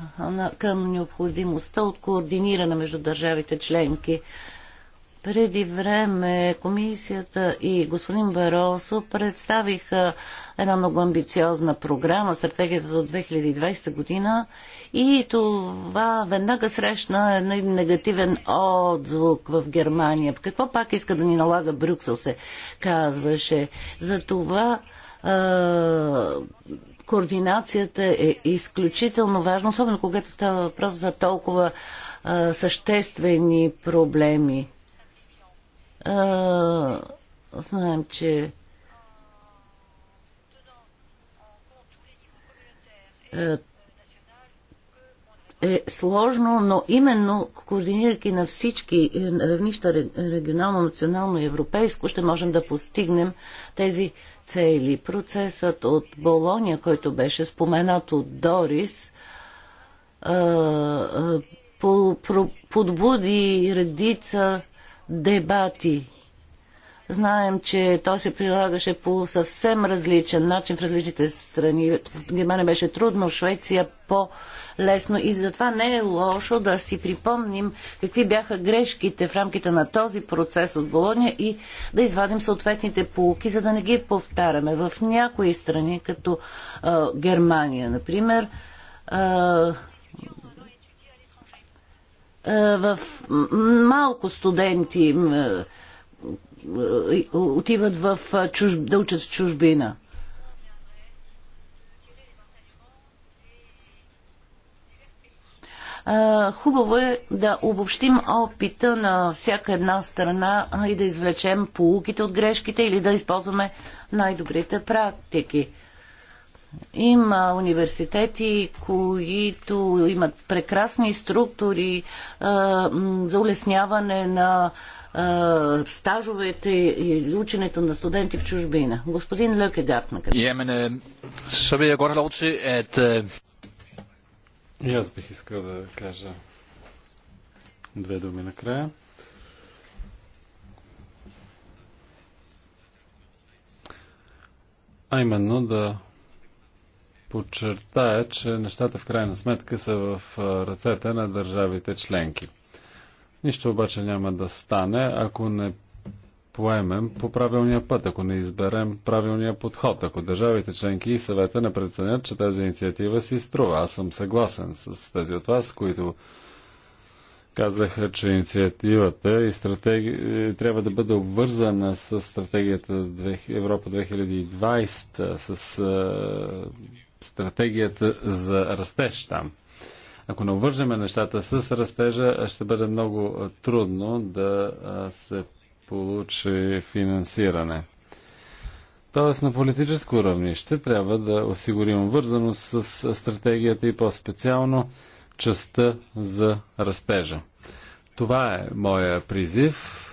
към необходимостта от координиране между държавите членки преди време комисията и господин Баросо представиха една много амбициозна програма, стратегията до 2020 година и това веднага срещна един негативен отзвук в Германия. Какво пак иска да ни налага Брюксел се казваше. За това е, координацията е изключително важна, особено когато става въпрос за толкова е, съществени проблеми. А, знаем, че е, е сложно, но именно координирайки на всички е, равнища регионално, национално и европейско, ще можем да постигнем тези цели. Процесът от Болония, който беше споменат от Дорис, е, подбуди редица дебати. Знаем, че то се прилагаше по съвсем различен начин в различните страни. В Германия беше трудно, в Швеция по-лесно и затова не е лошо да си припомним какви бяха грешките в рамките на този процес от Болония и да извадим съответните полуки, за да не ги повтаряме. В някои страни, като Германия, например, е, в малко студенти е, е, отиват в чужб, да учат в чужбина. Хубаво е да обобщим опита на всяка една страна и да извлечем полуките от грешките или да използваме най-добрите практики. Има университети, които имат прекрасни структури а, за улесняване на а, стажовете и ученето на студенти в чужбина. Господин Лъкегард, на Jamen, øh, så vil jeg godt have lov til at... Øh, и аз бих искал да кажа две думи накрая. А именно да подчертая, че нещата в крайна сметка са в ръцете на държавите членки. Нищо обаче няма да стане, ако не поемем по правилния път, ако не изберем правилния подход, ако държавите членки и съвета не преценят, че тази инициатива си струва. Аз съм съгласен с тези от вас, които казаха, че инициативата и стратеги... Е, трябва да бъде обвързана с стратегията Европа 2020, с стратегията за растеж там. Ако не обвържеме нещата с растежа, ще бъде много трудно да се получи финансиране. Тоест на политическо равнище трябва да осигурим вързаност с стратегията и по-специално частта за растежа. Това е моя призив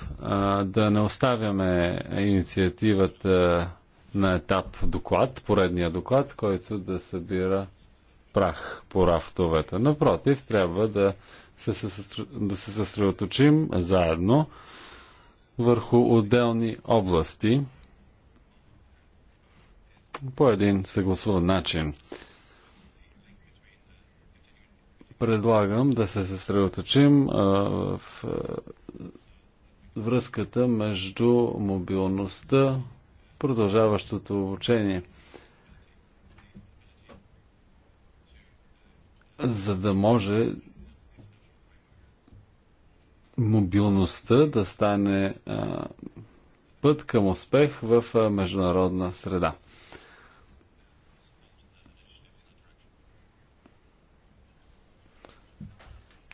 да не оставяме инициативата на етап доклад, поредния доклад, който да събира прах по рафтовете. Напротив, трябва да се, да се съсредоточим заедно върху отделни области по един съгласуван начин. Предлагам да се съсредоточим в връзката между мобилността, продължаващото обучение. За да може мобилността да стане а, път към успех в а, международна среда.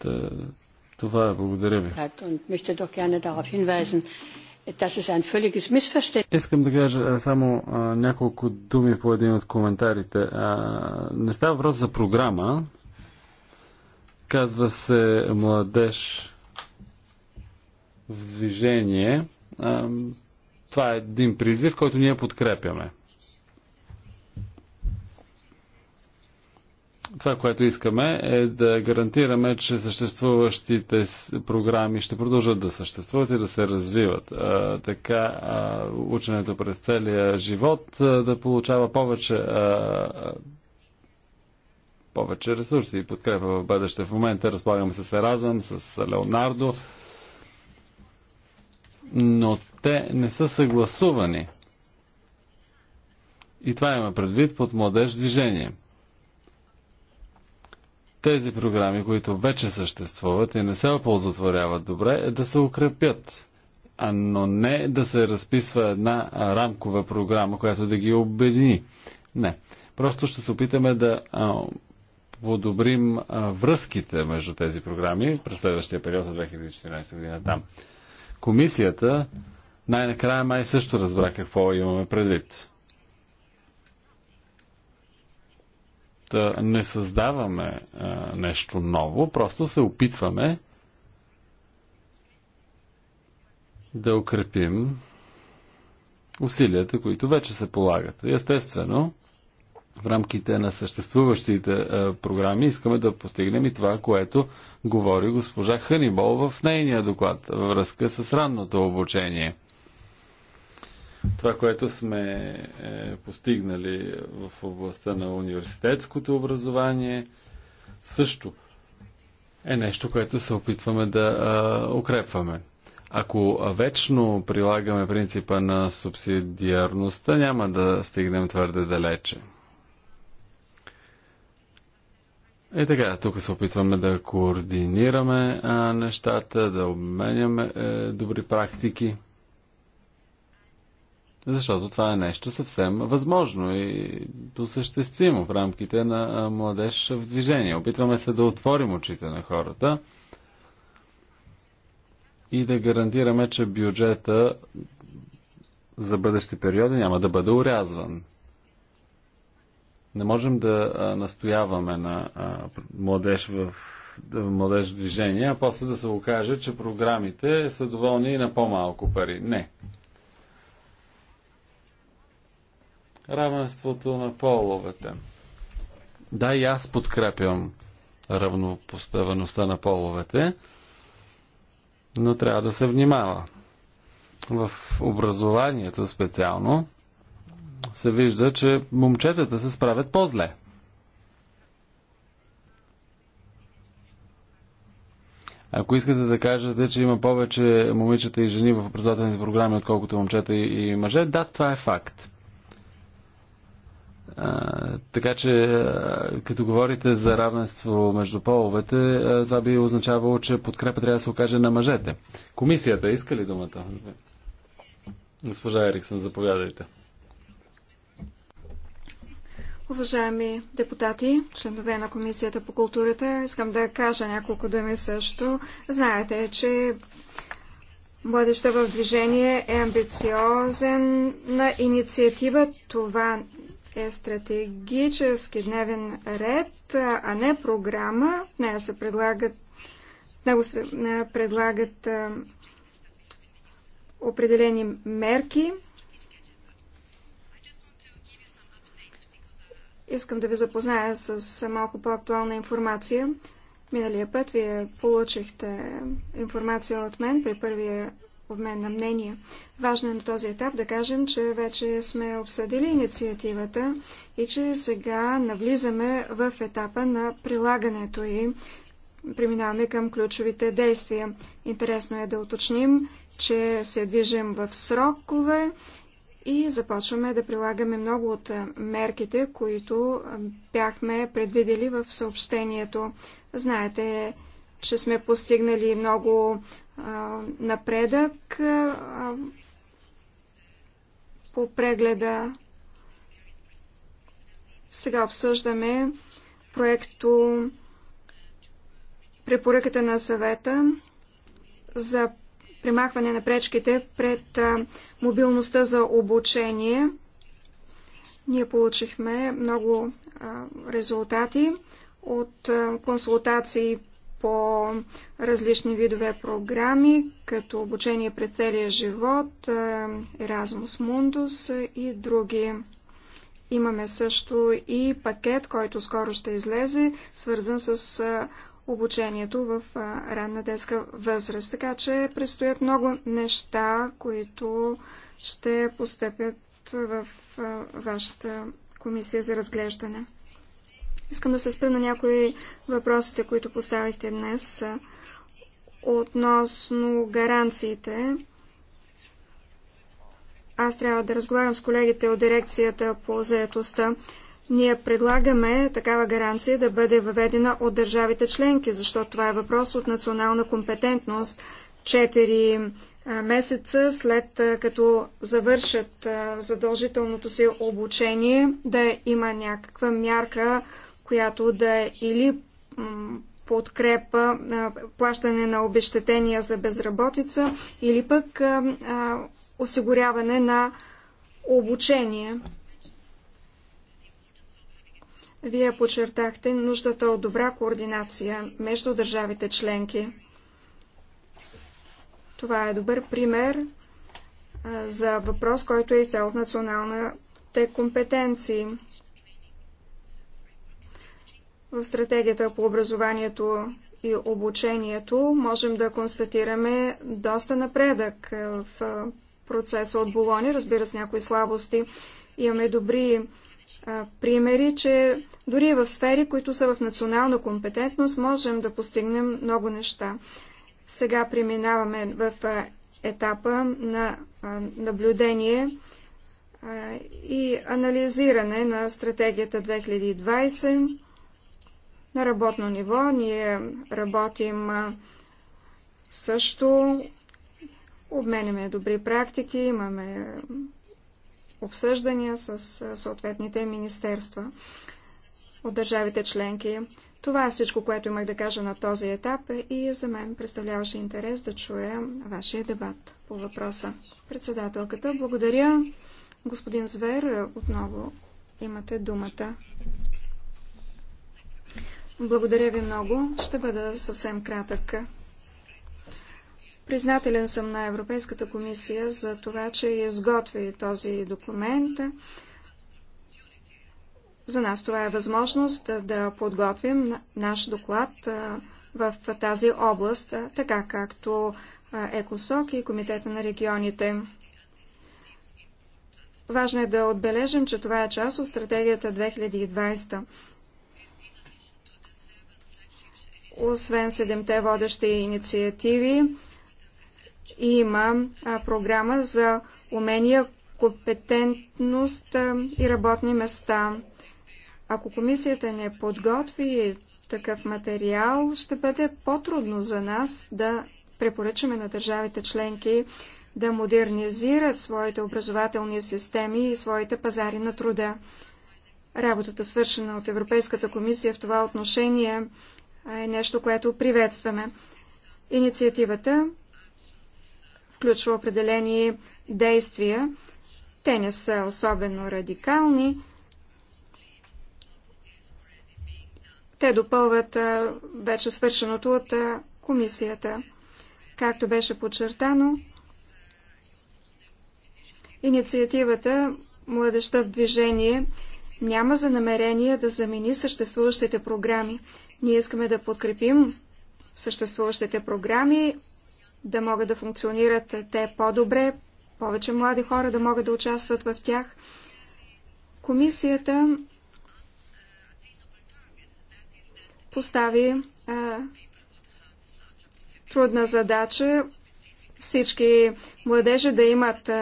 Та, това е. Благодаря ви. Искам да кажа само а, няколко думи по един от коментарите. А, не става въпрос за програма. Казва се Младеж в движение. А, това е един призив, който ние подкрепяме. това, което искаме е да гарантираме, че съществуващите програми ще продължат да съществуват и да се развиват. А, така а, ученето през целия живот а, да получава повече, а, повече ресурси и подкрепа в бъдеще. В момента разполагаме с Еразъм, с Леонардо, но те не са съгласувани. И това има предвид под младеж движение – тези програми, които вече съществуват и не се оползотворяват добре, е да се укрепят, а но не да се разписва една рамкова програма, която да ги обедини. Не. Просто ще се опитаме да а, подобрим а, връзките между тези програми през следващия период от 2014 година там. Комисията най-накрая май също разбра какво имаме предвид. не създаваме нещо ново, просто се опитваме да укрепим усилията, които вече се полагат. естествено, в рамките на съществуващите програми искаме да постигнем и това, което говори госпожа Ханибол в нейния доклад във връзка с ранното обучение това, което сме е, постигнали в областта на университетското образование, също е нещо, което се опитваме да укрепваме. Ако вечно прилагаме принципа на субсидиарността, няма да стигнем твърде далече. Е така, тук се опитваме да координираме а, нещата, да обменяме е, добри практики. Защото това е нещо съвсем възможно и осъществимо в рамките на младеж в движение. Опитваме се да отворим очите на хората и да гарантираме, че бюджета за бъдещи периоди няма да бъде урязван. Не можем да настояваме на младеж в младеж в движение, а после да се окаже, че програмите са доволни и на по-малко пари. Не. равенството на половете. Да, и аз подкрепям равнопоставеността на половете, но трябва да се внимава. В образованието специално се вижда, че момчетата се справят по-зле. Ако искате да кажете, че има повече момичета и жени в образователните програми, отколкото момчета и мъже, да, това е факт. А, така че, а, като говорите за равенство между половете, а, това би означавало, че подкрепа трябва да се окаже на мъжете. Комисията иска ли думата? Госпожа Ериксън, заповядайте. Уважаеми депутати, членове на Комисията по културата, искам да кажа няколко думи също. Знаете, че Младеща в движение е амбициозен на инициатива. Това е стратегически дневен ред, а не програма. В нея се предлагат, него се е, предлагат е, определени мерки. Искам да ви запозная с малко по-актуална информация. Миналия път вие получихте информация от мен при първия обмен на мнения. Важно е на този етап да кажем, че вече сме обсъдили инициативата и че сега навлизаме в етапа на прилагането и преминаваме към ключовите действия. Интересно е да уточним, че се движим в срокове и започваме да прилагаме много от мерките, които бяхме предвидели в съобщението. Знаете, че сме постигнали много напредък по прегледа. Сега обсъждаме проекто препоръката на съвета за примахване на пречките пред мобилността за обучение. Ние получихме много резултати от консултации по различни видове програми, като обучение през целия живот, е, Erasmus Mundus и други. Имаме също и пакет, който скоро ще излезе, свързан с е, обучението в е, ранна детска възраст. Така че предстоят много неща, които ще постъпят в вашата комисия за разглеждане. Искам да се спра на някои въпросите, които поставихте днес относно гаранциите. Аз трябва да разговарям с колегите от дирекцията по заетостта. Ние предлагаме такава гаранция да бъде въведена от държавите членки, защото това е въпрос от национална компетентност. Четири месеца след като завършат задължителното си обучение, да има някаква мярка която да е или подкрепа, плащане на обещетения за безработица или пък осигуряване на обучение. Вие подчертахте нуждата от добра координация между държавите членки. Това е добър пример за въпрос, който е изцяло в националните компетенции. В стратегията по образованието и обучението можем да констатираме доста напредък е, в е, процеса от Болони, разбира се, някои слабости. Имаме добри е, примери, че дори в сфери, които са в национална компетентност, можем да постигнем много неща. Сега преминаваме в етапа на наблюдение и анализиране на стратегията 2020 на работно ниво ние работим също, обменяме добри практики, имаме обсъждания с съответните министерства от държавите членки. Това е всичко, което имах да кажа на този етап и за мен представляваше интерес да чуя вашия дебат по въпроса. Председателката, благодаря. Господин Звер, отново имате думата. Благодаря ви много. Ще бъда съвсем кратък. Признателен съм на Европейската комисия за това, че изготви този документ. За нас това е възможност да подготвим наш доклад в тази област, така както ЕКОСОК и Комитета на регионите. Важно е да отбележим, че това е част от стратегията 2020. Освен седемте водещи инициативи, има програма за умения, компетентност и работни места. Ако комисията не подготви такъв материал, ще бъде по-трудно за нас да препоръчаме на държавите членки да модернизират своите образователни системи и своите пазари на труда. Работата, свършена от Европейската комисия в това отношение, е нещо, което приветстваме. Инициативата включва определени действия. Те не са особено радикални. Те допълват вече свършеното от комисията. Както беше подчертано, инициативата Младеща в движение няма за намерение да замени съществуващите програми. Ние искаме да подкрепим съществуващите програми, да могат да функционират те по-добре, повече млади хора да могат да участват в тях. Комисията постави а, трудна задача всички младежи да имат а,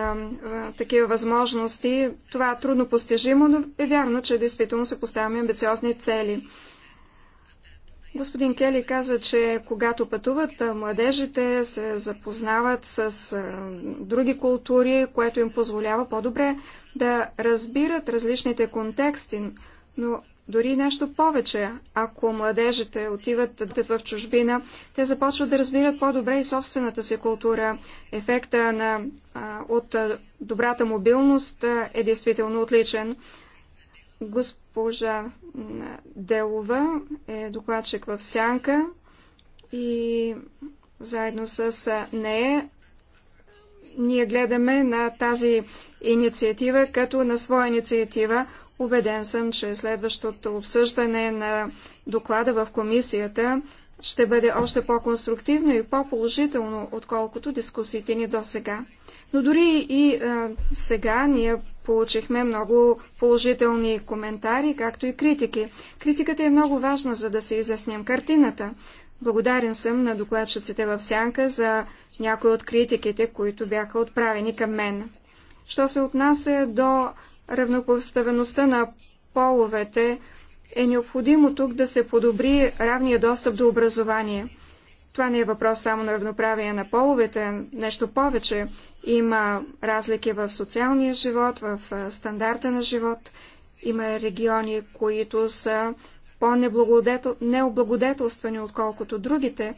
а, такива възможности. Това е трудно постижимо, но е вярно, че действително се поставяме амбициозни цели. Господин Кели каза, че когато пътуват, младежите се запознават с други култури, което им позволява по-добре да разбират различните контексти, но дори нещо повече. Ако младежите отиват в чужбина, те започват да разбират по-добре и собствената си култура. Ефекта на, от добрата мобилност е действително отличен. Госпожа Делова е докладчик в Сянка и заедно с нея ние гледаме на тази инициатива като на своя инициатива. Убеден съм, че следващото обсъждане на доклада в комисията ще бъде още по-конструктивно и по-положително, отколкото дискусиите ни до сега. Но дори и а, сега ние Получихме много положителни коментари, както и критики. Критиката е много важна, за да се изясним картината. Благодарен съм на докладчиците в Сянка за някои от критиките, които бяха отправени към мен. Що се отнася до равнопоставеността на половете, е необходимо тук да се подобри равния достъп до образование. Това не е въпрос само на равноправие на половете, нещо повече. Има разлики в социалния живот, в стандарта на живот. Има региони, които са по-необлагодетелствани, отколкото другите.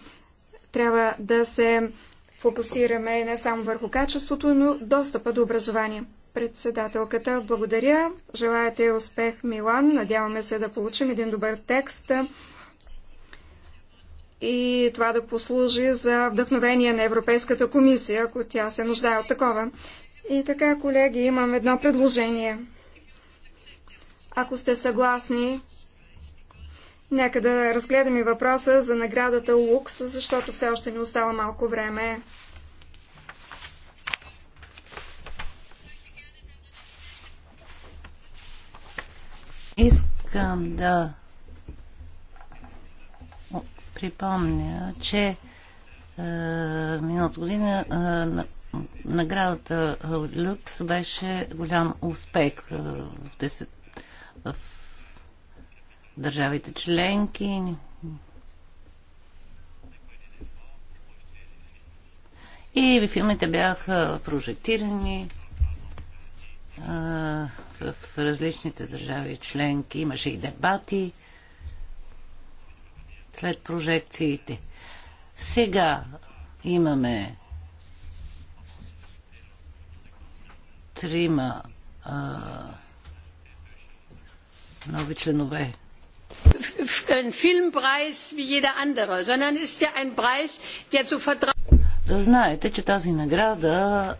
Трябва да се фокусираме не само върху качеството, но достъпа до образование. Председателката, благодаря. Желаете успех, Милан. Надяваме се да получим един добър текст и това да послужи за вдъхновение на Европейската комисия, ако тя се нуждае от такова. И така, колеги, имам едно предложение. Ако сте съгласни, нека да разгледаме въпроса за наградата Лукс, защото все още ни остава малко време. Искам да припомня, че е, миналата година е, наградата Люкс беше голям успех е, в, 10, в държавите членки. И филмите бяха прожектирани е, в различните държави членки. Имаше и дебати след прожекциите. Сега имаме трима а, нови членове Filmpreis wie jeder andere, sondern ist ja ein Preis, der zu Да знаете, че тази награда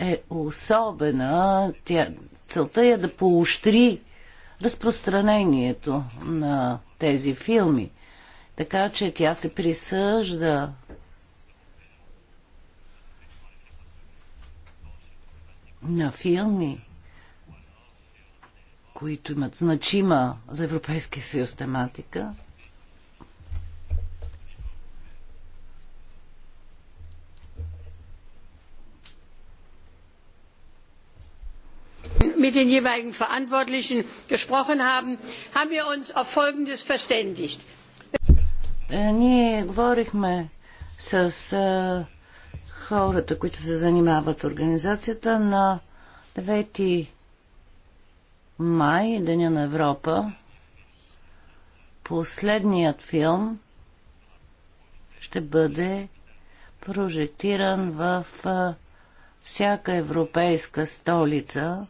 е, е особена. Тя, целта е да поощри разпространението на тези филми. Така че тя се присъжда на филми, които имат значима за Европейския съюз тематика. mit den jeweiligen Verantwortlichen gesprochen haben, haben wir uns auf Folgendes verständigt. Е, ние говорихме с е, хората, които се занимават с организацията на 9 май, Деня на Европа, последният филм ще бъде прожектиран в е, всяка европейска столица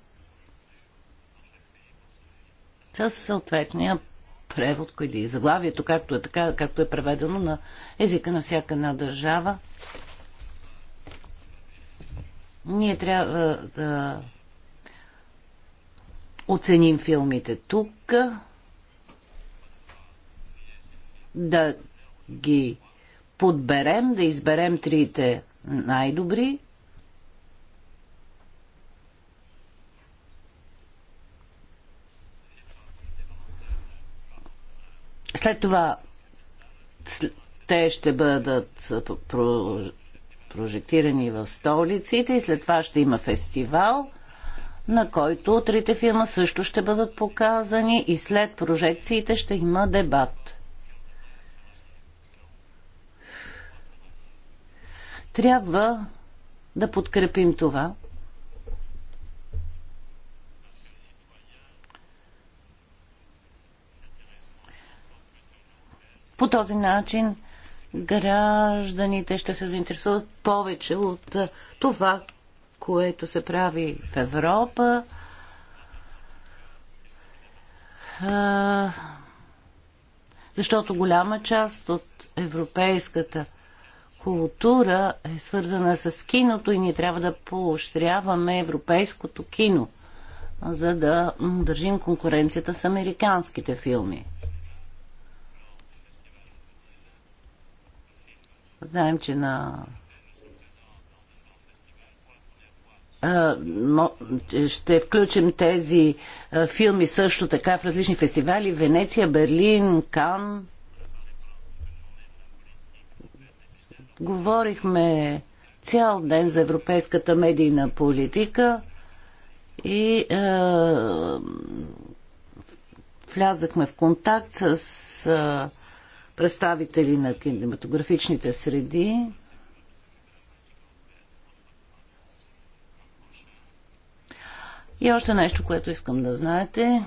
с съответния превод или е заглавието, както е, така, както е преведено на езика на всяка една държава. Ние трябва да оценим филмите тук, да ги подберем, да изберем трите най-добри След това те ще бъдат прожектирани в столиците и след това ще има фестивал, на който трите филма също ще бъдат показани и след прожекциите ще има дебат. Трябва да подкрепим това. По този начин гражданите ще се заинтересуват повече от това, което се прави в Европа. Защото голяма част от европейската култура е свързана с киното и ние трябва да поощряваме европейското кино, за да държим конкуренцията с американските филми. Знаем, че на ще включим тези филми също така в различни фестивали Венеция, Берлин, Кан. Говорихме цял ден за европейската медийна политика и е, влязахме в контакт с е, представители на кинематографичните среди. И още нещо, което искам да знаете.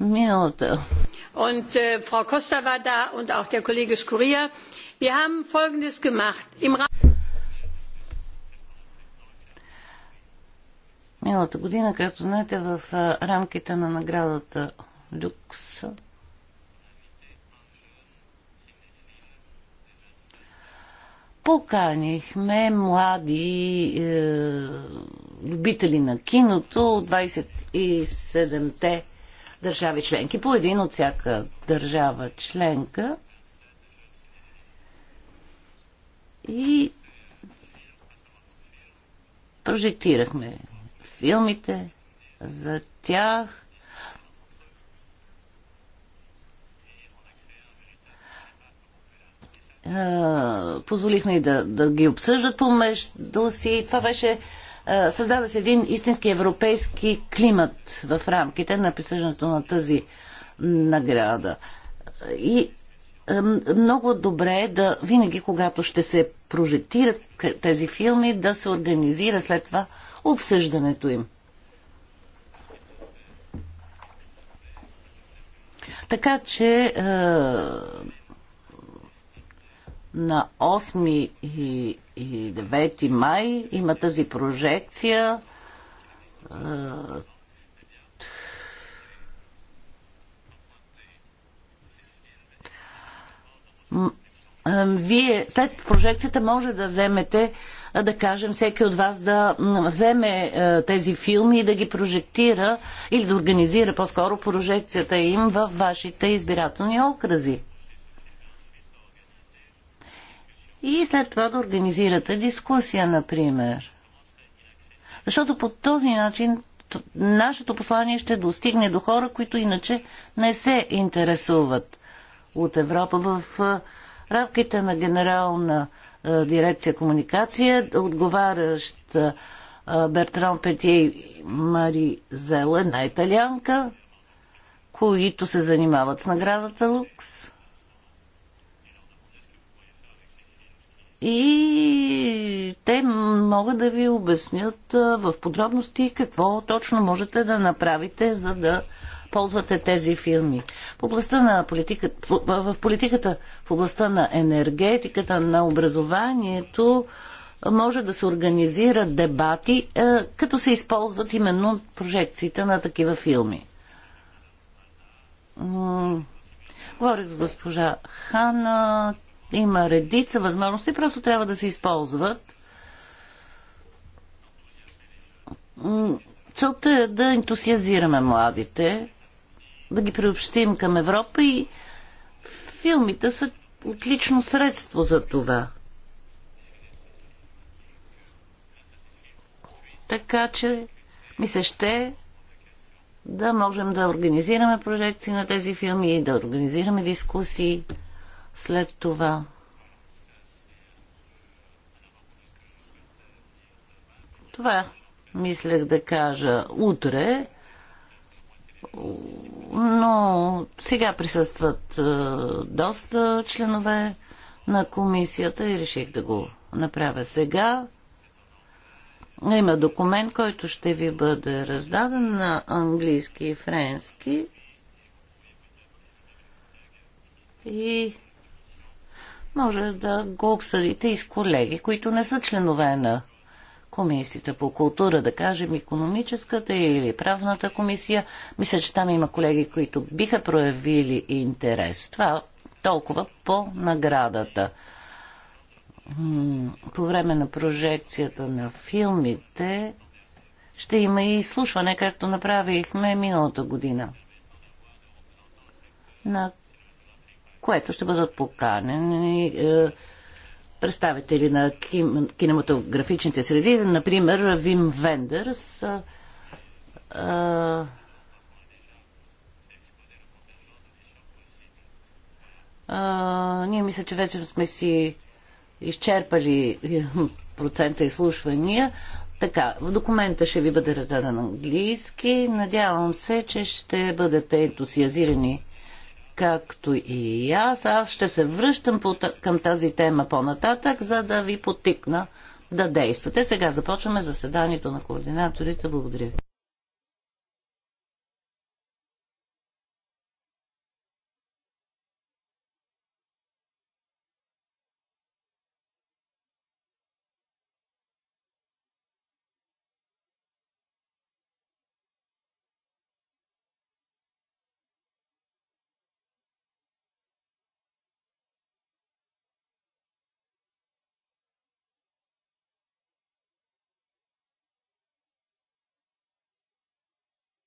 Миналата. Und äh, Frau Costa war da und auch der Kollege Scuria. Wir haben Folgendes gemacht. Im Миналата година, както знаете, в рамките на наградата Люкс поканихме млади е, любители на киното от 27-те държави членки, по един от всяка държава членка. И прожектирахме филмите за тях позволихме и да, да ги обсъждат помежду си. Това беше създаде се един истински европейски климат в рамките на присъждането на тази награда. И много добре е да винаги, когато ще се прожектират тези филми, да се организира след това обсъждането им. Така че на 8 и 9 май има тази прожекция. Вие след прожекцията може да вземете, да кажем, всеки от вас да вземе тези филми и да ги прожектира или да организира по-скоро прожекцията им във вашите избирателни окрази. и след това да организирате дискусия, например. Защото по този начин нашето послание ще достигне до хора, които иначе не се интересуват от Европа. В рамките на генерална дирекция комуникация отговаряща Бертран Петие Мари Зела, една италианка, които се занимават с наградата Лукс. и те могат да ви обяснят в подробности какво точно можете да направите, за да ползвате тези фирми. В, областта на политика, в политиката, в областта на енергетиката, на образованието, може да се организират дебати, като се използват именно прожекциите на такива филми. Говорих с госпожа Хана, има редица възможности, просто трябва да се използват. Целта е да ентусиазираме младите, да ги приобщим към Европа и филмите са отлично средство за това. Така че ми се ще да можем да организираме прожекции на тези филми, да организираме дискусии. След това Това мислех да кажа утре, но сега присъстват е, доста членове на комисията и реших да го направя сега. Има документ, който ще ви бъде раздаден на английски и френски. И може да го обсъдите и с колеги, които не са членове на комисията по култура, да кажем, економическата или правната комисия. Мисля, че там има колеги, които биха проявили интерес. Това толкова по наградата. По време на прожекцията на филмите ще има и изслушване, както направихме миналата година на което ще бъдат поканени е, представители на кинематографичните среди, например Вим Вендерс. Е, а, е, ние мисля, че вече сме си изчерпали е, процента изслушвания. Така, в документа ще ви бъде раздаден английски. Надявам се, че ще бъдете ентусиазирани както и аз. Аз ще се връщам към тази тема по-нататък, за да ви потикна да действате. Сега започваме заседанието на координаторите. Благодаря ви.